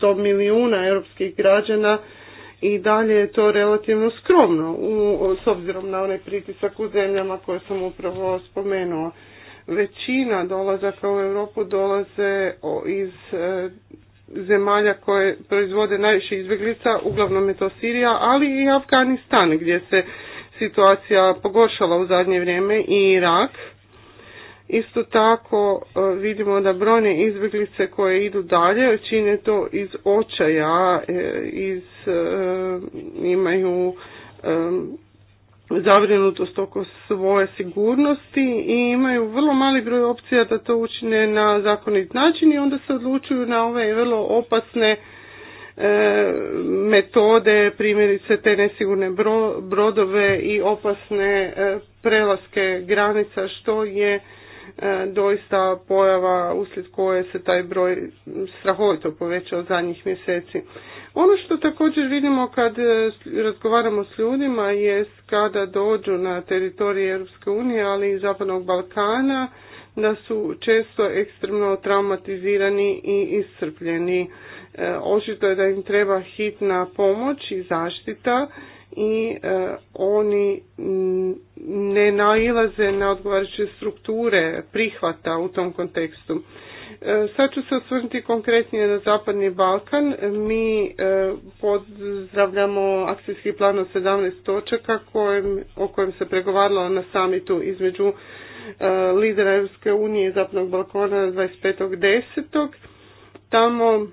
500 milijuna europskih građana i dalje je to relativno skromno u, s obzirom na onaj pritisak u zemljama koje sam upravo spomenula većina dolazaka u Europu dolaze iz e, zemalja koje proizvode najviše izbjeglica, uglavnom je to Sirija, ali i Afganistan gdje se situacija pogoršala u zadnje vrijeme i Irak. Isto tako e, vidimo da brojne izbjeglice koje idu dalje čine to iz očaja, e, iz, imaju zabrinutost oko svoje sigurnosti i imaju vrlo mali broj opcija da to učine na zakonit način i onda se odlučuju na ove vrlo opasne e, metode, primjerice te nesigurne brodove i opasne e, prelaske granica što je E, doista pojava uslijed koje se taj broj strahovito povećao zadnjih mjeseci. Ono što također vidimo kad e, razgovaramo s ljudima je kada dođu na teritorije Europske unije, ali i Zapadnog Balkana, da su često ekstremno traumatizirani i iscrpljeni. E, očito je da im treba hitna pomoć i zaštita i e, oni ne nailaze na odgovarajuće strukture prihvata u tom kontekstu. E, sad ću se osvrnuti konkretnije na Zapadni Balkan. Mi e, pozdravljamo akcijski plan od 17 točaka kojim, o kojem se pregovaralo na samitu između lidera Europske unije i Zapadnog Balkona 25.10. Tamo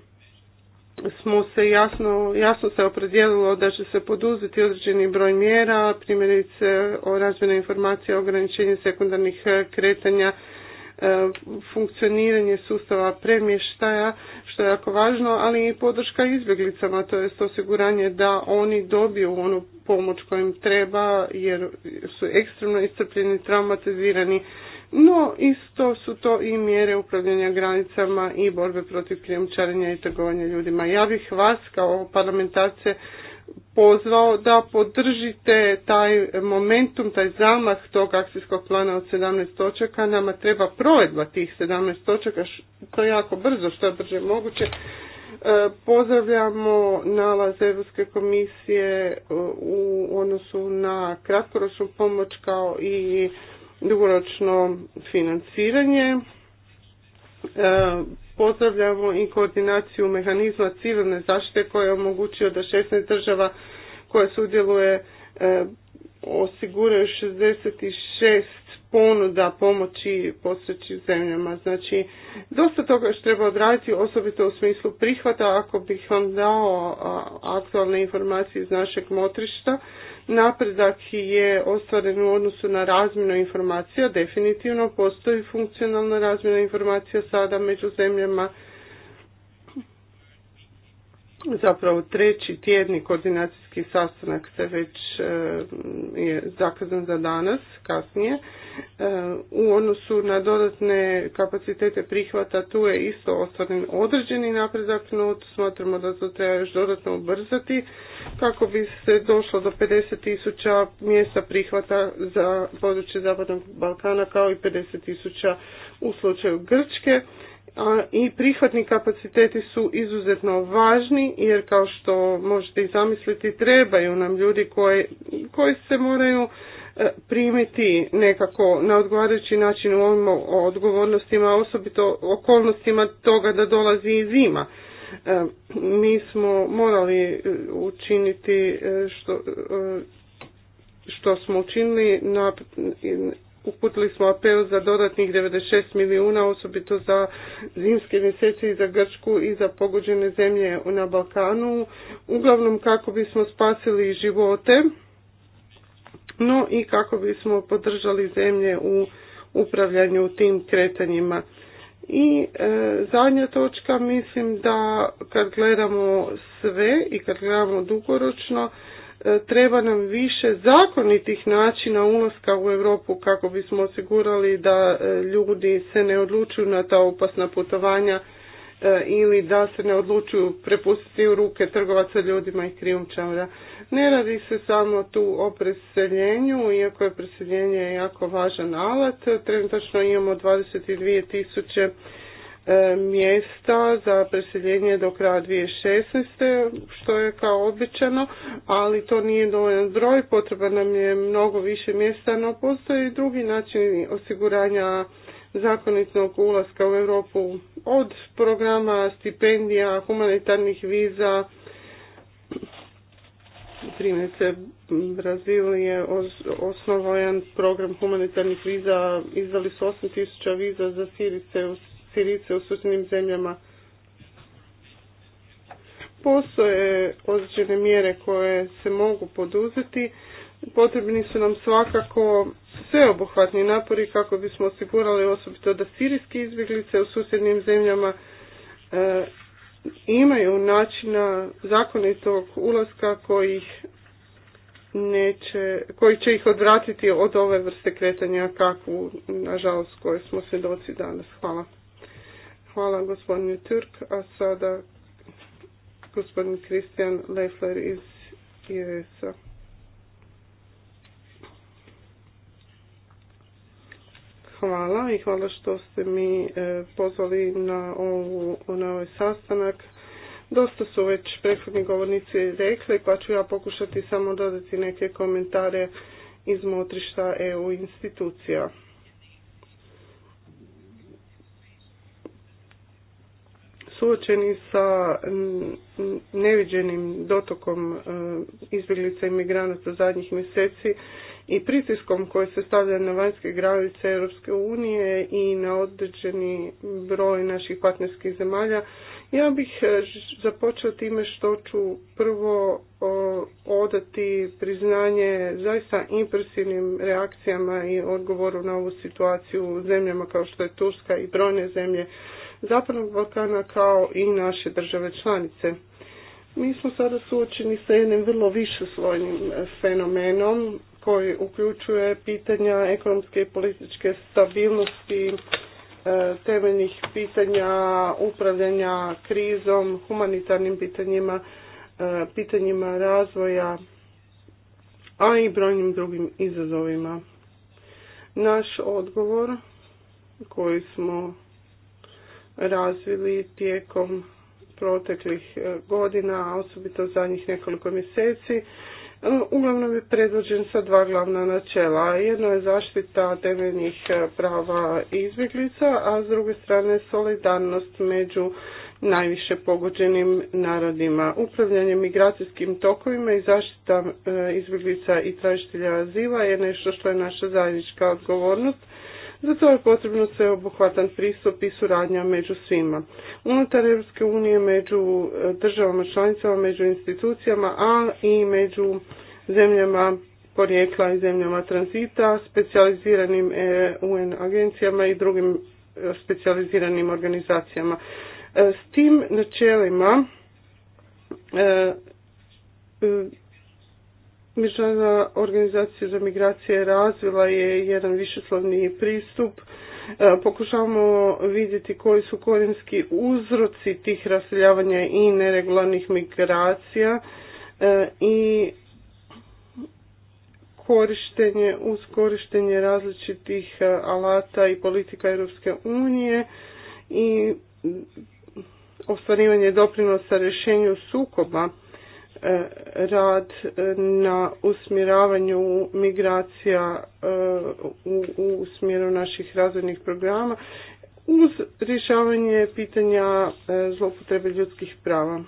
smo se jasno, jasno se opredijelilo da će se poduzeti određeni broj mjera, primjerice o razmjene o ograničenju sekundarnih eh, kretanja, eh, funkcioniranje sustava premještaja, što je jako važno, ali i podrška izbjeglicama, to jest osiguranje da oni dobiju onu pomoć koja im treba jer su ekstremno iscrpljeni, traumatizirani no isto su to i mjere upravljanja granicama i borbe protiv krijumčarenja i trgovanja ljudima. Ja bih vas kao parlamentarce pozvao da podržite taj momentum, taj zamah tog akcijskog plana od 17 točaka. Nama treba provedba tih 17 točaka, to jako brzo, što je brže moguće. E, pozdravljamo nalaz Europske komisije u odnosu na kratkoročnu pomoć kao i dugoročno financiranje. E, pozdravljamo i koordinaciju mehanizma civilne zaštite koja je omogućio da 16 država koje sudjeluje e, osiguraju 66 ponuda pomoći postojećim zemljama. Znači, dosta toga još treba odraditi, osobito u smislu prihvata, ako bih vam dao aktualne informacije iz našeg motrišta. Napredak je ostvaren u odnosu na razmjenu informacija, definitivno postoji funkcionalna razmjena informacija sada među zemljama zapravo treći tjedni koordinacijski sastanak se već e, je zakazan za danas, kasnije. E, u odnosu na dodatne kapacitete prihvata tu je isto ostvaren određeni napredak, no smatramo da to treba još dodatno ubrzati kako bi se došlo do 50 tisuća mjesta prihvata za područje Zapadnog Balkana kao i 50 tisuća u slučaju Grčke a i prihvatni kapaciteti su izuzetno važni jer kao što možete i zamisliti trebaju nam ljudi koji, koji se moraju e, primiti nekako na odgovarajući način u ovim odgovornostima, osobito okolnostima toga da dolazi i zima. E, mi smo morali e, učiniti što, što smo učinili na, uputili smo apel za dodatnih 96 milijuna, osobito za zimske mjesece i za Grčku i za pogođene zemlje na Balkanu, uglavnom kako bismo spasili živote, no i kako bismo podržali zemlje u upravljanju tim kretanjima. I e, zadnja točka, mislim da kad gledamo sve i kad gledamo dugoročno, E, treba nam više zakonitih načina ulaska u Europu kako bismo osigurali da e, ljudi se ne odlučuju na ta opasna putovanja e, ili da se ne odlučuju prepustiti u ruke trgovaca ljudima i krijumčara. Ne radi se samo tu o preseljenju, iako je preseljenje jako važan alat. Trenutačno imamo 22 tisuće E, mjesta za preseljenje do kraja 2016. što je kao običano, ali to nije dovoljan broj, potreba nam je mnogo više mjesta, no postoji drugi način osiguranja zakonitnog ulaska u Europu od programa stipendija, humanitarnih viza, primjerice Brazil je osnovao jedan program humanitarnih viza, izdali su 8000 viza za Sirice u Sirice u susjednim zemljama. Postoje određene mjere koje se mogu poduzeti. Potrebni su nam svakako sveobuhvatni napori kako bismo osigurali osobito da sirijske izbjeglice u susjednim zemljama e, imaju načina zakonitog ulaska koji neće, koji će ih odvratiti od ove vrste kretanja kakvu, nažalost, koje smo svjedoci danas. Hvala. Hvala gospodinu Turk, a sada gospodin Kristijan Leffler iz IRS-a. Hvala i hvala što ste mi e, pozvali na, ovu, ovaj sastanak. Dosta su već prethodni govornici rekli, pa ću ja pokušati samo dodati neke komentare iz motrišta EU institucija. suočeni sa neviđenim dotokom e, izbjeglica i migranata zadnjih mjeseci i pritiskom koji se stavlja na vanjske granice Europske unije i na određeni broj naših partnerskih zemalja, ja bih e, započeo time što ću prvo odati priznanje zaista impresivnim reakcijama i odgovoru na ovu situaciju u zemljama kao što je Turska i brojne zemlje Zapadnog Balkana kao i naše države članice. Mi smo sada suočeni sa jednim vrlo višeslojnim e, fenomenom koji uključuje pitanja ekonomske i političke stabilnosti, e, temeljnih pitanja upravljanja krizom, humanitarnim pitanjima, e, pitanjima razvoja, a i brojnim drugim izazovima. Naš odgovor koji smo razvili tijekom proteklih e, godina, a osobito zadnjih nekoliko mjeseci, e, uglavnom je predvođen sa dva glavna načela. Jedno je zaštita temeljnih e, prava izbjeglica, a s druge strane solidarnost među najviše pogođenim narodima. Upravljanje migracijskim tokovima i zaštita izbjeglica i tražitelja azila je nešto što je naša zajednička odgovornost zato je potrebno se obuhvatan pristup i suradnja među svima. Unutar Europske unije, među e, državama članicama, među institucijama, a i među zemljama porijekla i zemljama tranzita, specijaliziranim e, UN agencijama i drugim e, specijaliziranim organizacijama. S tim načelima Međunarodna organizacija za migracije razvila je jedan višeslovni pristup. E, pokušavamo vidjeti koji su korijenski uzroci tih raseljavanja i neregularnih migracija e, i korištenje, uz korištenje različitih e, alata i politika Europske unije i ostvarivanje doprinosa rješenju sukoba E, rad e, na usmjeravanju migracija e, u, u smjeru naših razvojnih programa uz rješavanje pitanja zloupotrebe ljudskih prava.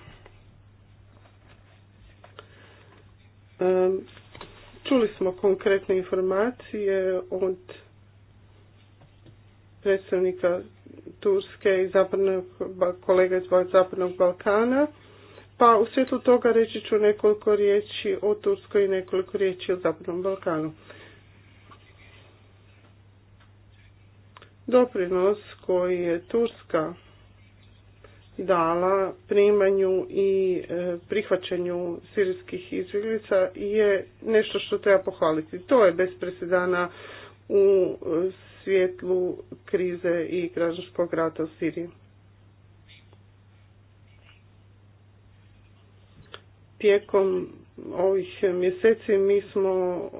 Čuli smo konkretne informacije od predstavnika Turske i zapadnog, kolega iz Zapadnog Balkana pa u svjetlu toga reći ću nekoliko riječi o Turskoj i nekoliko riječi o Zapadnom Balkanu. Doprinos koji je Turska dala primanju i e, prihvaćanju sirijskih izbjeglica je nešto što treba pohvaliti. To je bez presedana u e, svjetlu krize i građanskog rata u Siriji. tijekom ovih mjeseci mi smo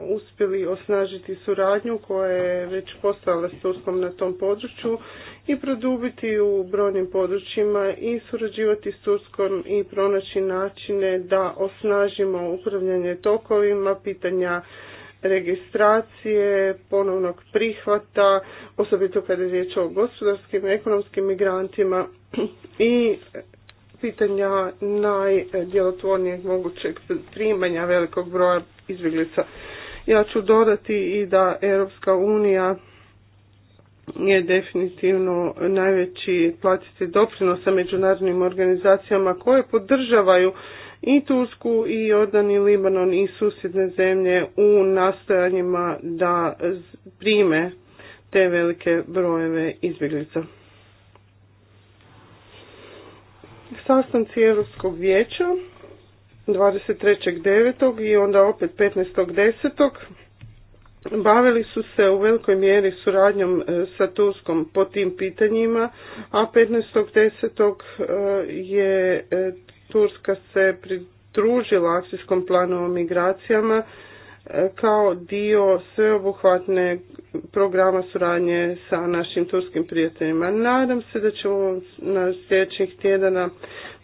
uspjeli osnažiti suradnju koja je već postala s Turskom na tom području i produbiti u brojnim područjima i surađivati s Turskom i pronaći načine da osnažimo upravljanje tokovima, pitanja registracije, ponovnog prihvata, osobito kada je riječ o gospodarskim, ekonomskim migrantima i pitanja najdjelotvornijeg mogućeg primanja velikog broja izbjeglica. Ja ću dodati i da Europska unija je definitivno najveći platiti doprinosa međunarodnim organizacijama koje podržavaju i Tursku i Jordan i Libanon i susjedne zemlje u nastojanjima da prime te velike brojeve izbjeglica. sastanci Europskog vijeća 23.9. i onda opet 15.10. Bavili su se u velikoj mjeri suradnjom e, sa Turskom po tim pitanjima, a 15.10. E, je e, Turska se pridružila akcijskom planu o migracijama E, kao dio sveobuhvatne programa suradnje sa našim turskim prijateljima. Nadam se da ćemo na sljedećih tjedana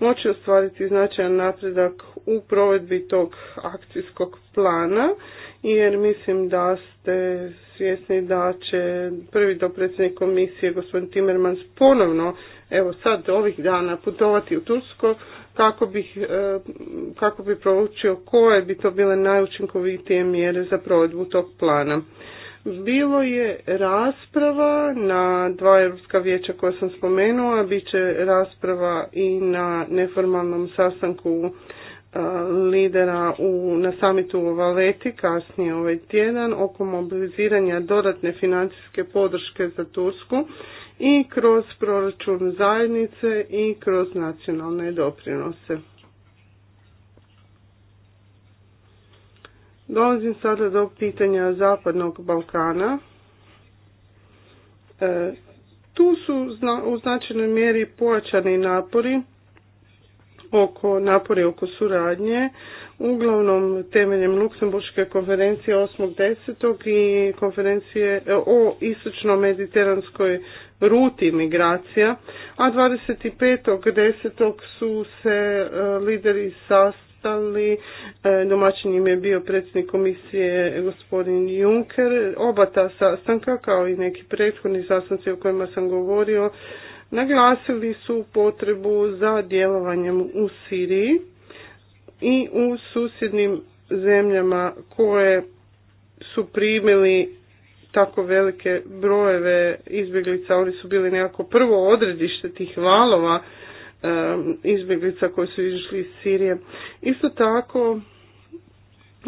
moći ostvariti značajan napredak u provedbi tog akcijskog plana jer mislim da ste svjesni da će prvi dopredsjednik komisije gospodin Timmermans ponovno evo sad ovih dana putovati u Tursko kako, bih, e, kako bi proučio koje bi to bile najučinkovitije mjere za provedbu tog plana. Bilo je rasprava na dva europska vijeća koja sam spomenula, bit će rasprava i na neformalnom sastanku e, lidera u, na samitu u Valeti kasnije ovaj tjedan oko mobiliziranja dodatne financijske podrške za Tursku i kroz proračun zajednice i kroz nacionalne doprinose. Dolazim sada do pitanja Zapadnog Balkana. E, tu su u značajnoj mjeri pojačani napori oko napori oko suradnje, uglavnom temeljem Luksemburške konferencije 8.10. i konferencije e, o istočno-mediteranskoj ruti migracija, a 25.10. su se e, lideri sastali, e, domaćin im je bio predsjednik komisije gospodin Juncker, oba ta sastanka kao i neki prethodni sastanci o kojima sam govorio, naglasili su potrebu za djelovanjem u Siriji i u susjednim zemljama koje su primili tako velike brojeve izbjeglica, oni su bili nekako prvo odredište tih valova izbjeglica koji su izašli iz Sirije. Isto tako,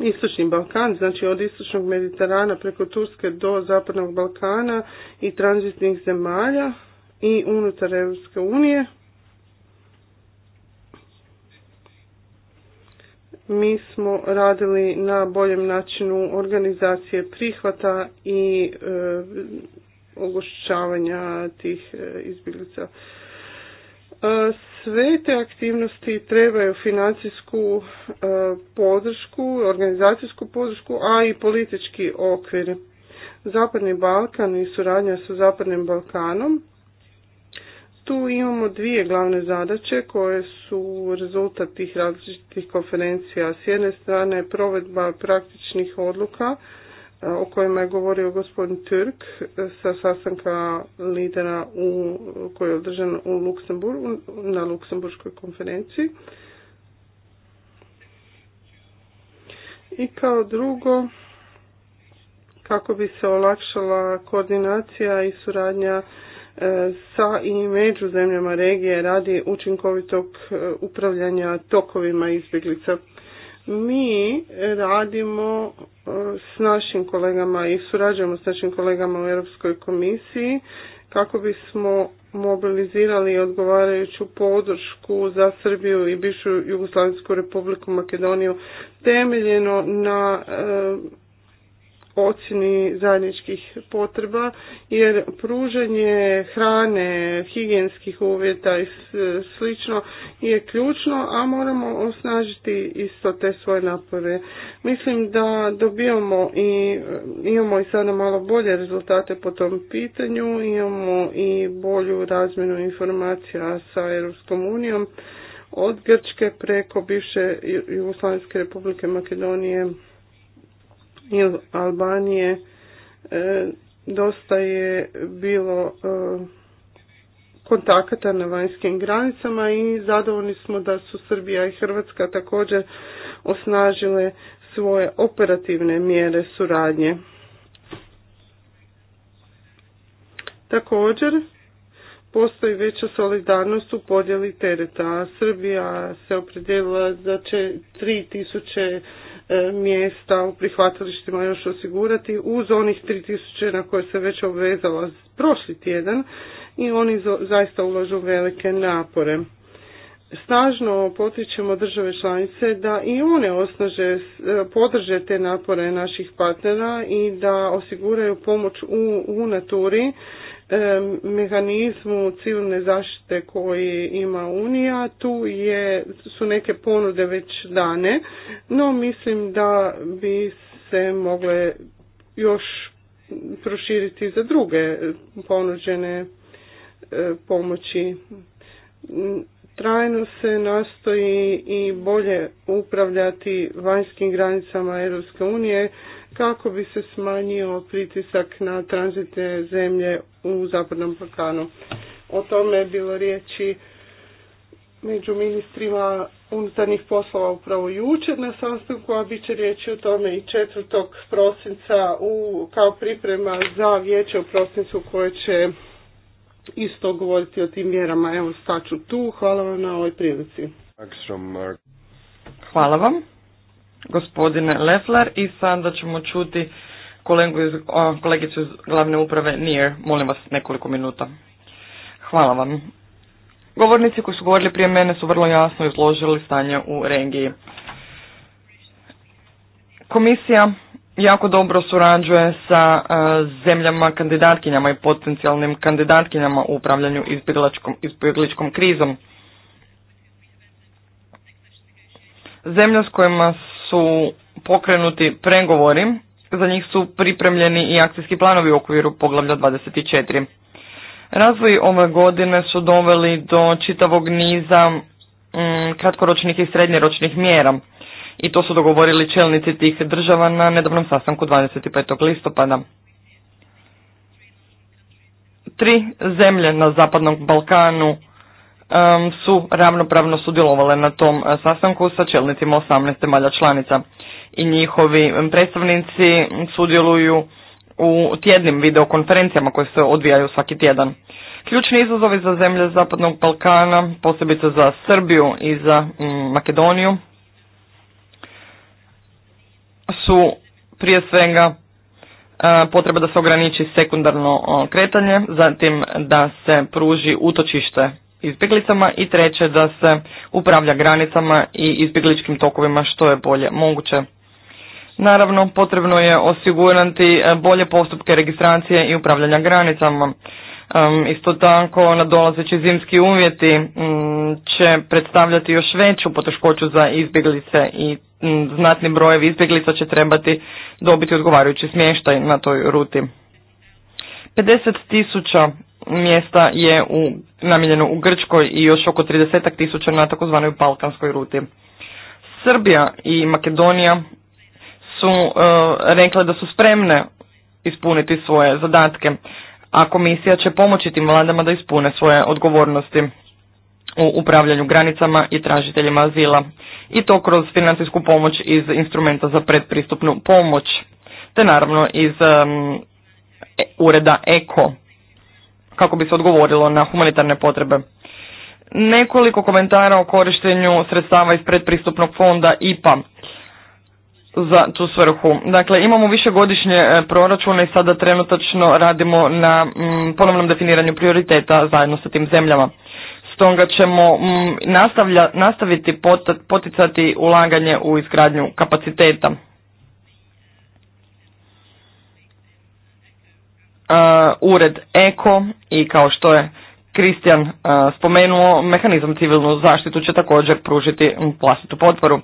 Istočni Balkan, znači od Istočnog Mediterana preko Turske do Zapadnog Balkana i tranzitnih zemalja i unutar Europske unije, mi smo radili na boljem načinu organizacije prihvata i e, ogošćavanja tih e, izbjeglica. E, sve te aktivnosti trebaju financijsku e, podršku, organizacijsku podršku, a i politički okvir. Zapadni Balkan i suradnja sa Zapadnim Balkanom tu imamo dvije glavne zadaće koje su rezultat tih različitih konferencija. S jedne strane je provedba praktičnih odluka e, o kojima je govorio gospodin Turk e, sa sastanka lidera u, koji je održan u Luksemburgu, na luksemburgskoj konferenciji. I kao drugo, kako bi se olakšala koordinacija i suradnja E, sa i među zemljama regije radi učinkovitog e, upravljanja tokovima izbjeglica. Mi radimo e, s našim kolegama i surađujemo s našim kolegama u Europskoj komisiji kako bismo mobilizirali odgovarajuću podršku za Srbiju i bivšu Jugoslavensku republiku Makedoniju temeljeno na ocjeni zajedničkih potreba jer pružanje hrane, higijenskih uvjeta i slično je ključno, a moramo osnažiti isto te svoje napore. Mislim da dobijamo i imamo i sada malo bolje rezultate po tom pitanju, imamo i bolju razmjenu informacija sa Europskom unijom od Grčke preko bivše Jugoslavenske republike Makedonije iz Albanije e, dosta je bilo e, kontakata na vanjskim granicama i zadovoljni smo da su Srbija i Hrvatska također osnažile svoje operativne mjere suradnje. Također, postoji veća solidarnost u podjeli tereta. Srbija se opredijelila za 3000 E, mjesta u prihvatilištima još osigurati uz onih 3000 na koje se već obvezala prošli tjedan i oni zaista ulažu velike napore. Snažno potičemo države članice da i one osnaže, e, podrže te napore naših partnera i da osiguraju pomoć u, u naturi E, mehanizmu civilne zaštite koji ima Unija, tu je, su neke ponude već dane, no mislim da bi se mogle još proširiti za druge ponuđene e, pomoći. Trajno se nastoji i bolje upravljati vanjskim granicama Europske unije kako bi se smanjio pritisak na tranzitne zemlje u Zapadnom Balkanu. O tome je bilo riječi među ministrima unutarnjih poslova upravo jučer na sastanku, a bit će riječi o tome i 4. prosinca u, kao priprema za vijeće u prosincu koje će isto govoriti o tim mjerama. Evo staću tu. Hvala vam na ovoj prilici. Hvala vam gospodine Lefler i sada ćemo čuti kolegu kolegicu iz glavne uprave NIR. Molim vas nekoliko minuta. Hvala vam. Govornici koji su govorili prije mene su vrlo jasno izložili stanje u regiji. Komisija jako dobro surađuje sa e, zemljama kandidatkinjama i potencijalnim kandidatkinjama u upravljanju izbjegličkom krizom. Zemlja s kojima su pokrenuti pregovori, za njih su pripremljeni i akcijski planovi u okviru poglavlja 24. Razvoj ove godine su doveli do čitavog niza mm, kratkoročnih i srednjeročnih mjera i to su dogovorili čelnici tih država na nedavnom sastanku 25. listopada. Tri zemlje na Zapadnom Balkanu su ravnopravno sudjelovale na tom e, sastanku sa čelnicima 18 malja članica i njihovi predstavnici sudjeluju u tjednim videokonferencijama koje se odvijaju svaki tjedan. Ključni izazovi za zemlje Zapadnog Balkana, posebice za Srbiju i za Makedoniju, su prije svega e, potreba da se ograniči sekundarno kretanje, zatim da se pruži utočište izbjeglicama i treće da se upravlja granicama i izbjegličkim tokovima što je bolje moguće. Naravno, potrebno je osigurati e, bolje postupke registracije i upravljanja granicama. Isto tako, nadolazeći zimski uvjeti će predstavljati još veću poteškoću za izbjeglice i znatni brojevi izbjeglica će trebati dobiti odgovarajući smještaj na toj ruti. 50 tisuća mjesta je u, namijenjeno u Grčkoj i još oko 30 tisuća na takozvanoj balkanskoj ruti. Srbija i Makedonija su e, rekle da su spremne ispuniti svoje zadatke, a komisija će pomoći tim vladama da ispune svoje odgovornosti u upravljanju granicama i tražiteljima azila i to kroz financijsku pomoć iz instrumenta za predpristupnu pomoć te naravno iz e, ureda EKO kako bi se odgovorilo na humanitarne potrebe. Nekoliko komentara o korištenju sredstava iz predpristupnog fonda IPA za tu svrhu. Dakle, imamo višegodišnje e, proračune i sada trenutačno radimo na mm, ponovnom definiranju prioriteta zajedno sa tim zemljama. Stoga ćemo mm, nastaviti poticati ulaganje u izgradnju kapaciteta. Uh, ured EKO i kao što je Kristijan uh, spomenuo, mehanizam civilnu zaštitu će također pružiti vlastitu potporu. Um,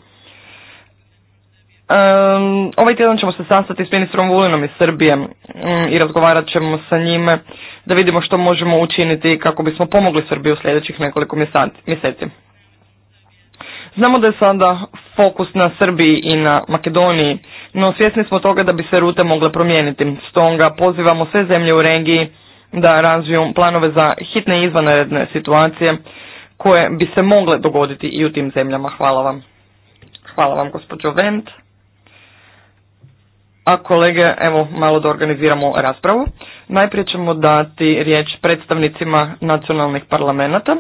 ovaj tjedan ćemo se sastati s ministrom Vulinom iz Srbije um, i razgovarat ćemo sa njime da vidimo što možemo učiniti kako bismo pomogli Srbiji u sljedećih nekoliko mjeseci. Znamo da je sada fokus na Srbiji i na Makedoniji, no svjesni smo toga da bi se rute mogle promijeniti. Stoga pozivamo sve zemlje u regiji da razviju planove za hitne izvanredne situacije koje bi se mogle dogoditi i u tim zemljama. Hvala vam. Hvala vam gospođo Vent. A kolege, evo malo da organiziramo raspravu. Najprije ćemo dati riječ predstavnicima nacionalnih parlamenta.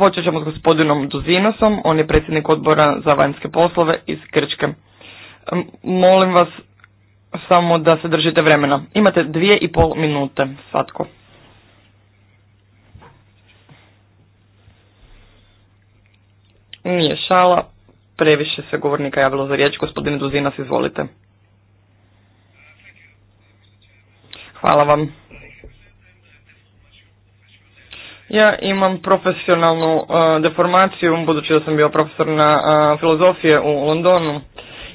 Počet ćemo s gospodinom Duzinosom, on je predsjednik odbora za vanjske poslove iz Krčke. Molim vas samo da se držite vremena. Imate dvije i pol minute, svatko. Nije šala, previše se govornika javilo za riječ. Gospodine Duzinas, izvolite. Hvala vam. Ja imam profesionalnu e, deformaciju, budući da sam bio profesor na e, filozofije u Londonu.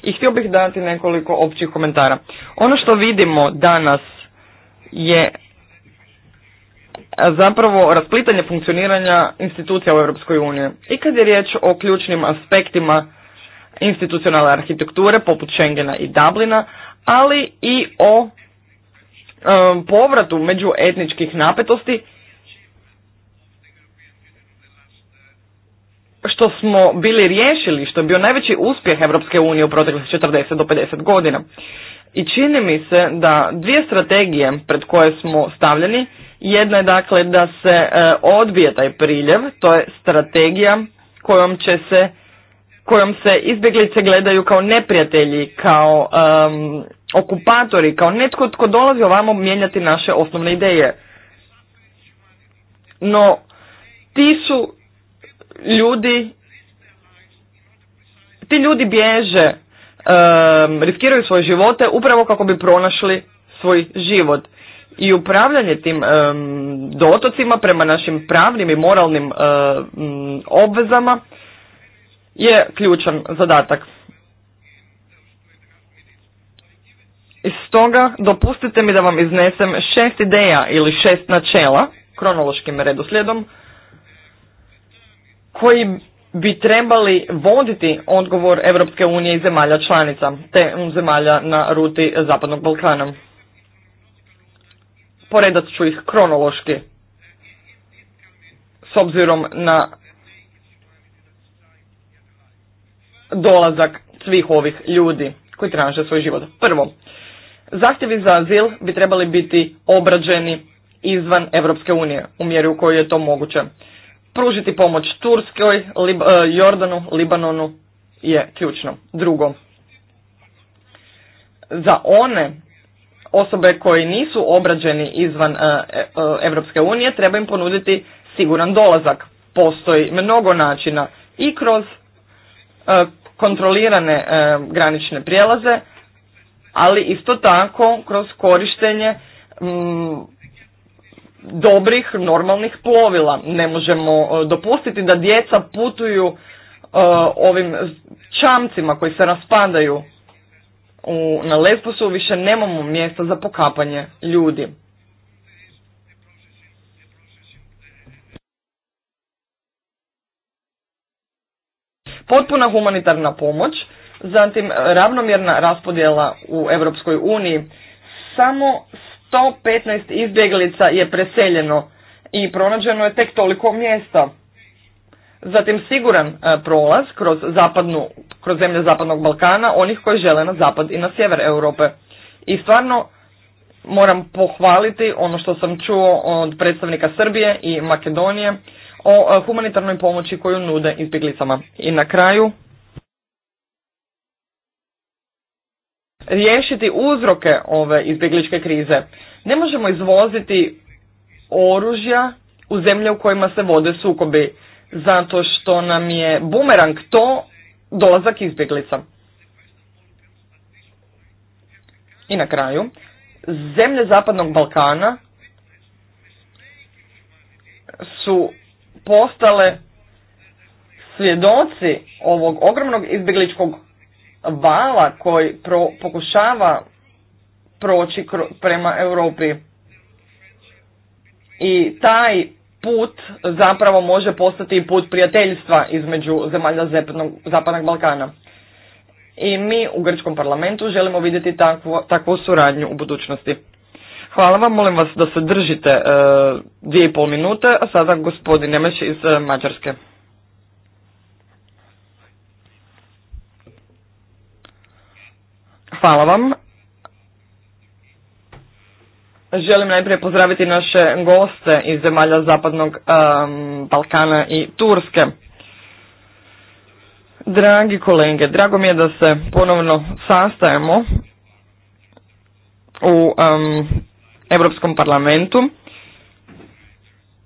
I htio bih dati nekoliko općih komentara. Ono što vidimo danas je e, zapravo rasplitanje funkcioniranja institucija u Europskoj uniji. I kad je riječ o ključnim aspektima institucionalne arhitekture poput Schengena i Dublina, ali i o povratu među etničkih napetosti što smo bili riješili, što je bio najveći uspjeh Europske unije u proteklih 40 do 50 godina. I čini mi se da dvije strategije pred koje smo stavljeni, jedna je dakle da se e, odbije taj priljev, to je strategija kojom će se kojom se izbjeglice gledaju kao neprijatelji, kao okupatori, kao netko tko dolazi ovamo mijenjati naše osnovne ideje. No, ti su ljudi, ti ljudi bježe, um, riskiraju svoje živote upravo kako bi pronašli svoj život. I upravljanje tim um, dotocima prema našim pravnim i moralnim obvezama je ključan zadatak. I stoga dopustite mi da vam iznesem šest ideja ili šest načela kronološkim redoslijedom koji bi trebali voditi odgovor Europske unije i zemalja članica, te zemalja na ruti Zapadnog Balkana. Poredat ću ih kronološki, s obzirom na dolazak svih ovih ljudi koji traže svoj život. Prvo, zahtjevi za azil bi trebali biti obrađeni izvan Europske unije, u mjeri u kojoj je to moguće pružiti pomoć Turskoj, Lib e, Jordanu, Libanonu je ključno. Drugo, za one osobe koji nisu obrađeni izvan Europske e, unije treba im ponuditi siguran dolazak. Postoji mnogo načina i kroz e, kontrolirane granične prijelaze, ali isto tako kroz korištenje dobrih, normalnih plovila. Ne možemo e, dopustiti da djeca putuju e, ovim čamcima koji se raspadaju. U, na Lesbosu više nemamo mjesta za pokapanje ljudi. Potpuna humanitarna pomoć, zatim ravnomjerna raspodjela u Europskoj uniji. Samo 115 izbjeglica je preseljeno i pronađeno je tek toliko mjesta. Zatim siguran e, prolaz kroz, zapadnu, kroz zemlje Zapadnog Balkana onih koji žele na zapad i na sjever Europe. I stvarno moram pohvaliti ono što sam čuo od predstavnika Srbije i Makedonije o e, humanitarnoj pomoći koju nude izbjeglicama. I na kraju riješiti uzroke ove izbjegličke krize. Ne možemo izvoziti oružja u zemlje u kojima se vode sukobi, zato što nam je bumerang to dolazak izbjeglica. I na kraju, zemlje Zapadnog Balkana su postale svjedoci ovog ogromnog izbjegličkog vala koji pokušava proći prema Europi. I taj put zapravo može postati put prijateljstva između zemalja Zapadnog Balkana. I mi u Grčkom parlamentu želimo vidjeti takvu, takvu suradnju u budućnosti. Hvala vam, molim vas da se držite e, dvije i pol minute, a sada gospodin iz e, Mađarske. Hvala vam. Želim najprije pozdraviti naše goste iz zemalja Zapadnog Balkana i Turske. Dragi kolege, drago mi je da se ponovno sastajemo u Europskom parlamentu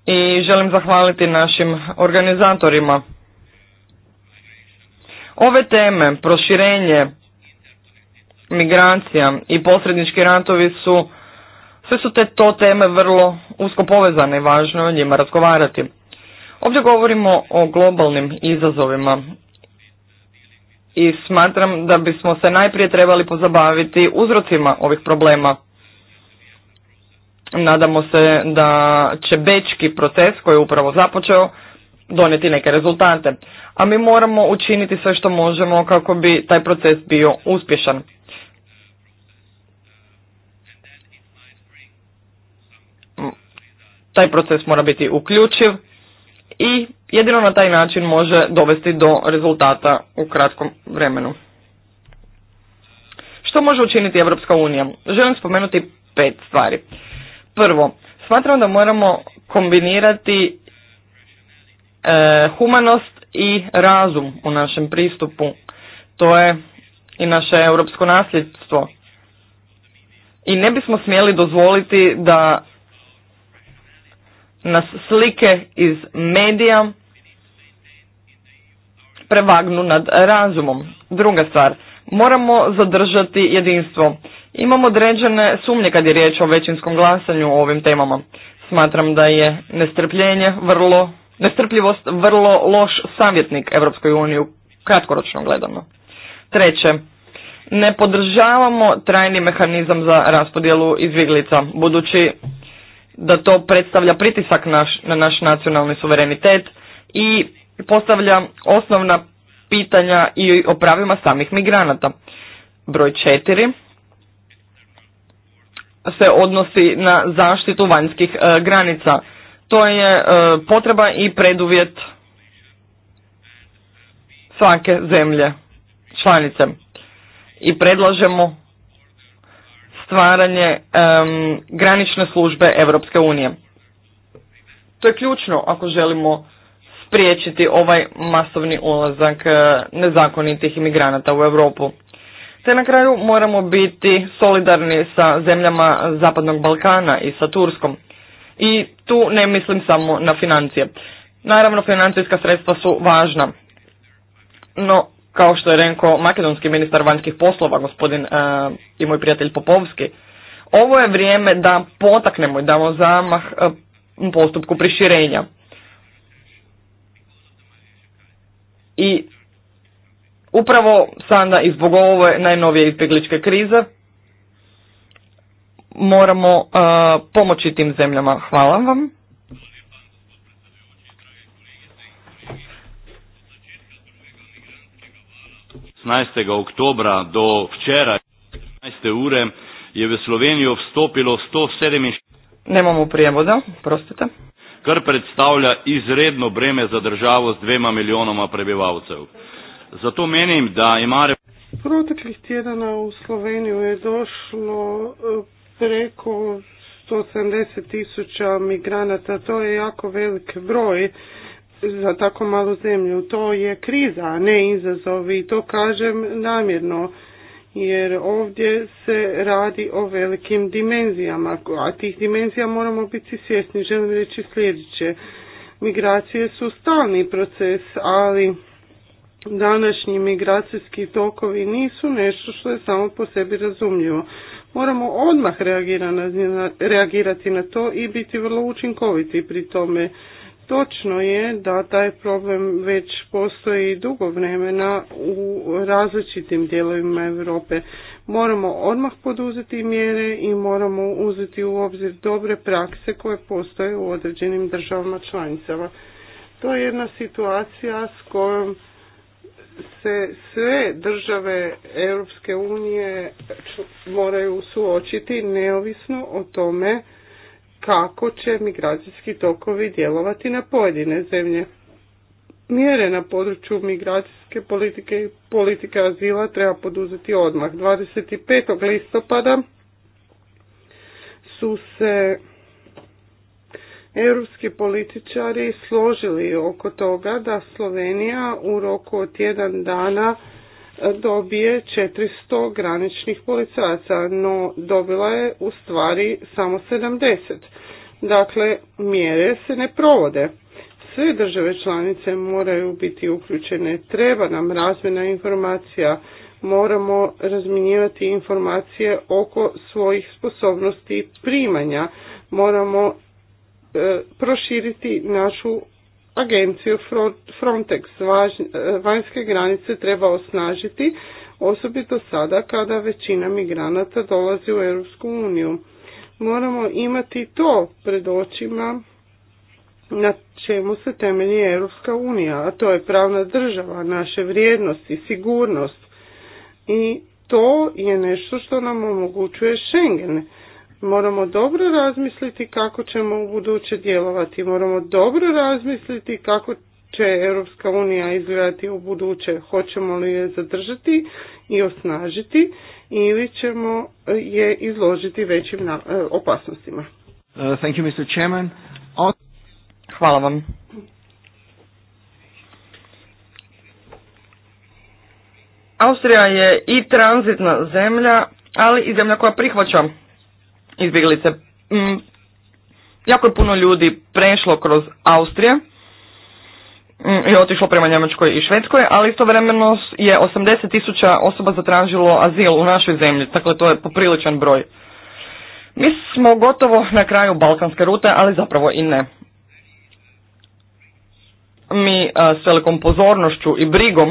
i želim zahvaliti našim organizatorima. Ove teme, proširenje, migracija i posrednički ratovi su sve su te to teme vrlo usko povezane i važno je o njima razgovarati. Ovdje govorimo o globalnim izazovima i smatram da bismo se najprije trebali pozabaviti uzrocima ovih problema. Nadamo se da će bečki proces koji je upravo započeo donijeti neke rezultate, a mi moramo učiniti sve što možemo kako bi taj proces bio uspješan. taj proces mora biti uključiv i jedino na taj način može dovesti do rezultata u kratkom vremenu. Što može učiniti Europska unija? Želim spomenuti pet stvari. Prvo, smatram da moramo kombinirati e, humanost i razum u našem pristupu. To je i naše europsko nasljedstvo. I ne bismo smjeli dozvoliti da nas slike iz medija prevagnu nad razumom. Druga stvar, moramo zadržati jedinstvo. Imamo određene sumnje kad je riječ o većinskom glasanju o ovim temama. Smatram da je nestrpljenje vrlo, nestrpljivost vrlo loš savjetnik Europskoj uniji kratkoročno gledano. Treće, ne podržavamo trajni mehanizam za raspodjelu izviglica, budući da to predstavlja pritisak naš, na naš nacionalni suverenitet i postavlja osnovna pitanja i o pravima samih migranata. Broj četiri se odnosi na zaštitu vanjskih e, granica. To je e, potreba i preduvjet svake zemlje članice. I predlažemo stvaranje granične službe Europske unije. To je ključno ako želimo spriječiti ovaj masovni ulazak eh, nezakonitih imigranata u Europu. Te na kraju moramo biti solidarni sa zemljama Zapadnog Balkana i sa Turskom. I tu ne mislim samo na financije. Naravno, financijska sredstva su važna. No, kao što je rekao makedonski ministar vanjskih poslova, gospodin eh, i moj prijatelj Popovski, ovo je vrijeme da potaknemo i damo zamah eh, postupku priširenja. I upravo sada i zbog ove najnovije izbjegličke krize moramo eh, pomoći tim zemljama. Hvala vam. 16. oktobra do včeraj 15. ure je v Slovenijo vstopilo 167. Nemamo prijevoda, prostite. Kar predstavlja izredno breme za državo s dvema milijonoma prebivalcev. Zato menim, da ima... Proteklih tjedana u Sloveniju je došlo e, preko 180 tisuća migranata. To je jako velik broj za tako malu zemlju. To je kriza, a ne izazovi. i to kažem namjerno jer ovdje se radi o velikim dimenzijama, a tih dimenzija moramo biti svjesni. Želim reći sljedeće, migracije su stalni proces, ali današnji migracijski tokovi nisu nešto što je samo po sebi razumljivo. Moramo odmah reagirati na to i biti vrlo učinkoviti pri tome Točno je da taj problem već postoji dugo vremena u različitim dijelovima Europe. Moramo odmah poduzeti mjere i moramo uzeti u obzir dobre prakse koje postoje u određenim državama članicama. To je jedna situacija s kojom se sve države Europske unije moraju suočiti neovisno o tome kako će migracijski tokovi djelovati na pojedine zemlje. Mjere na području migracijske politike i politike azila treba poduzeti odmah. 25. listopada su se europski političari složili oko toga da Slovenija u roku od tjedan dana dobije 400 graničnih policajaca, no dobila je u stvari samo 70. Dakle, mjere se ne provode. Sve države članice moraju biti uključene, treba nam razmjena informacija, moramo razminjivati informacije oko svojih sposobnosti primanja, moramo e, proširiti našu agenciju Frontex. Eh, vanjske granice treba osnažiti, osobito sada kada većina migranata dolazi u Europsku uniju. Moramo imati to pred očima na čemu se temelji Europska unija, a to je pravna država, naše vrijednosti, sigurnost. I to je nešto što nam omogućuje Schengen. Moramo dobro razmisliti kako ćemo u buduće djelovati. Moramo dobro razmisliti kako će Europska unija izgledati u buduće. Hoćemo li je zadržati i osnažiti ili ćemo je izložiti većim e, opasnostima. Uh, thank you, Mr. Chairman. Hvala vam. Austrija je i tranzitna zemlja, ali i zemlja koja prihvaća izbjeglice. Mm. jako je puno ljudi prešlo kroz Austrije mm, i otišlo prema Njemačkoj i Švedskoj, ali istovremeno je 80 tisuća osoba zatražilo azil u našoj zemlji, dakle to je popriličan broj. Mi smo gotovo na kraju balkanske rute, ali zapravo i ne. Mi e, s velikom pozornošću i brigom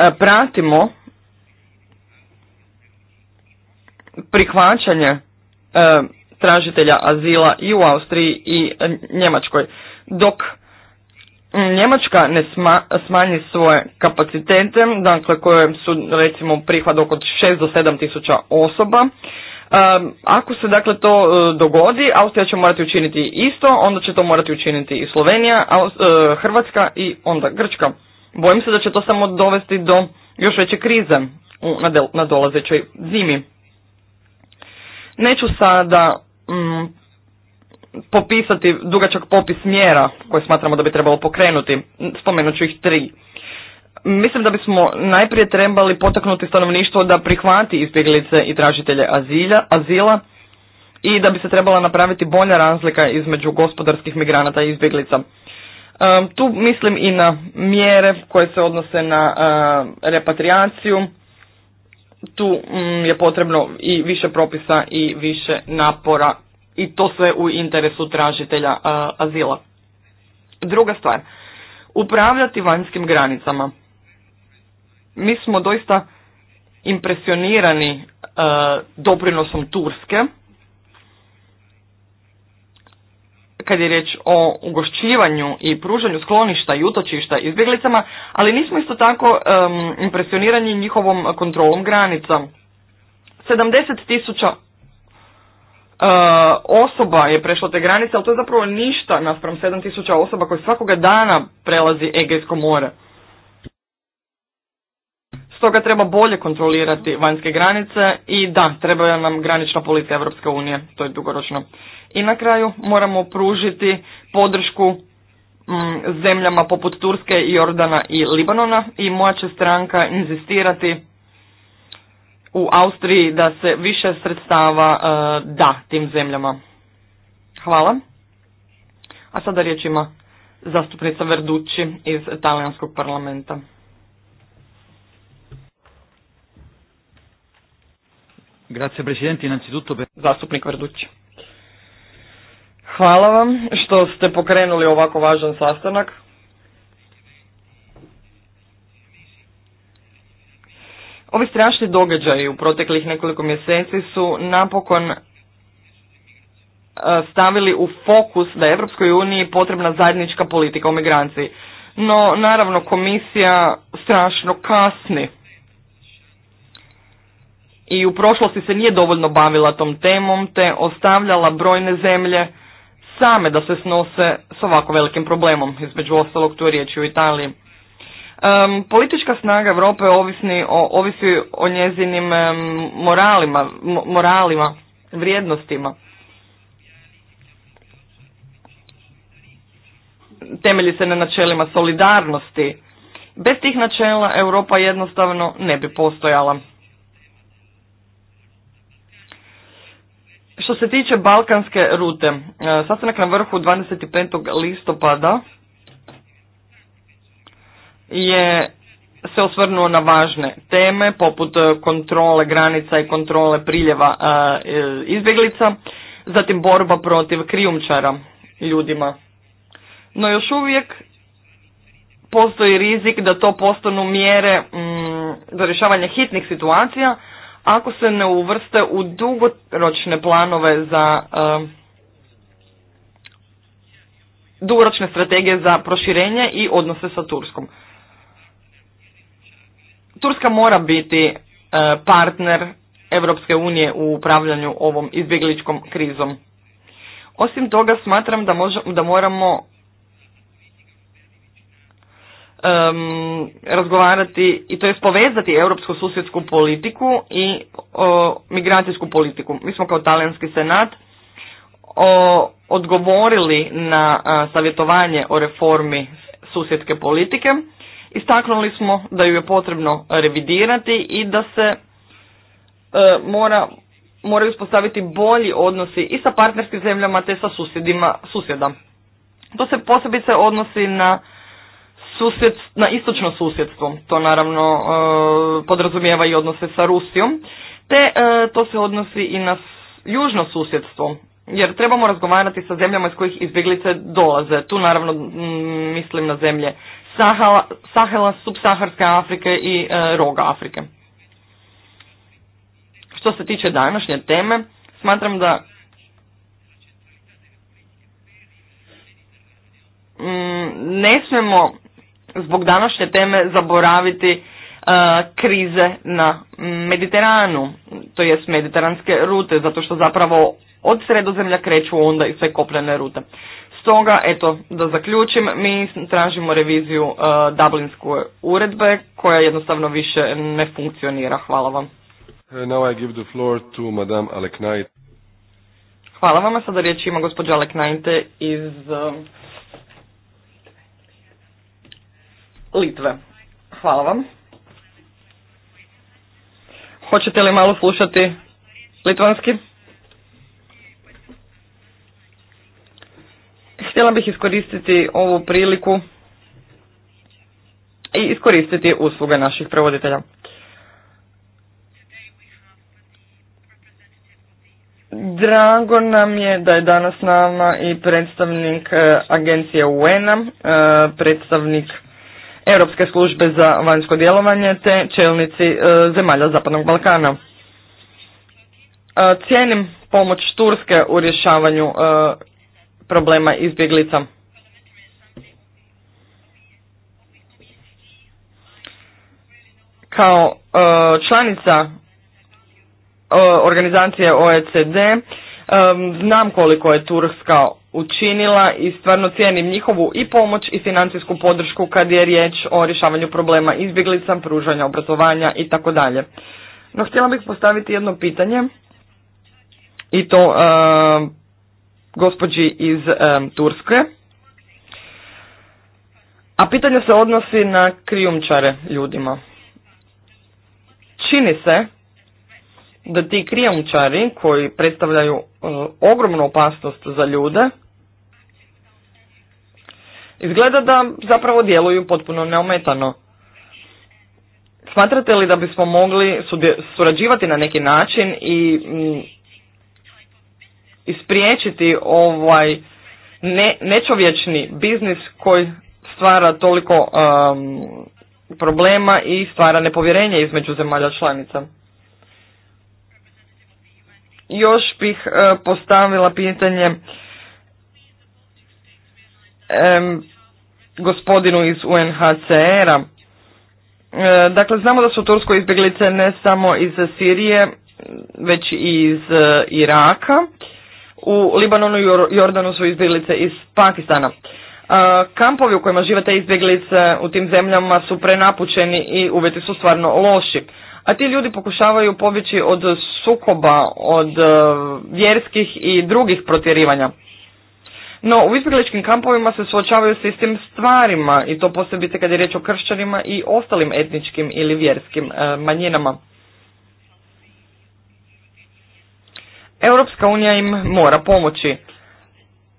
e, pratimo prihvaćanje e, tražitelja azila i u Austriji i Njemačkoj, dok Njemačka ne smanji svoje kapacitete, dakle koje su recimo prihvat oko 6 do 7 tisuća osoba, e, ako se dakle to e, dogodi, Austrija će morati učiniti isto, onda će to morati učiniti i Slovenija, Hrvatska i onda Grčka. Bojim se da će to samo dovesti do još veće krize na dolazećoj zimi. Neću sada mm, popisati dugačak popis mjera koje smatramo da bi trebalo pokrenuti. Spomenut ću ih tri. Mislim da bismo najprije trebali potaknuti stanovništvo da prihvati izbjeglice i tražitelje azilja, azila i da bi se trebala napraviti bolja razlika između gospodarskih migranata i izbjeglica. E, tu mislim i na mjere koje se odnose na e, repatriaciju tu mm, je potrebno i više propisa i više napora i to sve u interesu tražitelja azila. Druga stvar, upravljati vanjskim granicama. Mi smo doista impresionirani doprinosom Turske kad je riječ o ugošćivanju i pružanju skloništa i utočišta izbjeglicama, ali nismo isto tako impresionirani njihovom kontrolom granica. 70 tisuća e, osoba je prešla te granice, ali to je zapravo ništa naspram 7000 osoba koji svakoga dana prelazi Egejsko more. Stoga treba bolje kontrolirati vanjske granice i da, treba nam granična policija Europske unije, to je dugoročno. I na kraju moramo pružiti podršku mm, zemljama poput Turske, Jordana i Libanona i moja će stranka inzistirati u Austriji da se više sredstava e, da tim zemljama. Hvala. A sada riječ ima zastupnica Verducci iz talijanskog parlamenta. Grazie Presidente, innanzitutto per... Zastupnik Verducci. Hvala vam što ste pokrenuli ovako važan sastanak. Ovi strašni događaji u proteklih nekoliko mjeseci su napokon e, stavili u fokus da je Evropskoj uniji potrebna zajednička politika o migranciji. No, naravno, komisija strašno kasni. I u prošlosti se nije dovoljno bavila tom temom, te ostavljala brojne zemlje same da se snose s ovako velikim problemom. Između ostalog tu je riječ u Italiji. politička snaga Europe ovisni o, ovisi o njezinim moralima, moralima, vrijednostima. Temelji se na načelima solidarnosti. Bez tih načela Europa jednostavno ne bi postojala. Što se tiče balkanske rute, e, sastanak na vrhu 25. listopada je se osvrnuo na važne teme poput kontrole granica i kontrole priljeva e, e, izbjeglica, zatim borba protiv krijumčara ljudima. No još uvijek postoji rizik da to postanu mjere mm, za rješavanje hitnih situacija, ako se ne uvrste u dugoročne planove za um, dugoročne strategije za proširenje i odnose sa Turskom. Turska mora biti uh, partner Europske unije u upravljanju ovom izbjegličkom krizom. Osim toga smatram da, možemo, da moramo um, razgovarati i to je povezati europsku susjedsku politiku i o, migracijsku politiku. Mi smo kao talijanski senat o, odgovorili na savjetovanje o reformi susjedske politike. Istaknuli smo da ju je potrebno revidirati i da se e, mora, moraju uspostaviti bolji odnosi i sa partnerskim zemljama te sa susjedima, susjeda. To se posebice odnosi na susjed, na istočno susjedstvo. To naravno e, podrazumijeva i odnose sa Rusijom, te e, to se odnosi i na južno susjedstvo, jer trebamo razgovarati sa zemljama iz kojih izbjeglice dolaze. Tu naravno mislim na zemlje Sahela, Sahela subsaharske Afrike i e, roga Afrike. Što se tiče današnje teme, smatram da ne smemo zbog današnje teme zaboraviti e, krize na Mediteranu, to jest mediteranske rute, zato što zapravo od sredozemlja kreću onda i sve kopljene rute. Stoga, eto, da zaključim, mi tražimo reviziju uh, Dublinske uredbe koja jednostavno više ne funkcionira. Hvala vam. Uh, now I give the floor to Madame Knight. Hvala vam, a sada riječ ima gospođa Knight iz Litve. Hvala vam. Hoćete li malo slušati litvanski? Htjela bih iskoristiti ovu priliku i iskoristiti usluge naših prevoditelja. Drago nam je da je danas nama i predstavnik eh, agencije un eh, predstavnik Europske službe za vanjsko djelovanje te čelnici e, zemalja Zapadnog Balkana. E, cijenim pomoć Turske u rješavanju e, problema izbjeglica. Kao članica organizacije OECD znam koliko je Turska učinila i stvarno cijenim njihovu i pomoć i financijsku podršku kad je riječ o rješavanju problema izbjeglica, pružanja obrazovanja i tako dalje. No htjela bih postaviti jedno pitanje i to e, gospođi iz e, Turske. A pitanje se odnosi na krijumčare ljudima. Čini se da ti krijumčari koji predstavljaju e, ogromnu opasnost za ljude Izgleda da zapravo djeluju potpuno neometano. Smatrate li da bismo mogli surađivati na neki način i mm, ispriječiti ovaj ne, nečovječni biznis koji stvara toliko um, problema i stvara nepovjerenje između zemalja članica. Još bih uh, postavila pitanje gospodinu iz UNHCR-a. E, dakle, znamo da su Tursko izbjeglice ne samo iz Sirije, već i iz e, Iraka. U Libanonu i Jordanu su izbjeglice iz Pakistana. E, kampovi u kojima žive te izbjeglice u tim zemljama su prenapučeni i uvjeti su stvarno loši. A ti ljudi pokušavaju pobjeći od sukoba, od vjerskih i drugih protjerivanja. No, u izbjegličkim kampovima se suočavaju s istim stvarima i to posebice kad je riječ o kršćanima i ostalim etničkim ili vjerskim e, manjinama. Europska unija im mora pomoći.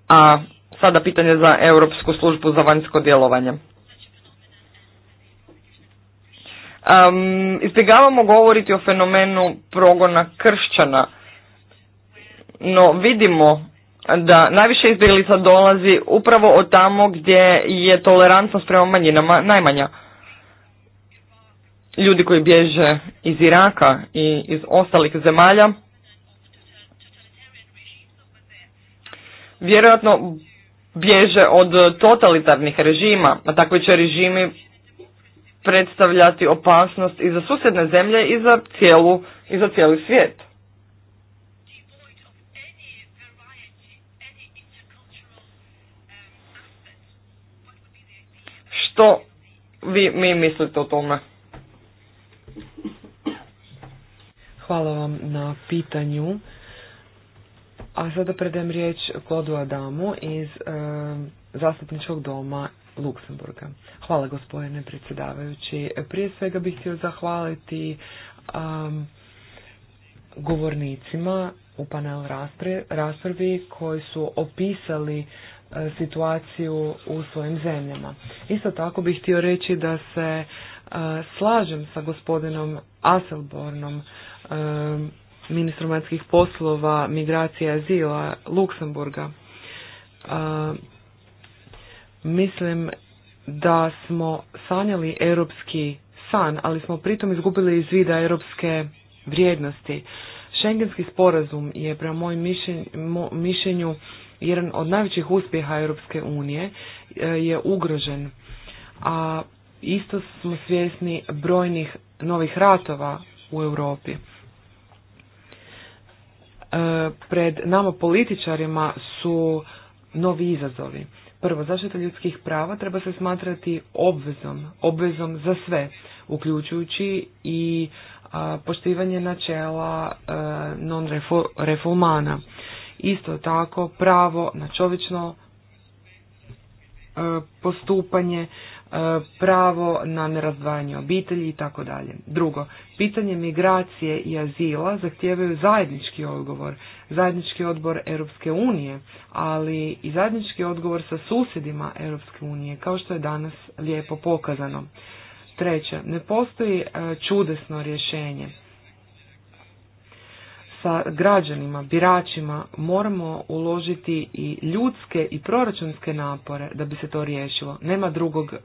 A sada pitanje za Europsku službu za vanjsko djelovanje. Um, izbjegavamo govoriti o fenomenu progona kršćana, no vidimo da najviše izbjeglica dolazi upravo od tamo gdje je tolerantnost prema manjinama najmanja. Ljudi koji bježe iz Iraka i iz ostalih zemalja vjerojatno bježe od totalitarnih režima, a takvi će režimi predstavljati opasnost i za susjedne zemlje i za, cijelu, i za cijeli svijet. što vi mi mislite o tome? Hvala vam na pitanju. A sada predajem riječ Klodu Adamu iz e, Zastupničkog doma Luksemburga. Hvala gospodine predsjedavajući. Prije svega bih htio zahvaliti govornicima u panel raspravi koji su opisali E, situaciju u svojim zemljama. Isto tako bih htio reći da se e, slažem sa gospodinom Aselbornom, e, ministrom vanjskih poslova, migracija azila Luksemburga. Mislim da smo sanjali europski san, ali smo pritom izgubili iz vida europske vrijednosti. Schengenski sporazum je prema mojem mišljenju jedan od najvećih uspjeha Europske unije e, je ugrožen. A isto smo svjesni brojnih novih ratova u Europi. E, pred nama političarima su novi izazovi. Prvo, zaštita ljudskih prava treba se smatrati obvezom, obvezom za sve, uključujući i poštivanje načela e, non reformana Isto tako pravo na čovječno e, postupanje, e, pravo na nerazdvajanje obitelji i tako dalje. Drugo, pitanje migracije i azila zahtijevaju zajednički odgovor, zajednički odbor Europske unije, ali i zajednički odgovor sa susjedima Europske unije, kao što je danas lijepo pokazano. Treće, ne postoji e, čudesno rješenje sa građanima, biračima moramo uložiti i ljudske i proračunske napore da bi se to riješilo. Nema drugog e,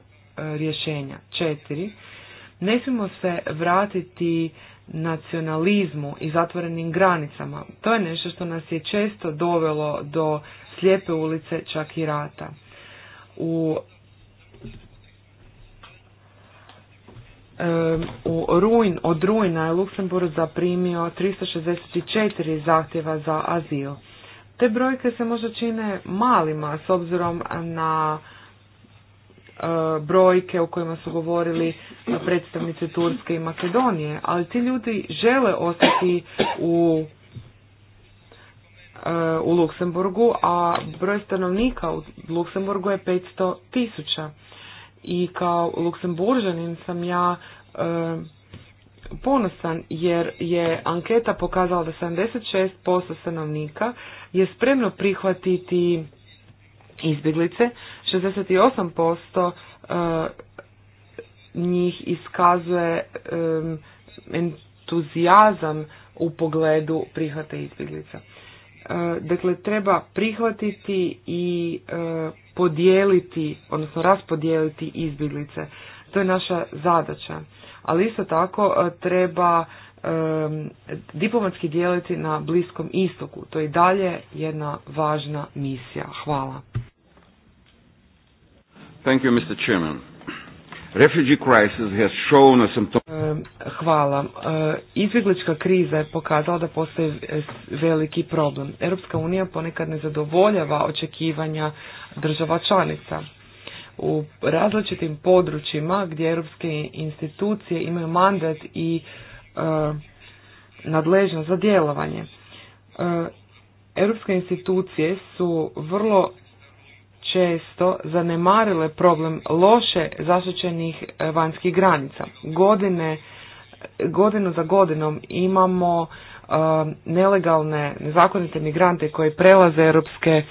rješenja. Četiri, ne smijemo se vratiti nacionalizmu i zatvorenim granicama. To je nešto što nas je često dovelo do slijepe ulice čak i rata. U u ruin od rujna je Luksemburg zaprimio 364 zahtjeva za azil. Te brojke se možda čine malima s obzirom na e, brojke o kojima su govorili predstavnici Turske i Makedonije, ali ti ljudi žele ostati u e, u Luksemburgu, a broj stanovnika u Luksemburgu je 500 tisuća i kao luksemburžanin sam ja e, ponosan jer je anketa pokazala da 76% stanovnika je spremno prihvatiti izbjeglice, 68% e, njih iskazuje e, entuzijazam u pogledu prihvata izbjeglica. E, dakle, treba prihvatiti i e, podijeliti, odnosno raspodijeliti izbjeglice. To je naša zadaća. Ali isto tako e, treba diplomatski dijeliti na Bliskom istoku. To je i dalje jedna važna misija. Hvala. Thank you, Mr. Chairman. Refugee crisis e, Hvala. E, izbjeglička kriza je pokazala da postoji veliki problem. Europska unija ponekad ne zadovoljava očekivanja država članica. U različitim područjima gdje europske institucije imaju mandat i e, nadležnost za djelovanje. europske institucije su vrlo često zanemarile problem loše zaštićenih e, vanjskih granica. Godine, godinu za godinom imamo e, nelegalne, nezakonite migrante koji prelaze europske e,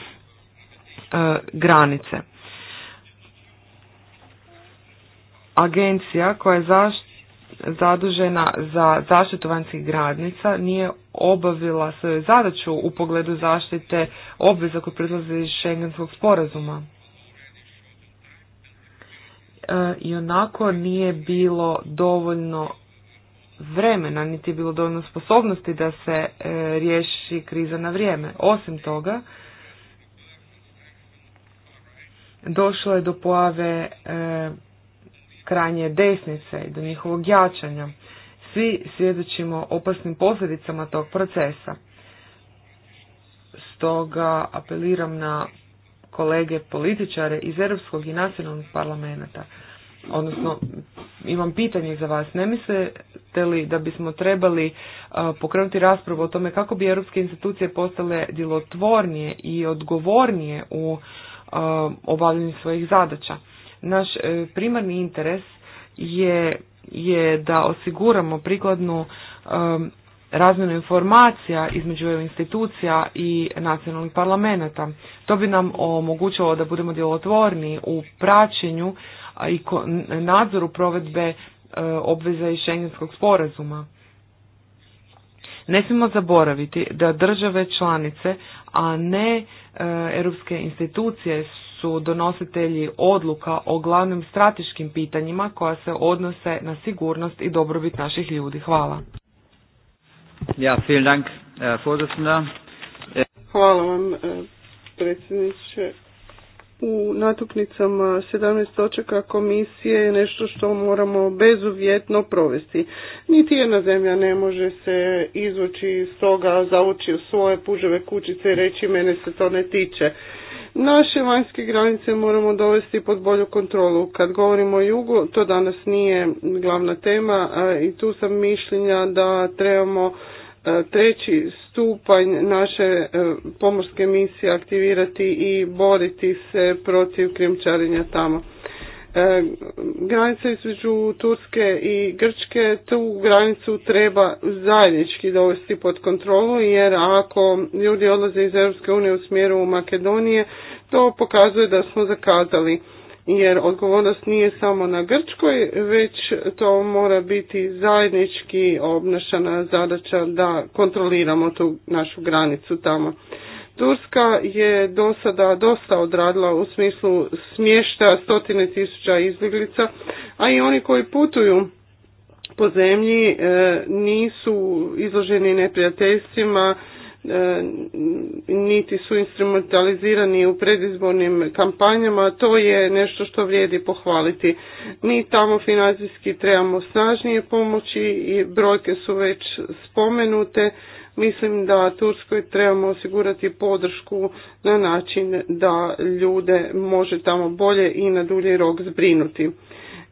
granice. Agencija koja je zadužena za zaštitu vanjskih gradnica nije obavila svoju zadaću u pogledu zaštite obveza koje proizlaze iz šengenskog sporazuma. E, I onako nije bilo dovoljno vremena, niti je bilo dovoljno sposobnosti da se e, riješi kriza na vrijeme. Osim toga, došlo je do pojave e, krajnje desnice i do njihovog jačanja. Svi svjedočimo opasnim posljedicama tog procesa. Stoga apeliram na kolege političare iz Europskog i nacionalnih parlamenta. Odnosno, imam pitanje za vas. Ne mislite li da bismo trebali uh, pokrenuti raspravu o tome kako bi europske institucije postale djelotvornije i odgovornije u uh, obavljanju svojih zadaća? Naš e, primarni interes je, je da osiguramo prikladnu razmjenu informacija između institucija i nacionalnih parlamenta. To bi nam omogućilo da budemo djelotvorni u praćenju i nadzoru provedbe e, obveza iz schengenskog sporazuma. Ne smijemo zaboraviti da države članice, a ne e, europske institucije su donositelji odluka o glavnim strateškim pitanjima koja se odnose na sigurnost i dobrobit naših ljudi. Hvala. Ja, vielen Dank, Hvala vam, e, predsjedniče. U natuknicama 17 točaka komisije je nešto što moramo bezuvjetno provesti. Niti jedna zemlja ne može se izvući iz toga, zavući u svoje puževe kućice i reći mene se to ne tiče Naše vanjske granice moramo dovesti pod bolju kontrolu. Kad govorimo o jugu, to danas nije glavna tema i tu sam mišljenja da trebamo e, treći stupanj naše e, pomorske misije aktivirati i boriti se protiv krimčarenja tamo. E, granica između Turske i Grčke, tu granicu treba zajednički dovesti pod kontrolu, jer ako ljudi odlaze iz Europske unije u smjeru u Makedonije, to pokazuje da smo zakazali. Jer odgovornost nije samo na Grčkoj, već to mora biti zajednički obnašana zadaća da kontroliramo tu našu granicu tamo. Turska je do sada dosta odradila u smislu smješta stotine tisuća izbjeglica, a i oni koji putuju po zemlji e, nisu izloženi neprijateljstvima, e, niti su instrumentalizirani u predizbornim kampanjama, to je nešto što vrijedi pohvaliti. Mi tamo financijski trebamo snažnije pomoći i brojke su već spomenute Mislim da Turskoj trebamo osigurati podršku na način da ljude može tamo bolje i na dulji rok zbrinuti.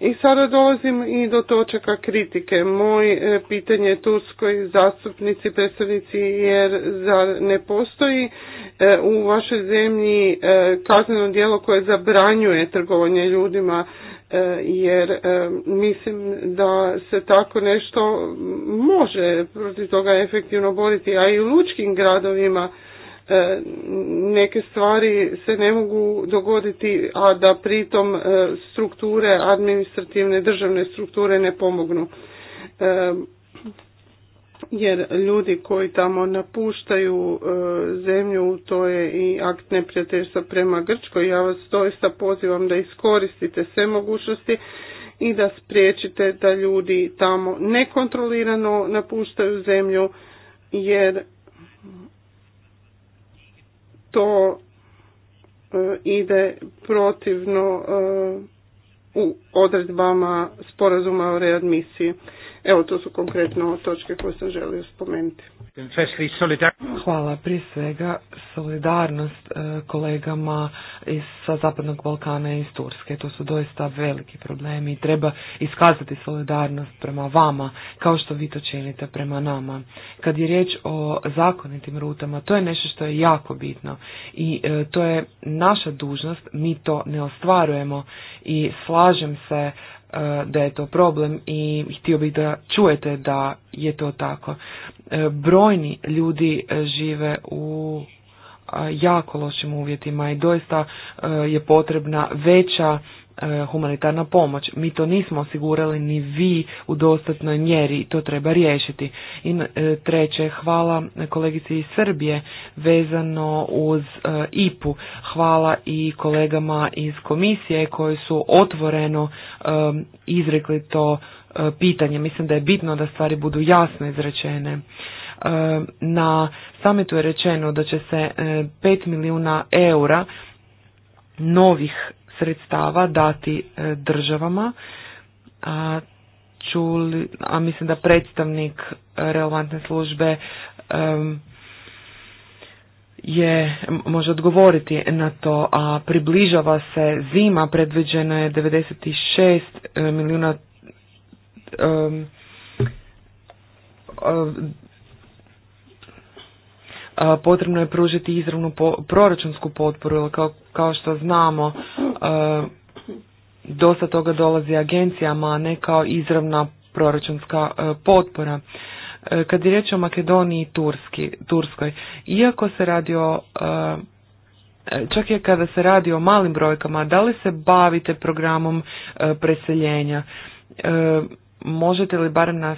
I sada dolazim i do točaka kritike. Moj e, pitanje Turskoj zastupnici, predstavnici, jer zar ne postoji e, u vašoj zemlji e, kazneno djelo koje zabranjuje trgovanje ljudima E, jer e, mislim da se tako nešto može protiv toga efektivno boriti, a i u lučkim gradovima e, neke stvari se ne mogu dogoditi, a da pritom strukture, administrativne državne strukture ne pomognu jer ljudi koji tamo napuštaju e, zemlju, to je i akt neprijateljstva prema Grčkoj. Ja vas doista pozivam da iskoristite sve mogućnosti i da spriječite da ljudi tamo nekontrolirano napuštaju zemlju, jer to e, ide protivno e, u odredbama sporazuma o readmisiji. Evo, to su konkretno točke koje sam želio spomenuti. Hvala. Prije svega solidarnost e, kolegama iz, Zapadnog Balkana i iz Turske. To su doista veliki problemi i treba iskazati solidarnost prema vama, kao što vi to činite prema nama. Kad je riječ o zakonitim rutama, to je nešto što je jako bitno i e, to je naša dužnost, mi to ne ostvarujemo i slažem se E, da je to problem i htio bih da čujete da je to tako. E, brojni ljudi e, žive u jako lošim uvjetima i doista je potrebna veća E, humanitarna pomoć. Mi to nismo osigurali ni vi u dostatnoj mjeri i to treba riješiti. I e, treće, hvala kolegici iz Srbije vezano uz e, IPU. Hvala i kolegama iz komisije koji su otvoreno izrekli to pitanje. Mislim da je bitno da stvari budu jasno izrečene. Na samitu je rečeno da će se 5 milijuna eura novih sredstava dati e, državama. A, čuli, a mislim da predstavnik e, relevantne službe e, je, može odgovoriti na to, a približava se zima, predviđeno je 96 milijuna um, potrebno je pružiti izravnu proračunsku potporu, jer kao, kao što znamo, dosta toga dolazi agencijama, a ne kao izravna proračunska potpora. E, kad je riječ o Makedoniji i Turski, Turskoj, iako se radi o e, čak i kada se radi o malim brojkama, da li se bavite programom e, preseljenja? Možete li barem na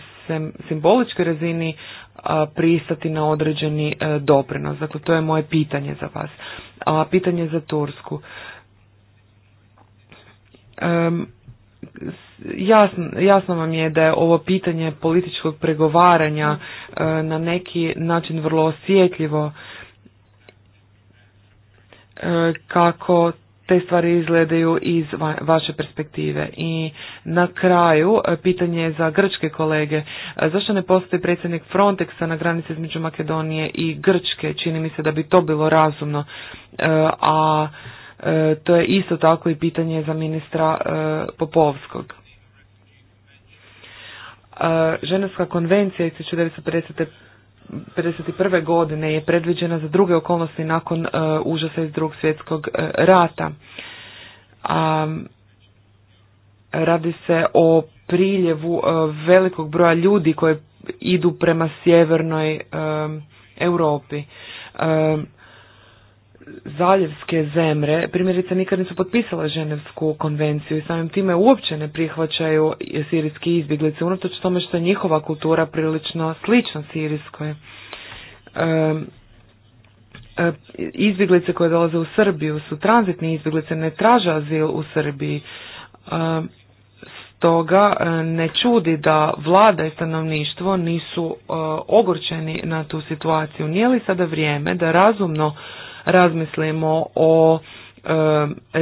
simboličkoj razini pristati na određeni e, doprinos? Dakle, to je moje pitanje za vas. A pitanje za Tursku. jasno, jasno vam je da je ovo pitanje političkog pregovaranja mm. e, na neki način vrlo osjetljivo e, kako te stvari izgledaju iz vaše perspektive. I na kraju, e, pitanje za grčke kolege. E, zašto ne postoji predsjednik Frontexa na granici između Makedonije i Grčke? Čini mi se da bi to bilo razumno. E, a to je isto tako i pitanje za ministra Popovskog. Ženevska konvencija iz 1950. 1951. godine je predviđena za druge okolnosti nakon e, užasa iz drugog svjetskog e, rata. A, radi se o priljevu e, velikog broja ljudi koji idu prema sjevernoj Europi zaljevske zemre. primjerice nikad nisu potpisale Ženevsku konvenciju i samim time uopće ne prihvaćaju sirijski izbjeglice unatoč tome što je njihova kultura prilično slična sirijskoj. E, izbjeglice koje dolaze u Srbiju su tranzitni izbjeglice, ne traže azil u Srbiji. stoga e, ne čudi da vlada i stanovništvo nisu e, ogorčeni na tu situaciju. Nije li sada vrijeme da razumno razmislimo o e,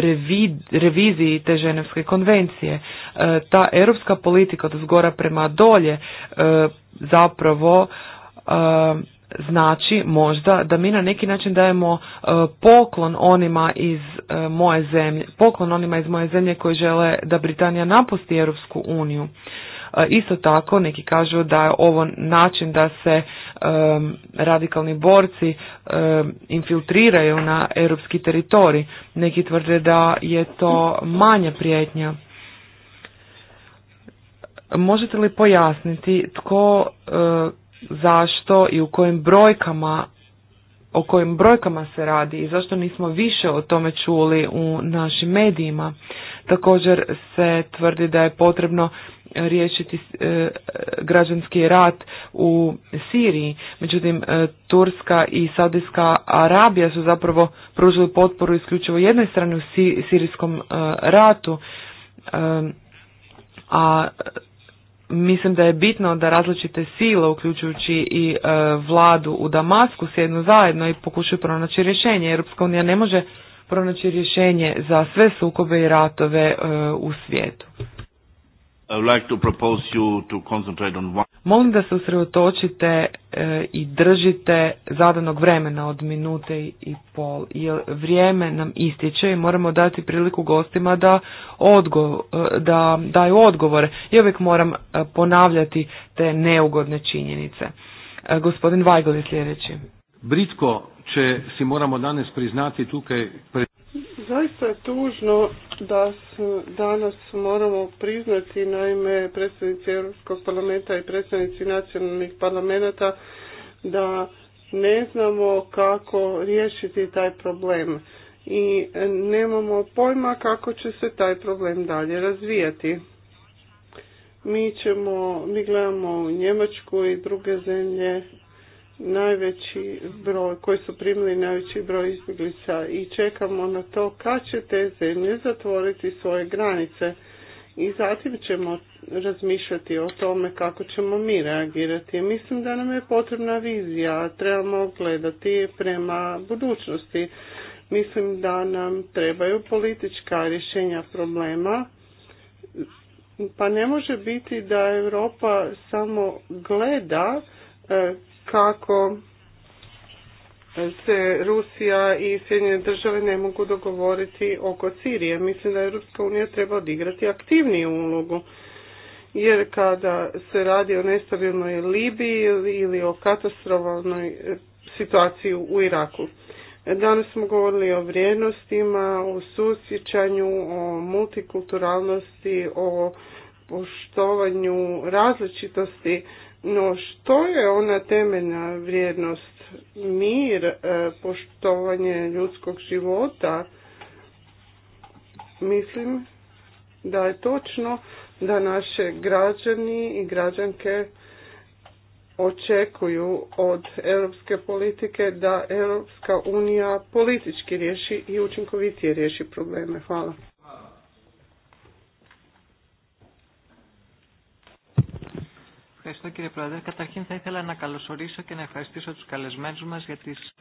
reviziji te ženevske konvencije. E, ta europska politika od zgora prema dolje e, zapravo znači možda da mi na neki način dajemo poklon onima iz moje zemlje, poklon onima iz moje zemlje koji žele da Britanija napusti Europsku uniju. Isto tako neki kažu da je ovo način da se um, radikalni borci infiltriraju na europski teritorij. Neki tvrde da je to manja prijetnja. Možete li pojasniti tko, eh, zašto i u kojim brojkama o kojim brojkama se radi i zašto nismo više o tome čuli u našim medijima. Također se tvrdi da je potrebno riješiti e, građanski rat u Siriji. Međutim, e, Turska i Saudijska Arabija su zapravo pružili potporu isključivo jednoj strani u sirijskom e, ratu, a mislim da je bitno da različite sile, uključujući i vladu u Damasku, sjednu zajedno i pokušaju pronaći rješenje. Europska unija ne može pronaći rješenje za sve sukobe i ratove e, u svijetu. Like to Molim da se usredotočite e, i držite zadanog vremena od minute i pol, jer vrijeme nam ističe i moramo dati priliku gostima da, odgo, e, da daju odgovore. I uvijek moram ponavljati te neugodne činjenice. Gospodin Vajgl je sljedeći. Britko če si moramo danes priznati tukaj Zaista je tužno da danas moramo priznati, naime, predsjednici Europskog parlamenta i predsjednici nacionalnih parlamenta da ne znamo kako riješiti taj problem i nemamo pojma kako će se taj problem dalje razvijati. Mi ćemo, mi gledamo u Njemačku i druge zemlje najveći broj, koji su primili najveći broj izbjeglica i čekamo na to kad će te zemlje zatvoriti svoje granice i zatim ćemo razmišljati o tome kako ćemo mi reagirati. Mislim da nam je potrebna vizija, trebamo gledati prema budućnosti. Mislim da nam trebaju politička rješenja problema. Pa ne može biti da Europa samo gleda e, kako se Rusija i Sjedinjene države ne mogu dogovoriti oko Sirije. Mislim da Europska unija treba odigrati aktivniju ulogu. Jer kada se radi o nestabilnoj Libiji ili o katastrofalnoj situaciji u Iraku. Danas smo govorili o vrijednostima, o susjećanju, o multikulturalnosti, o poštovanju različitosti no što je ona temeljna vrijednost? Mir, e, poštovanje ljudskog života. Mislim da je točno da naše građani i građanke očekuju od europske politike da Europska unija politički riješi i učinkovitije riješi probleme. Hvala.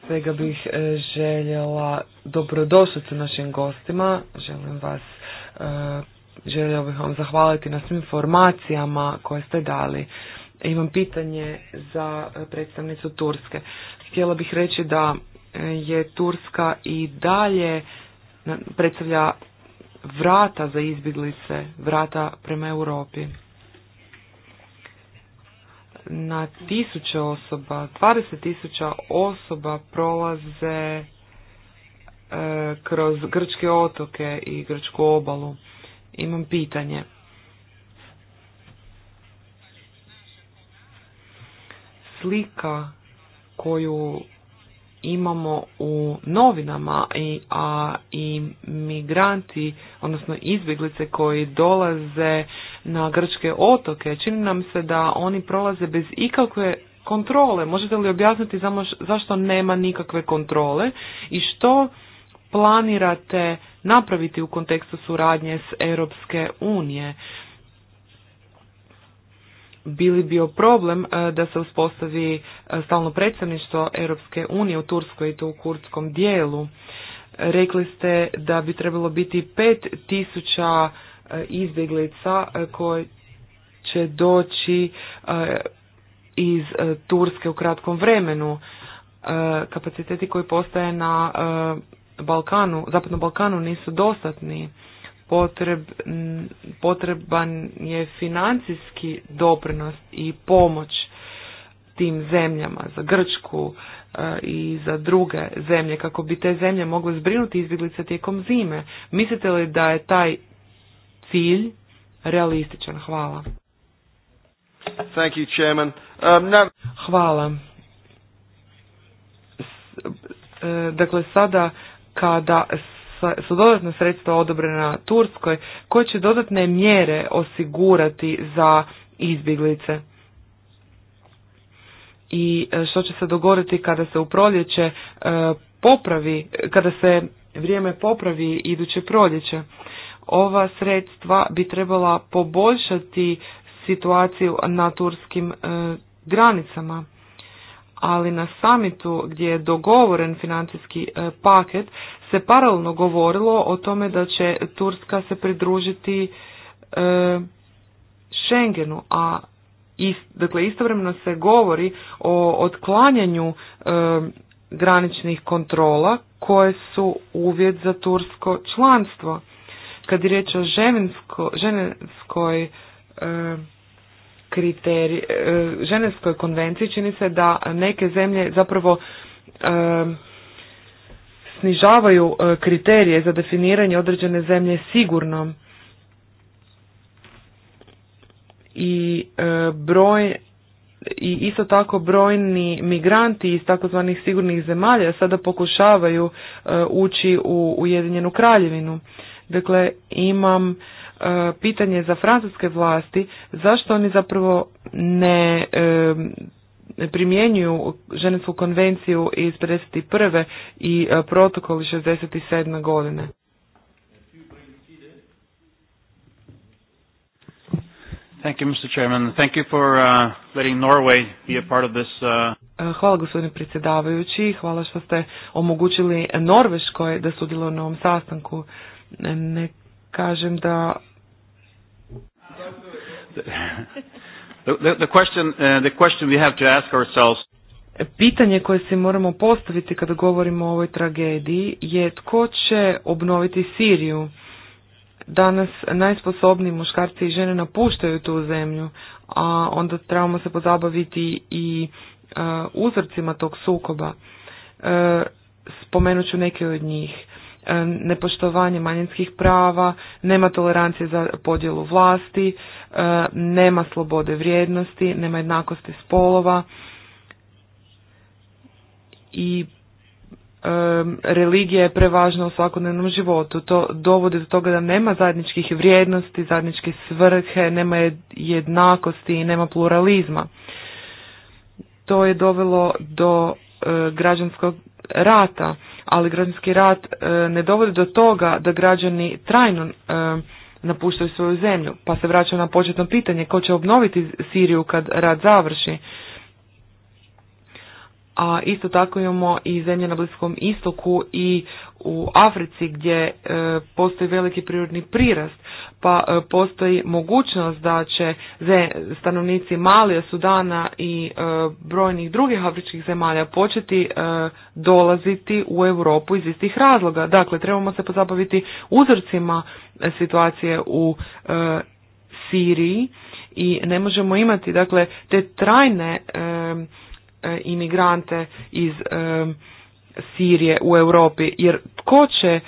Svega bih željela dobrodošlicu našim gostima. Želim vas, želio bih vam zahvaliti na svim informacijama koje ste dali. Imam pitanje za e, predstavnicu Turske. Htjela bih reći da e, je Turska i dalje e, predstavlja vrata za izbjeglice, vrata prema Europi na tisuće osoba, 20 tisuća osoba prolaze e, kroz grčke otoke i grčku obalu. Imam pitanje. Slika koju imamo u novinama i, a i migranti, odnosno izbjeglice koji dolaze na grčke otoke. Čini nam se da oni prolaze bez ikakve kontrole. Možete li objasniti zašto nema nikakve kontrole i što planirate napraviti u kontekstu suradnje s Europske unije? bili bio problem e, da se uspostavi e, stalno predstavništvo Europske unije u Turskoj i to u kurdskom dijelu. Rekli ste da bi trebalo biti 5000 izbjeglica e, koje će doći e, iz e, Turske u kratkom vremenu. Kapaciteti koji postaje na Balkanu, zapadnom Balkanu nisu dostatni. Potreb, potreban je financijski doprinos i pomoć tim zemljama, za Grčku i za druge zemlje, kako bi te zemlje mogle zbrinuti izbjeglice tijekom zime. Mislite li da je taj cilj realističan. Hvala. Um, Hvala. E, dakle, sada kada su dodatna sredstva odobrena Turskoj, koje će dodatne mjere osigurati za izbjeglice? I e, što će se dogoditi kada se u proljeće e, popravi, kada se vrijeme popravi iduće proljeće? Ova sredstva bi trebala poboljšati situaciju na turskim e, granicama. Ali na samitu gdje je dogovoren financijski e, paket se paralelno govorilo o tome da će Turska se pridružiti e, Schengenu, a dakle istovremeno se govori o otklanjanju graničnih kontrola koje su uvjet za tursko članstvo. Kad je riječ o ženskoj ženevskoj e, kriterij, e, konvenciji čini se da neke zemlje zapravo e, snižavaju kriterije za definiranje određene zemlje sigurno i broj i isto tako brojni migranti iz takozvanih sigurnih zemalja sada pokušavaju ući u Ujedinjenu kraljevinu. Dakle, imam e, pitanje za francuske vlasti, zašto oni zapravo ne e, primjenjuju Ženevsku konvenciju iz 51. i e, protokol iz 67. godine? Thank you, Mr. Chairman. Thank you for uh, letting Norway be a part of this. Uh, hvala gospodine predsjedavajući, hvala što ste omogućili Norveškoj da sudjeluje na ovom sastanku ne kažem da... Pitanje koje si moramo postaviti kada govorimo o ovoj tragediji je tko će obnoviti Siriju. Danas najsposobniji muškarci i žene napuštaju tu zemlju, a onda trebamo se pozabaviti i uh, uzorcima tog sukoba. Uh, spomenut ću neke od njih. E, nepoštovanje manjinskih prava, nema tolerancije za podjelu vlasti, e, nema slobode vrijednosti, nema jednakosti spolova i e, religija je prevažna u svakodnevnom životu. To dovodi do toga da nema zajedničkih vrijednosti, zajedničke svrhe, nema jednakosti i nema pluralizma. To je dovelo do građanskog rata ali građanski rat e, ne dovodi do toga da građani trajno e, napuštaju svoju zemlju, pa se vraća na početno pitanje ko će obnoviti Siriju kad rat završi. A isto tako imamo i zemlje na Bliskom istoku i u Africi gdje e, postoji veliki prirodni prirast pa e, postoji mogućnost da će stanovnici Malija, Sudana i e, brojnih drugih afričkih zemalja početi e, dolaziti u Europu iz istih razloga. Dakle, trebamo se pozabaviti uzorcima situacije u Siriji i ne možemo imati dakle te trajne imigrante iz Sirije u Europi jer tko će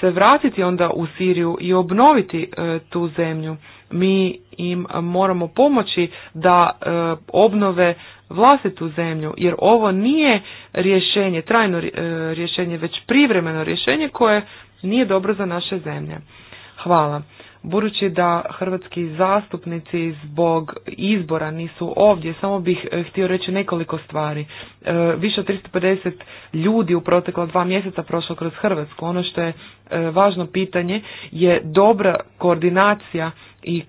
se vratiti onda u Siriju i obnoviti e, tu zemlju. Mi im moramo pomoći da e, obnove vlastitu zemlju jer ovo nije rješenje, trajno e, rješenje, već privremeno rješenje koje nije dobro za naše zemlje. Hvala. Budući da hrvatski zastupnici zbog izbora nisu ovdje, samo bih eh, htio reći nekoliko stvari. Eh, više od 350 ljudi u protekla dva mjeseca prošlo kroz Hrvatsku. Ono što je eh, važno pitanje je dobra koordinacija i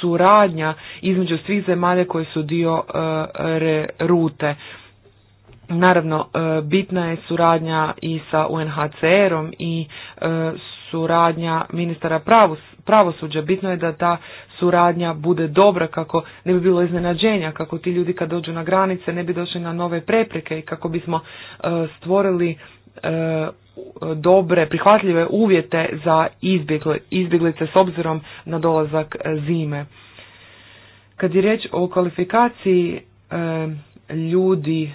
suradnja između svih zemalja koje su dio rute. Naravno, bitna je suradnja i sa UNHCR-om i suradnja ministara pravosuđa. Bitno je da ta suradnja bude dobra kako ne bi bilo iznenađenja, kako ti ljudi kad dođu na granice ne bi došli na nove prepreke i kako bismo e, stvorili e, dobre, prihvatljive uvjete za izbjeglice s obzirom na dolazak e, zime. Kad je riječ o kvalifikaciji ljudi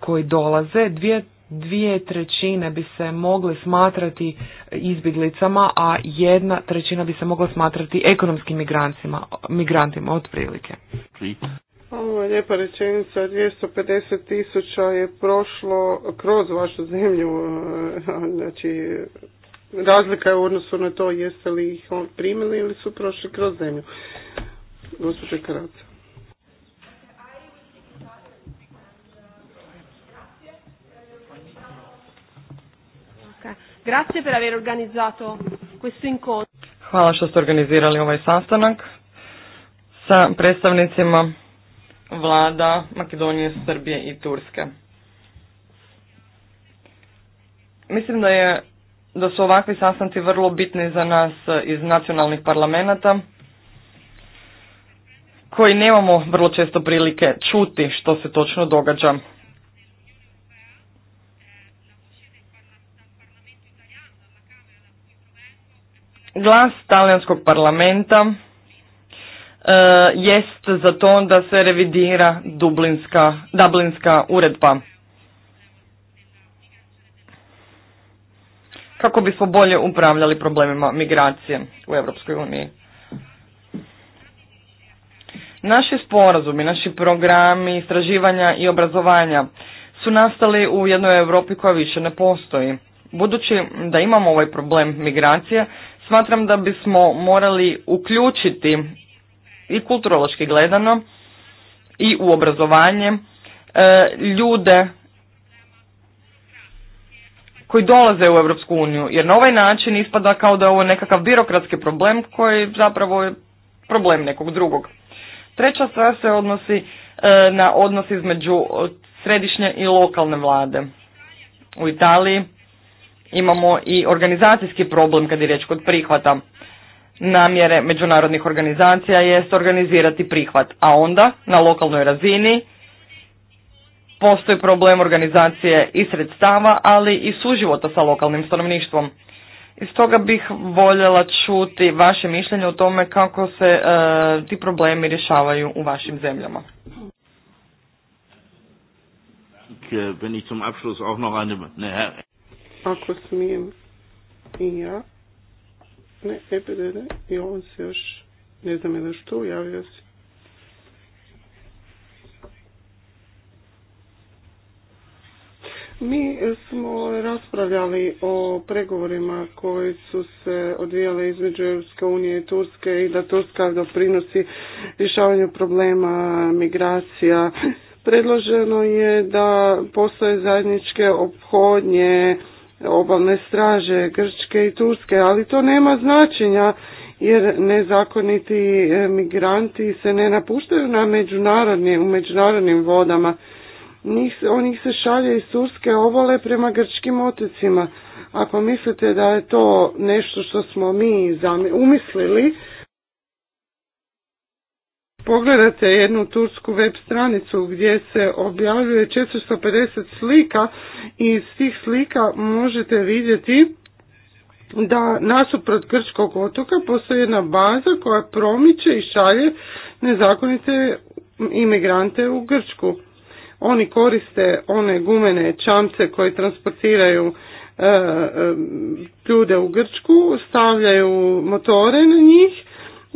koji dolaze, dvije dvije trećine bi se mogle smatrati izbjeglicama, a jedna trećina bi se mogla smatrati ekonomskim migrantima, migrantima otprilike. Ovo je lijepa rečenica, 250 tisuća je prošlo kroz vašu zemlju, e, znači razlika je u odnosu na to jeste li ih primili ili su prošli kroz zemlju. Gospođa Karaca. Grazie per aver organizzato questo incontro. Hvala što ste organizirali ovaj sastanak sa predstavnicima vlada Makedonije, Srbije i Turske. Mislim da je da su ovakvi sastanci vrlo bitni za nas iz nacionalnih parlamenata koji nemamo vrlo često prilike čuti što se točno događa Glas talijanskog parlamenta e, jest za to da se revidira dublinska, dublinska uredba. kako bismo bolje upravljali problemima migracije u EU. Naši sporazumi, naši programi istraživanja i obrazovanja su nastali u jednoj Europi koja više ne postoji. Budući da imamo ovaj problem migracije, smatram da bismo morali uključiti i kulturološki gledano i u obrazovanje e, ljude koji dolaze u Europsku uniju, jer na ovaj način ispada kao da je ovo nekakav birokratski problem koji zapravo je problem nekog drugog. Treća stvar se odnosi e, na odnos između središnje i lokalne vlade. U Italiji imamo i organizacijski problem kad je riječ kod prihvata. Namjere međunarodnih organizacija jest organizirati prihvat, a onda na lokalnoj razini postoji problem organizacije i sredstava, ali i suživota sa lokalnim stanovništvom. Iz toga bih voljela čuti vaše mišljenje o tome kako se e, ti problemi rješavaju u vašim zemljama. Ako smijem i ja. Ne, EPD ne. I on se još, ne znam je da što, javio se. Mi smo raspravljali o pregovorima koji su se odvijale između Europske unije i Turske i da Turska doprinosi rješavanju problema migracija. Predloženo je da postoje zajedničke obhodnje obalne straže Grčke i Turske, ali to nema značenja jer nezakoniti e, migranti se ne napuštaju na međunarodni, u međunarodnim vodama. Njih, ih se šalje iz Turske obale prema grčkim otocima. Ako mislite da je to nešto što smo mi umislili, pogledate jednu tursku web stranicu gdje se objavljuje 450 slika i iz tih slika možete vidjeti da nasuprot Grčkog otoka postoji jedna baza koja promiče i šalje nezakonite imigrante u Grčku. Oni koriste one gumene čamce koje transportiraju e, e, ljude u Grčku, stavljaju motore na njih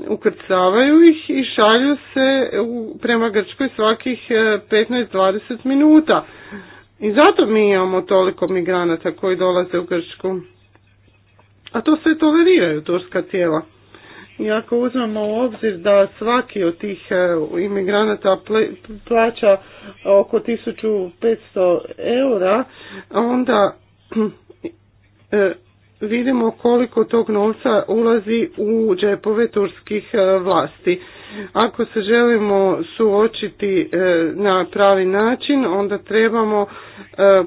ukrcavaju ih i šalju se u, prema Grčkoj svakih 15-20 e, minuta. I zato mi imamo toliko migranata koji dolaze u Grčku. A to sve toleriraju turska tijela. I ako uzmemo u obzir da svaki od tih e, imigranata plaća oko 1500 eura, onda e, vidimo koliko tog novca ulazi u džepove turskih e, vlasti. Ako se želimo suočiti e, na pravi način, onda trebamo e,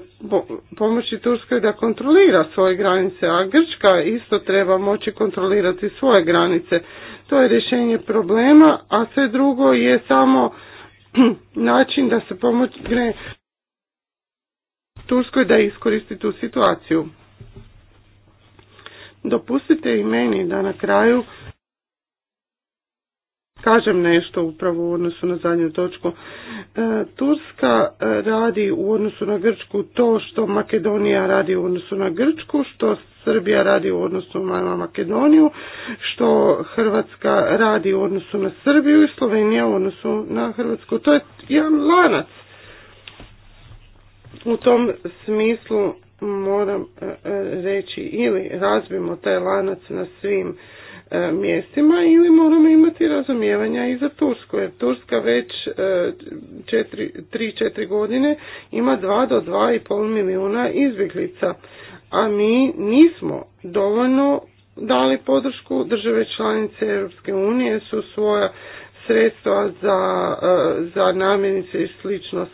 pomoći Turskoj da kontrolira svoje granice, a Grčka isto treba moći kontrolirati svoje granice. To je rješenje problema, a sve drugo je samo način da se pomoći Turskoj da iskoristi tu situaciju. Dopustite i meni da na kraju kažem nešto upravo u odnosu na zadnju točku. E, Turska e, radi u odnosu na Grčku to što Makedonija radi u odnosu na Grčku, što Srbija radi u odnosu na Makedoniju, što Hrvatska radi u odnosu na Srbiju i Slovenija u odnosu na Hrvatsku. To je jedan lanac. U tom smislu moram e, reći ili razbimo taj lanac na svim e, mjestima ili moramo imati razumijevanja i za Tursku jer Turska već 3-4 e, godine ima 2 do 2,5 milijuna izbjeglica a mi nismo dovoljno dali podršku države članice Europske unije su svoja sredstva za, za namjenice i slično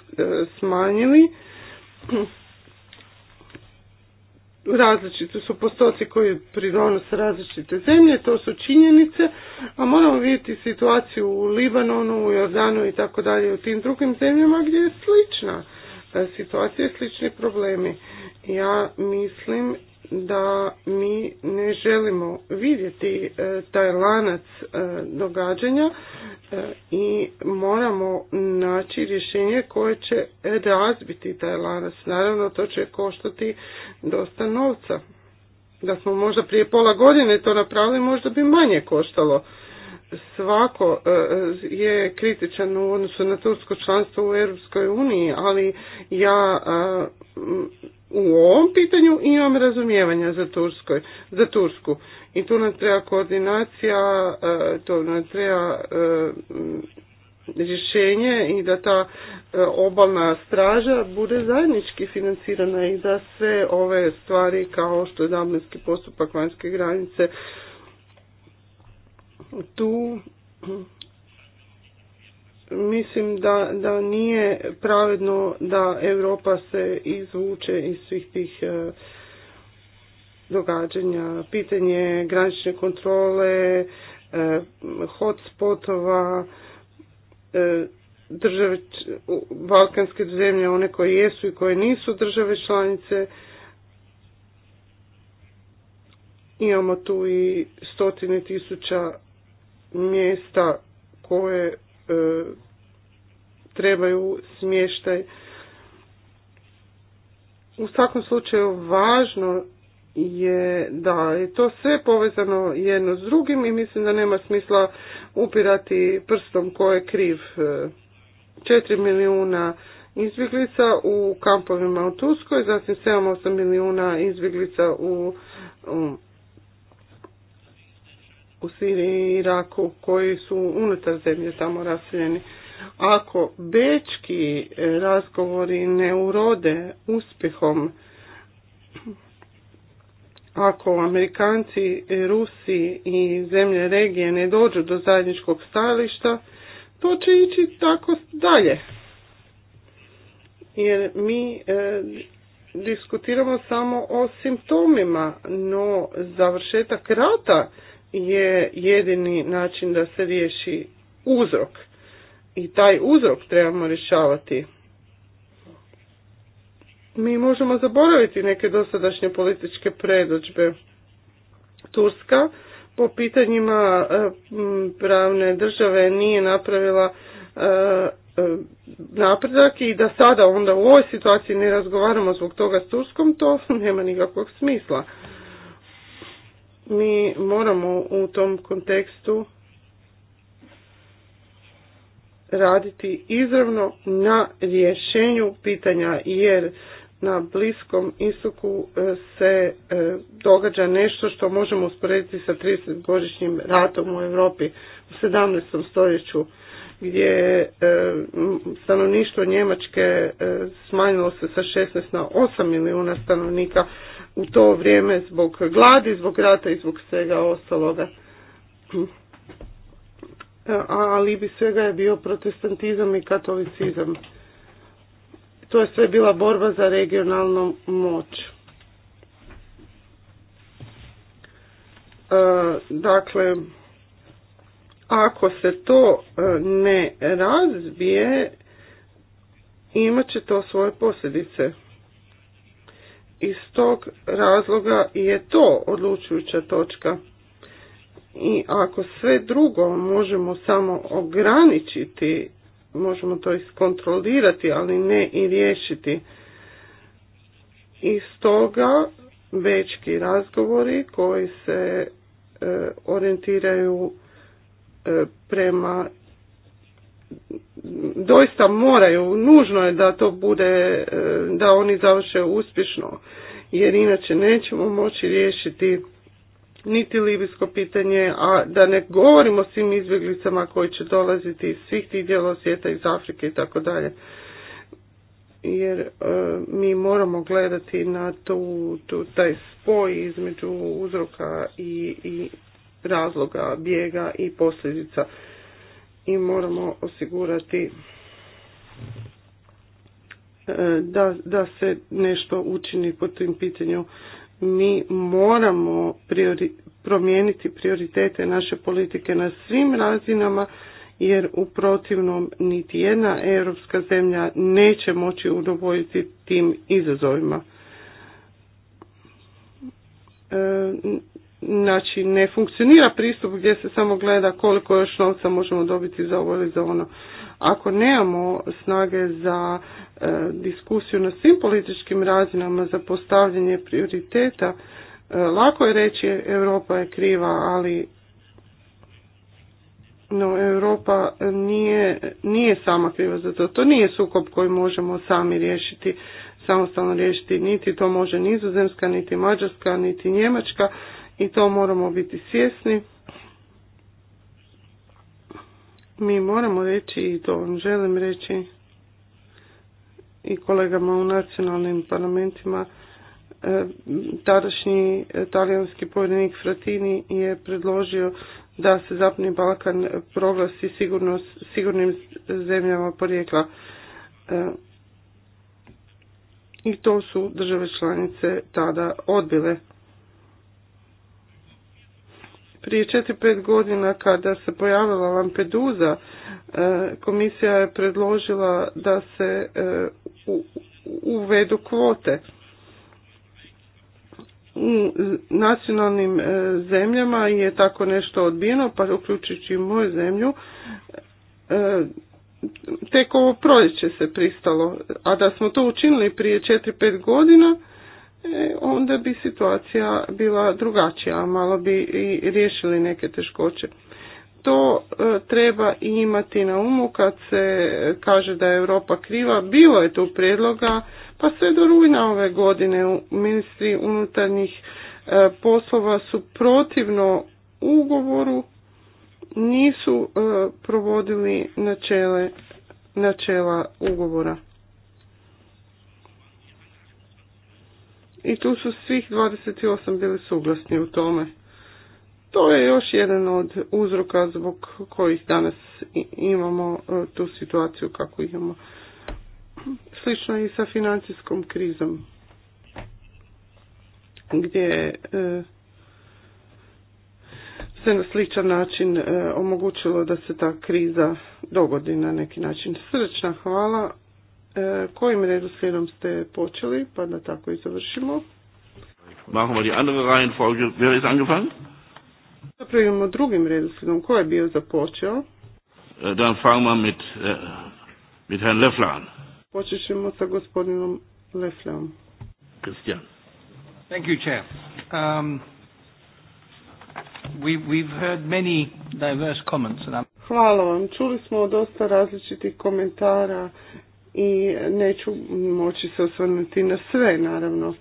smanjili različiti su postoci koji pridonose različite zemlje, to su činjenice, a moramo vidjeti situaciju u Libanonu, u Jordanu i tako dalje, u tim drugim zemljama gdje je slična e, situacija, slični problemi. Ja mislim da mi ne želimo vidjeti e, taj lanac e, događanja e, i moramo naći rješenje koje će razbiti taj lanac. Naravno to će koštati dosta novca. Da smo možda prije pola godine to napravili možda bi manje koštalo svako e, je kritičan u odnosu na tursko članstvo u Europskoj uniji, ali ja e, u ovom pitanju imam razumijevanja za, Turskoj, za Tursku. I tu nam treba koordinacija, e, to nam treba rješenje i da ta obalna straža bude zajednički financirana i da sve ove stvari kao što je damenski postupak vanjske granice tu mislim da, da nije pravedno da Europa se izvuče iz svih tih e, događanja. Pitanje granične kontrole, e, hotspotova, e, države, balkanske zemlje, one koje jesu i koje nisu države članice. Imamo tu i stotine tisuća mjesta koje e, trebaju smještaj. U svakom slučaju važno je da je to sve povezano jedno s drugim i mislim da nema smisla upirati prstom ko je kriv. 4 e, milijuna izbjeglica u kampovima u Turskoj, zatim 7-8 milijuna izbjeglica u, u u Siriji i Iraku koji su unutar zemlje tamo raseljeni. Ako bečki razgovori ne urode uspjehom, ako Amerikanci, Rusi i zemlje regije ne dođu do zajedničkog stajališta, to će ići tako dalje. Jer mi e, diskutiramo samo o simptomima, no završetak rata je jedini način da se riješi uzrok. I taj uzrok trebamo rješavati. Mi možemo zaboraviti neke dosadašnje političke predođbe. Turska po pitanjima e, pravne države nije napravila e, e, napredak i da sada onda u ovoj situaciji ne razgovaramo zbog toga s Turskom, to nema nikakvog smisla. Mi moramo u tom kontekstu raditi izravno na rješenju pitanja jer na Bliskom istoku e, se e, događa nešto što možemo usporediti sa 30-godišnjim ratom u Europi u 17. stoljeću gdje e, stanovništvo Njemačke smanjilo se sa 16 na 8 milijuna stanovnika u to vrijeme zbog gladi, zbog rata i zbog svega ostaloga. E, ali bi svega je bio protestantizam i katolicizam. To je sve bila borba za regionalnu moć. E, dakle, ako se to e, ne razbije, imat će to svoje posljedice iz tog razloga je to odlučujuća točka. I ako sve drugo možemo samo ograničiti, možemo to iskontrolirati, ali ne i riješiti. I stoga bečki razgovori koji se e, orijentiraju e, prema doista moraju, nužno je da to bude, e, da oni završe uspješno, jer inače nećemo moći riješiti niti libijsko pitanje, a da ne govorimo o svim izbjeglicama koji će dolaziti iz svih tih dijelova svijeta, iz Afrike i tako dalje. Jer e, mi moramo gledati na tu, tu, taj spoj između uzroka i, i razloga bijega i posljedica i moramo osigurati e, da, da se nešto učini po tim pitanju. Mi moramo priori, promijeniti prioritete naše politike na svim razinama jer u protivnom niti jedna europska zemlja neće moći udovoljiti tim izazovima. E, znači ne funkcionira pristup gdje se samo gleda koliko još novca možemo dobiti za ovo ili za ono. Ako nemamo snage za e, diskusiju na svim političkim razinama za postavljanje prioriteta, e, lako je reći Europa je kriva, ali no, Europa nije, nije sama kriva za to. To nije sukob koji možemo sami riješiti, samostalno riješiti. Niti to može nizozemska, niti mađarska, niti njemačka i to moramo biti svjesni. Mi moramo reći i to vam želim reći i kolegama u nacionalnim parlamentima e, tadašnji e, talijanski povjerenik Fratini je predložio da se Zapadni Balkan proglasi sigurnim zemljama porijekla. E, I to su države članice tada odbile. Prije 4-5 godina kada se pojavila lampeduza, e, komisija je predložila da se e, uvedu kvote u nacionalnim e, zemljama je tako nešto odbijeno, pa uključujući i moju zemlju, tek ovo proljeće se pristalo. A da smo to učinili prije 4-5 godina, E, onda bi situacija bila drugačija, malo bi i riješili neke teškoće. To e, treba i imati na umu kad se kaže da je Europa kriva. Bilo je tu prijedloga, pa sve do rujna ove godine ministri unutarnjih e, poslova su protivno ugovoru nisu provodili načele, načela ugovora. i tu su svih 28 bili suglasni u tome. To je još jedan od uzroka zbog kojih danas imamo e, tu situaciju kako imamo. Slično i sa financijskom krizom gdje e, se na sličan način e, omogućilo da se ta kriza dogodi na neki način. Srčna hvala. E, kojim redoslijedom ste počeli, pa da tako i završimo. Machen wir die andere Reihenfolge. Wer ist angefangen? Napravimo drugim redoslijedom. Ko je bio započeo? E, dann fangen wir mit, e, mit Herrn Leffler an. Počet ćemo sa gospodinom Lefflerom. Christian. Thank you, Chair. Um, we, we've heard many diverse comments. And I'm... Hvala vam. Čuli smo dosta različitih komentara i neću moći se osvrnuti na sve naravno.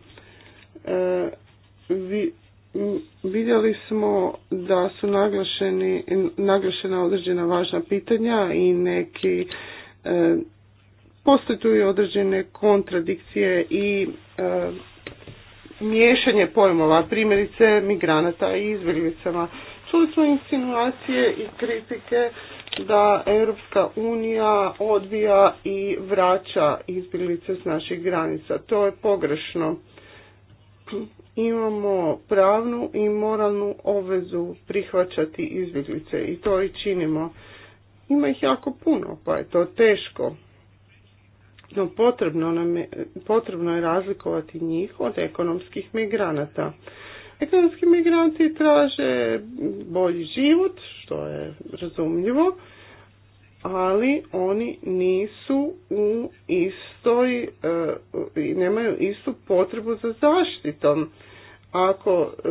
E, vidjeli smo da su naglašena određena važna pitanja i neki e, postoje tu i određene kontradikcije i e, miješanje pojmova, primjerice migranata i izbjeglicama. Čuli smo insinuacije i kritike da Europska unija odbija i vraća izbjeglice s naših granica. To je pogrešno. Imamo pravnu i moralnu obvezu prihvaćati izbjeglice i to i činimo. Ima ih jako puno, pa je to teško. No potrebno, nam je, potrebno je razlikovati njih od ekonomskih migranata. Ekonomski migranti traže bolji život, što je razumljivo, ali oni nisu u istoj, e, nemaju istu potrebu za zaštitom. Ako e,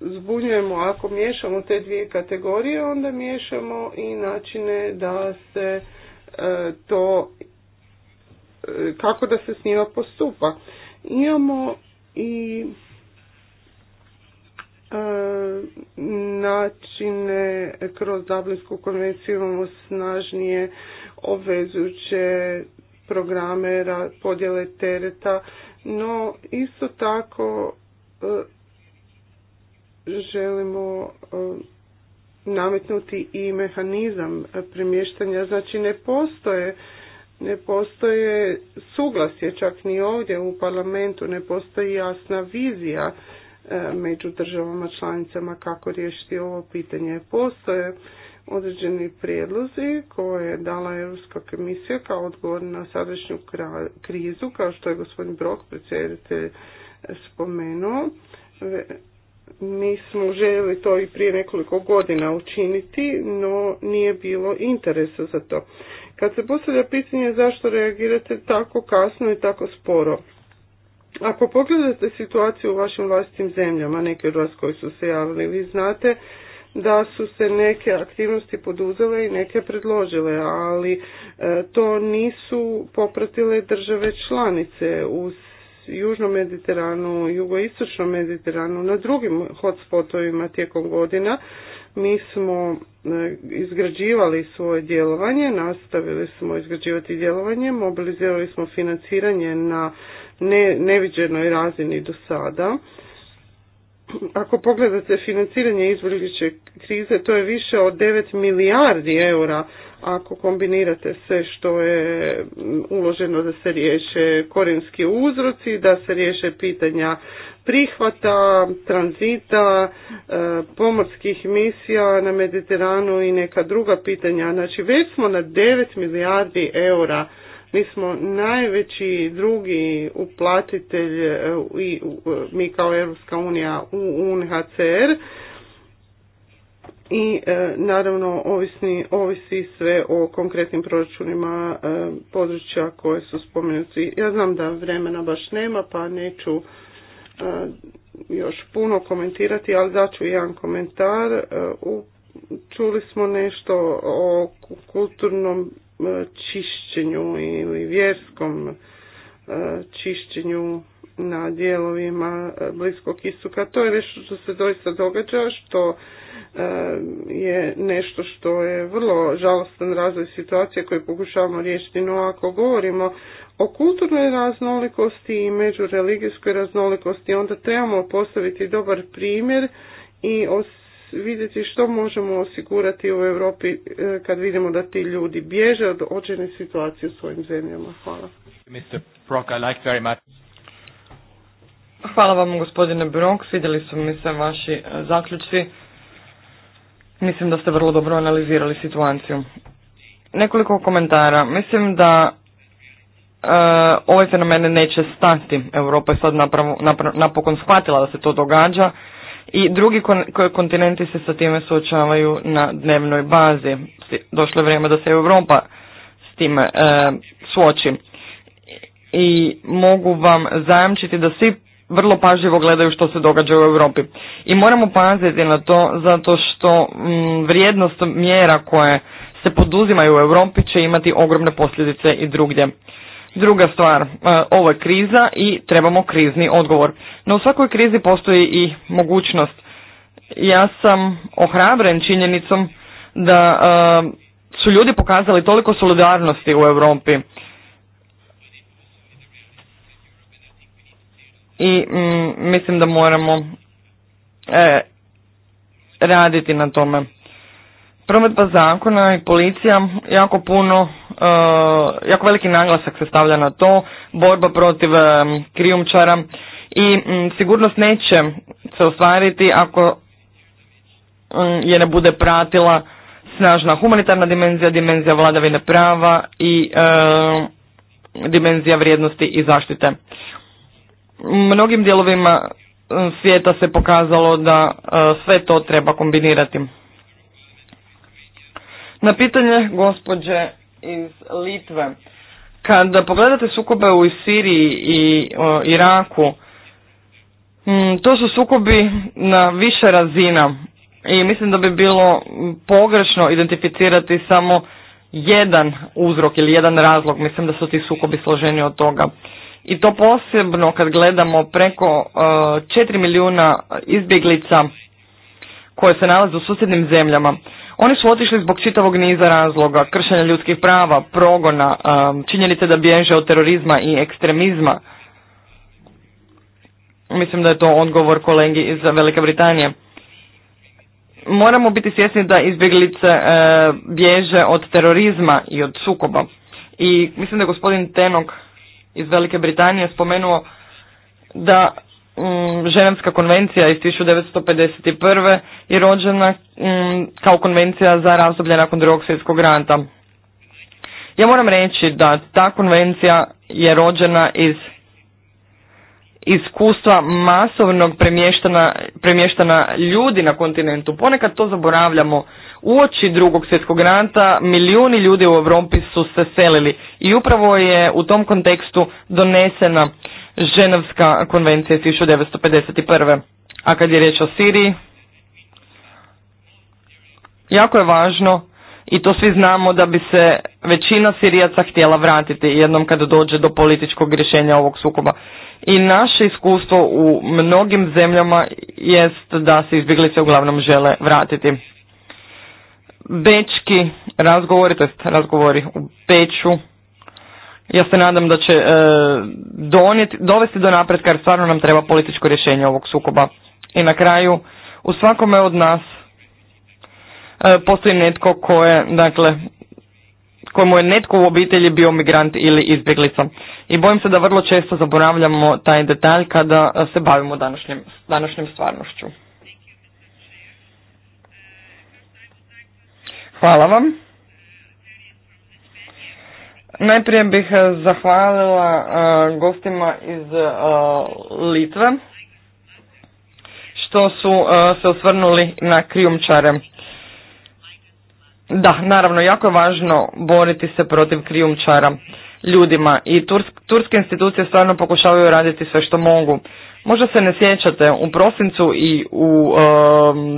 zbunjujemo, ako miješamo te dvije kategorije, onda miješamo i načine da se e, to, kako da se s njima postupa. Imamo i E, načine kroz Dublinsku konvenciju imamo snažnije obvezujuće programe podjele tereta, no isto tako e, želimo e, nametnuti i mehanizam premještanja. Znači ne postoje ne postoje suglasje čak ni ovdje u parlamentu, ne postoji jasna vizija E, među državama članicama kako riješiti ovo pitanje. Postoje određeni prijedlozi koje je dala Europska komisija kao odgovor na sadašnju krizu, kao što je gospodin Brok, predsjedatelj, spomenuo. Mi smo željeli to i prije nekoliko godina učiniti, no nije bilo interesa za to. Kad se postavlja pitanje zašto reagirate tako kasno i tako sporo, ako pogledate situaciju u vašim vlastitim zemljama, neke od vas koji su se javili, vi znate da su se neke aktivnosti poduzele i neke predložile, ali e, to nisu popratile države članice u južnom Mediteranu, jugoistočnom Mediteranu, na drugim hotspotovima tijekom godina. Mi smo e, izgrađivali svoje djelovanje, nastavili smo izgrađivati djelovanje, mobilizirali smo financiranje na neviđenoj razini do sada. Ako pogledate financiranje izvrljiće krize, to je više od 9 milijardi eura ako kombinirate sve što je uloženo da se riješe korenski uzroci, da se riješe pitanja prihvata, tranzita, e, pomorskih misija na Mediteranu i neka druga pitanja. Znači već smo na 9 milijardi eura mi smo najveći drugi uplatitelj e, i e, mi kao Europska unija u UNHCR i e, naravno ovisni, ovisi sve o konkretnim proračunima područja koje su spomenuti. Ja znam da vremena baš nema pa neću još puno komentirati, ali daću jedan komentar. U, čuli smo nešto o kulturnom E, čišćenju ili vjerskom e, čišćenju na dijelovima e, Bliskog istoka. To je nešto što se doista događa, što je nešto što je vrlo žalostan razvoj situacije koje pokušavamo riješiti. No ako govorimo o kulturnoj raznolikosti i međureligijskoj raznolikosti, onda trebamo postaviti dobar primjer i vidjeti što možemo osigurati u Europi e, kad vidimo da ti ljudi bježe od očene situacije u svojim zemljama. Hvala. Hvala vam gospodine Brock, vidjeli su mi se vaši e, zaključci. Mislim da ste vrlo dobro analizirali situaciju. Nekoliko komentara. Mislim da e, ovaj fenomen neće stati. Europa je sad napokon shvatila da se to događa i drugi kontinenti se sa time suočavaju na dnevnoj bazi. Došlo je vrijeme da se Europa s time e, suoči. I mogu vam zajamčiti da svi vrlo pažljivo gledaju što se događa u Europi. I moramo paziti na to zato što mm, vrijednost mjera koje se poduzimaju u Europi će imati ogromne posljedice i drugdje. Druga stvar, e, ovo je kriza i trebamo krizni odgovor. No u svakoj krizi postoji i mogućnost. Ja sam ohrabren činjenicom da e, su ljudi pokazali toliko solidarnosti u Europi. I mm, mislim da moramo e, raditi na tome. Prometba zakona i policija jako puno E, jako veliki naglasak se stavlja na to, borba protiv krijumčara i sigurnost neće se ostvariti ako je ne bude pratila snažna humanitarna dimenzija, dimenzija vladavine prava i dimenzija vrijednosti i zaštite. Mnogim dijelovima svijeta se pokazalo da e, sve to treba kombinirati. Na pitanje gospođe iz Litve. Kada pogledate sukobe u Siriji i Iraku, mm, to su sukobi na više razina i mislim da bi bilo pogrešno identificirati samo jedan uzrok ili jedan razlog. Mislim da su ti sukobi složeni od toga. I to posebno kad gledamo preko 4 e, milijuna izbjeglica koje se nalaze u susjednim zemljama. Oni su otišli zbog čitavog niza razloga, kršenja ljudskih prava, progona, um, činjenice da bježe od terorizma i ekstremizma. Mislim da je to odgovor kolegi iz Velike Britanije. Moramo biti svjesni da izbjeglice e, bježe od terorizma i od sukoba. I mislim da je gospodin Tenok iz Velike Britanije spomenuo da Mm, ženevska konvencija iz 1951. je rođena mm, kao konvencija za razdoblje nakon drugog svjetskog rata. Ja moram reći da ta konvencija je rođena iz iskustva masovnog premještana, ljudi na kontinentu. Ponekad to zaboravljamo. Uoči drugog svjetskog rata milijuni ljudi u Europi su se selili i upravo je u tom kontekstu donesena Ženevska konvencija iz 1951. A kad je riječ o Siriji, jako je važno i to svi znamo da bi se većina Sirijaca htjela vratiti jednom kada dođe do političkog rješenja ovog sukoba. I naše iskustvo u mnogim zemljama jest da se izbjeglice uglavnom žele vratiti. Bečki razgovori, to jest razgovori u Beču, ja se nadam da će e, dovesti do napretka jer stvarno nam treba političko rješenje ovog sukoba. I na kraju, u svakome od nas e, postoji netko koje je, dakle, kojemu je netko u obitelji bio migrant ili izbjeglica. I bojim se da vrlo često zaboravljamo taj detalj kada se bavimo današnjim, današnjim stvarnošću. Hvala vam. Najprije bih e, zahvalila e, gostima iz e, Litve što su se osvrnuli na krijumčare. Da, naravno, jako je važno boriti se protiv krijumčara ljudima i tursk, turske institucije stvarno pokušavaju raditi sve što mogu. Možda se ne sjećate, u prosincu i u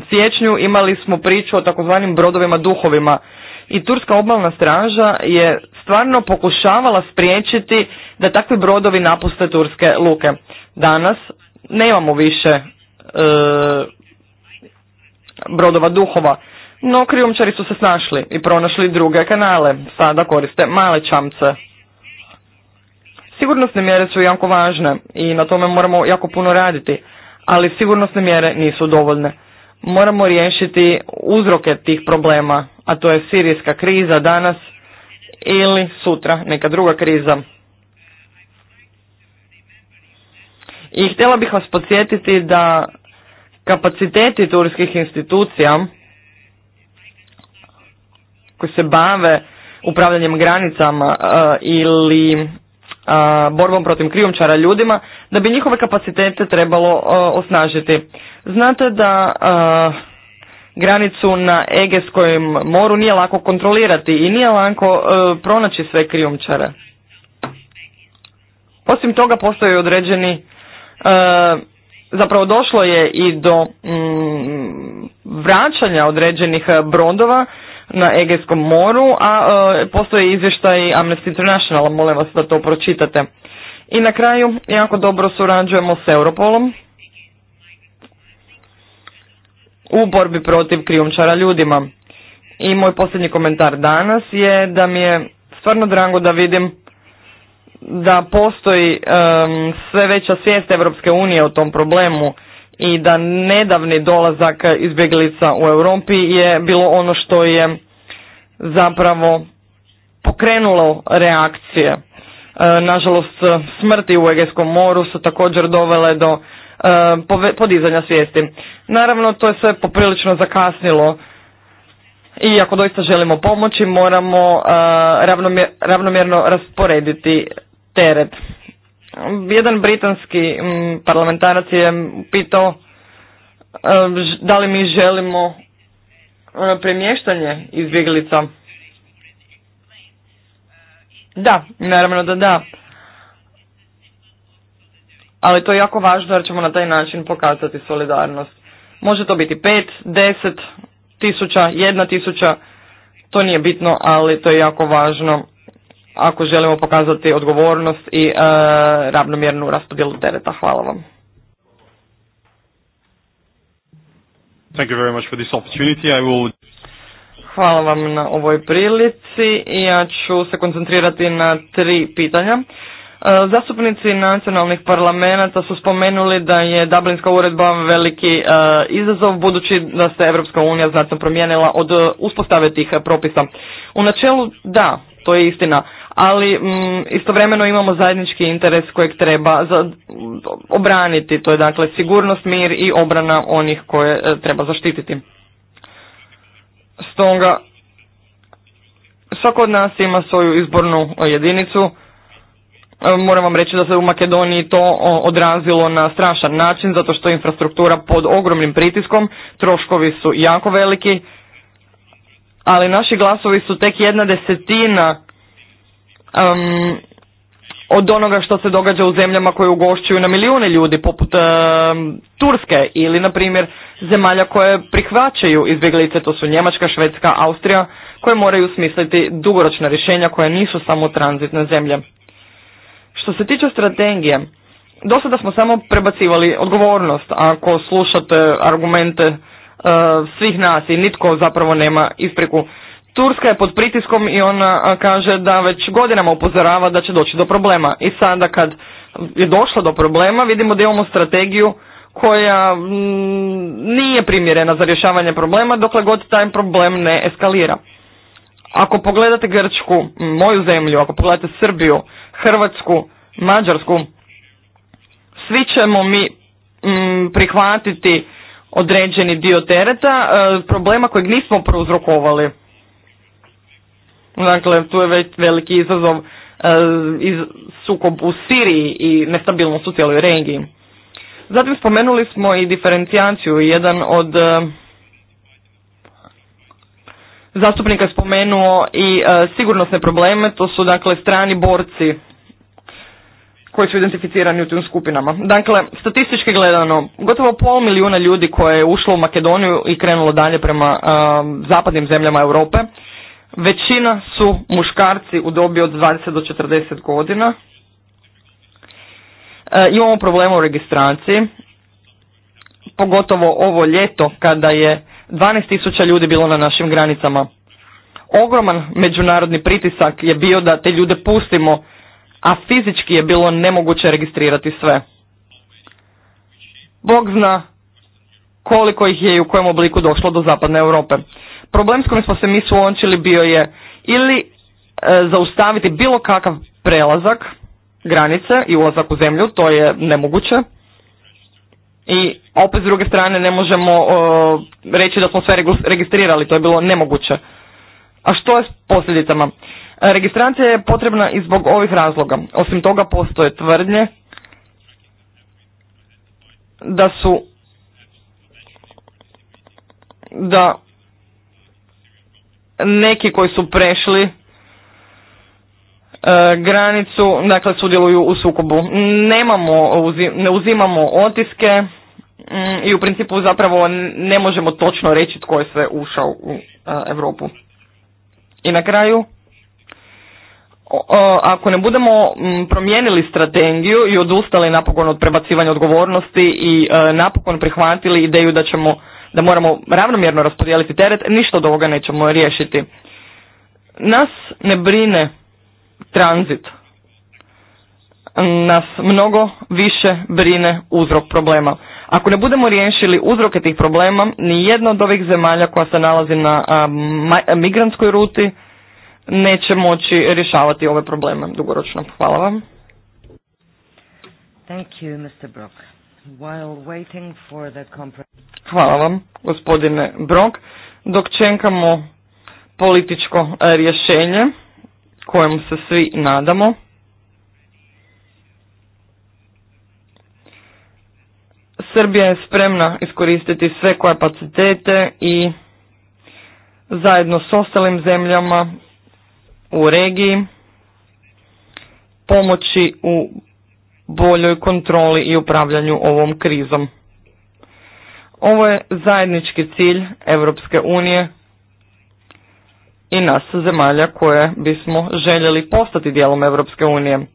siječnju imali smo priču o takozvanim brodovima duhovima i turska obalna straža je stvarno pokušavala spriječiti da takvi brodovi napuste turske luke. Danas nemamo više e, brodova duhova, no krijumčari su se snašli i pronašli druge kanale, sada koriste male čamce. Sigurnosne mjere su jako važne i na tome moramo jako puno raditi, ali sigurnosne mjere nisu dovoljne. Moramo riješiti uzroke tih problema a to je sirijska kriza danas ili sutra neka druga kriza. I htjela bih vas podsjetiti da kapaciteti turskih institucija koji se bave upravljanjem granicama e, ili e, borbom protiv krijumčara ljudima, da bi njihove kapacitete trebalo e, osnažiti. Znate da granicu na Egejskom moru nije lako kontrolirati i nije lako e, pronaći sve krijumčare. Osim toga postoje određeni, e, zapravo došlo je i do mm, vraćanja određenih brodova na Egeskom moru, a e, postoje izvještaj Amnesty International, molim vas da to pročitate. I na kraju jako dobro surađujemo s Europolom u borbi protiv krijumčara ljudima. I moj posljednji komentar danas je da mi je stvarno drago da vidim da postoji sve veća svijest Europske unije o tom problemu i da nedavni dolazak izbjeglica u Europi je bilo ono što je zapravo pokrenulo reakcije. E, nažalost, smrti u Egejskom moru su također dovele do E, podizanja svijesti. Naravno, to je sve poprilično zakasnilo i ako doista želimo pomoći, moramo e, ravnomjerno rasporediti teret. Jedan britanski parlamentarac je pitao e, da li mi želimo premještanje izbjeglica. Da, naravno da da ali to je jako važno jer ćemo na taj način pokazati solidarnost. Može to biti pet, deset, tisuća, jedna tisuća, to nije bitno, ali to je jako važno ako želimo pokazati odgovornost i e, ravnomjernu raspodjelu tereta. Hvala vam. Thank you very much for this opportunity. I will... Hvala vam na ovoj prilici. Ja ću se koncentrirati na tri pitanja. E, zastupnici nacionalnih parlamenta su spomenuli da je Dublinska uredba veliki e, izazov budući da se Europska unija znatno promijenila od e, uspostave tih propisa. U načelu da, to je istina, ali mm, istovremeno imamo zajednički interes kojeg treba obraniti, to je dakle sigurnost, mir i obrana onih koje treba zaštititi. Stoga, svako od nas ima svoju izbornu jedinicu Moram vam reći da se u Makedoniji to odrazilo na strašan način zato što je infrastruktura pod ogromnim pritiskom, troškovi su jako veliki, ali naši glasovi su tek jedna desetina um, od onoga što se događa u zemljama koje ugošćuju na milijune ljudi, poput Turske ili, na primjer, zemalja koje prihvaćaju izbjeglice, to su Njemačka, Švedska, Austrija, koje moraju smisliti dugoročna rješenja koja nisu samo tranzitne zemlje. Što se tiče strategije, do sada smo samo prebacivali odgovornost ako slušate argumente e, svih nas i nitko zapravo nema ispriku. Turska je pod pritiskom i ona kaže da već godinama upozorava da će doći do problema. I sada kad je došlo do problema vidimo da imamo strategiju koja mm, nije primjerena za rješavanje problema dokle god taj problem ne eskalira. Ako pogledate Grčku, moju zemlju, ako pogledate Srbiju, Hrvatsku, Mađarsku, svi ćemo mi mm, prihvatiti određeni dio tereta, e, problema kojeg nismo prouzrokovali. Dakle, tu je već veliki izazov e, iz sukob u Siriji i nestabilnost u cijeloj regiji. Zatim spomenuli smo i diferencijaciju. Jedan od e, zastupnika spomenuo i e, sigurnosne probleme, to su dakle strani borci koji su identificirani u tim skupinama. Dakle, statistički gledano, gotovo pol milijuna ljudi koje je ušlo u Makedoniju i krenulo dalje prema zapadnim zemljama Europe, većina su muškarci u dobi od 20 do 40 godina. E, imamo problema u registraciji, pogotovo ovo ljeto kada je 12.000 ljudi bilo na našim granicama. Ogroman međunarodni pritisak je bio da te ljude pustimo a fizički je bilo nemoguće registrirati sve. Bog zna koliko ih je i u kojem obliku došlo do zapadne Europe. Problem s kojim smo se mi suočili bio je ili e, zaustaviti bilo kakav prelazak granice i ulazak u zemlju, to je nemoguće. I opet s druge strane ne možemo e, reći da smo sve registrirali, to je bilo nemoguće. A što je s posljedicama? Registracija je potrebna i zbog ovih razloga. Osim toga postoje tvrdnje da su da neki koji su prešli e, granicu, dakle sudjeluju u sukobu. Nemamo, ne uzimamo otiske mm, i u principu zapravo ne možemo točno reći tko je sve ušao u e, Europu. I na kraju ako ne budemo mm, promijenili strategiju i odustali napokon od prebacivanja odgovornosti i e, napokon prihvatili ideju da ćemo da moramo ravnomjerno raspodijeliti teret, ništa od ovoga nećemo riješiti. Nas ne brine tranzit. Nas mnogo više brine uzrok problema. Ako ne budemo riješili uzroke tih problema, ni jedna od ovih zemalja koja se nalazi na migrantskoj ruti, neće moći rješavati ove probleme dugoročno. Hvala vam. Thank you, Mr. Brock. While waiting for the Hvala vam, gospodine Brock. Dok čekamo političko e, rješenje kojem se svi nadamo, Srbija je spremna iskoristiti sve kapacitete i zajedno s ostalim zemljama u regiji, pomoći u boljoj kontroli i upravljanju ovom krizom. Ovo je zajednički cilj Europske unije i nas zemalja koje bismo željeli postati dijelom Europske unije.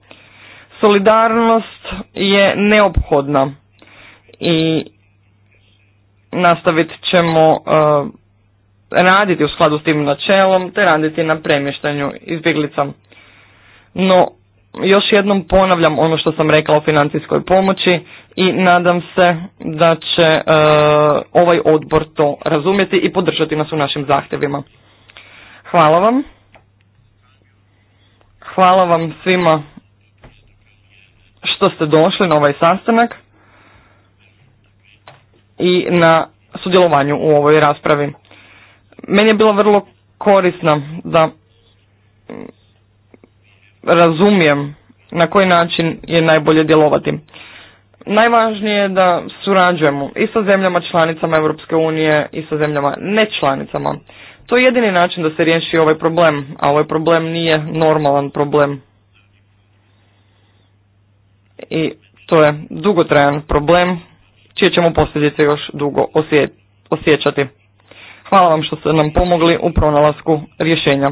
Solidarnost je neophodna i nastavit ćemo e, raditi u skladu s tim načelom te raditi na premještanju izbjeglica. No, još jednom ponavljam ono što sam rekla o financijskoj pomoći i nadam se da će e, ovaj odbor to razumjeti i podržati nas u našim zahtjevima. Hvala vam. Hvala vam svima što ste došli na ovaj sastanak i na sudjelovanju u ovoj raspravi meni je bilo vrlo korisno da razumijem na koji način je najbolje djelovati. Najvažnije je da surađujemo i sa zemljama članicama Europske unije i sa zemljama nečlanicama. To je jedini način da se riješi ovaj problem, a ovaj problem nije normalan problem. I to je dugotrajan problem, čije ćemo posljedice još dugo osjećati. Hvala vam što ste nam pomogli u pronalasku rješenja.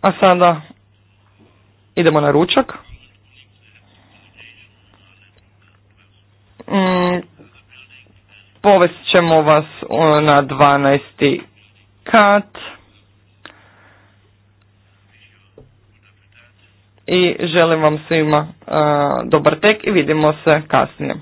A sada idemo na ručak. Mm, povest ćemo vas na 12. kat. I želim vam svima e, dobar tek i vidimo se kasnije.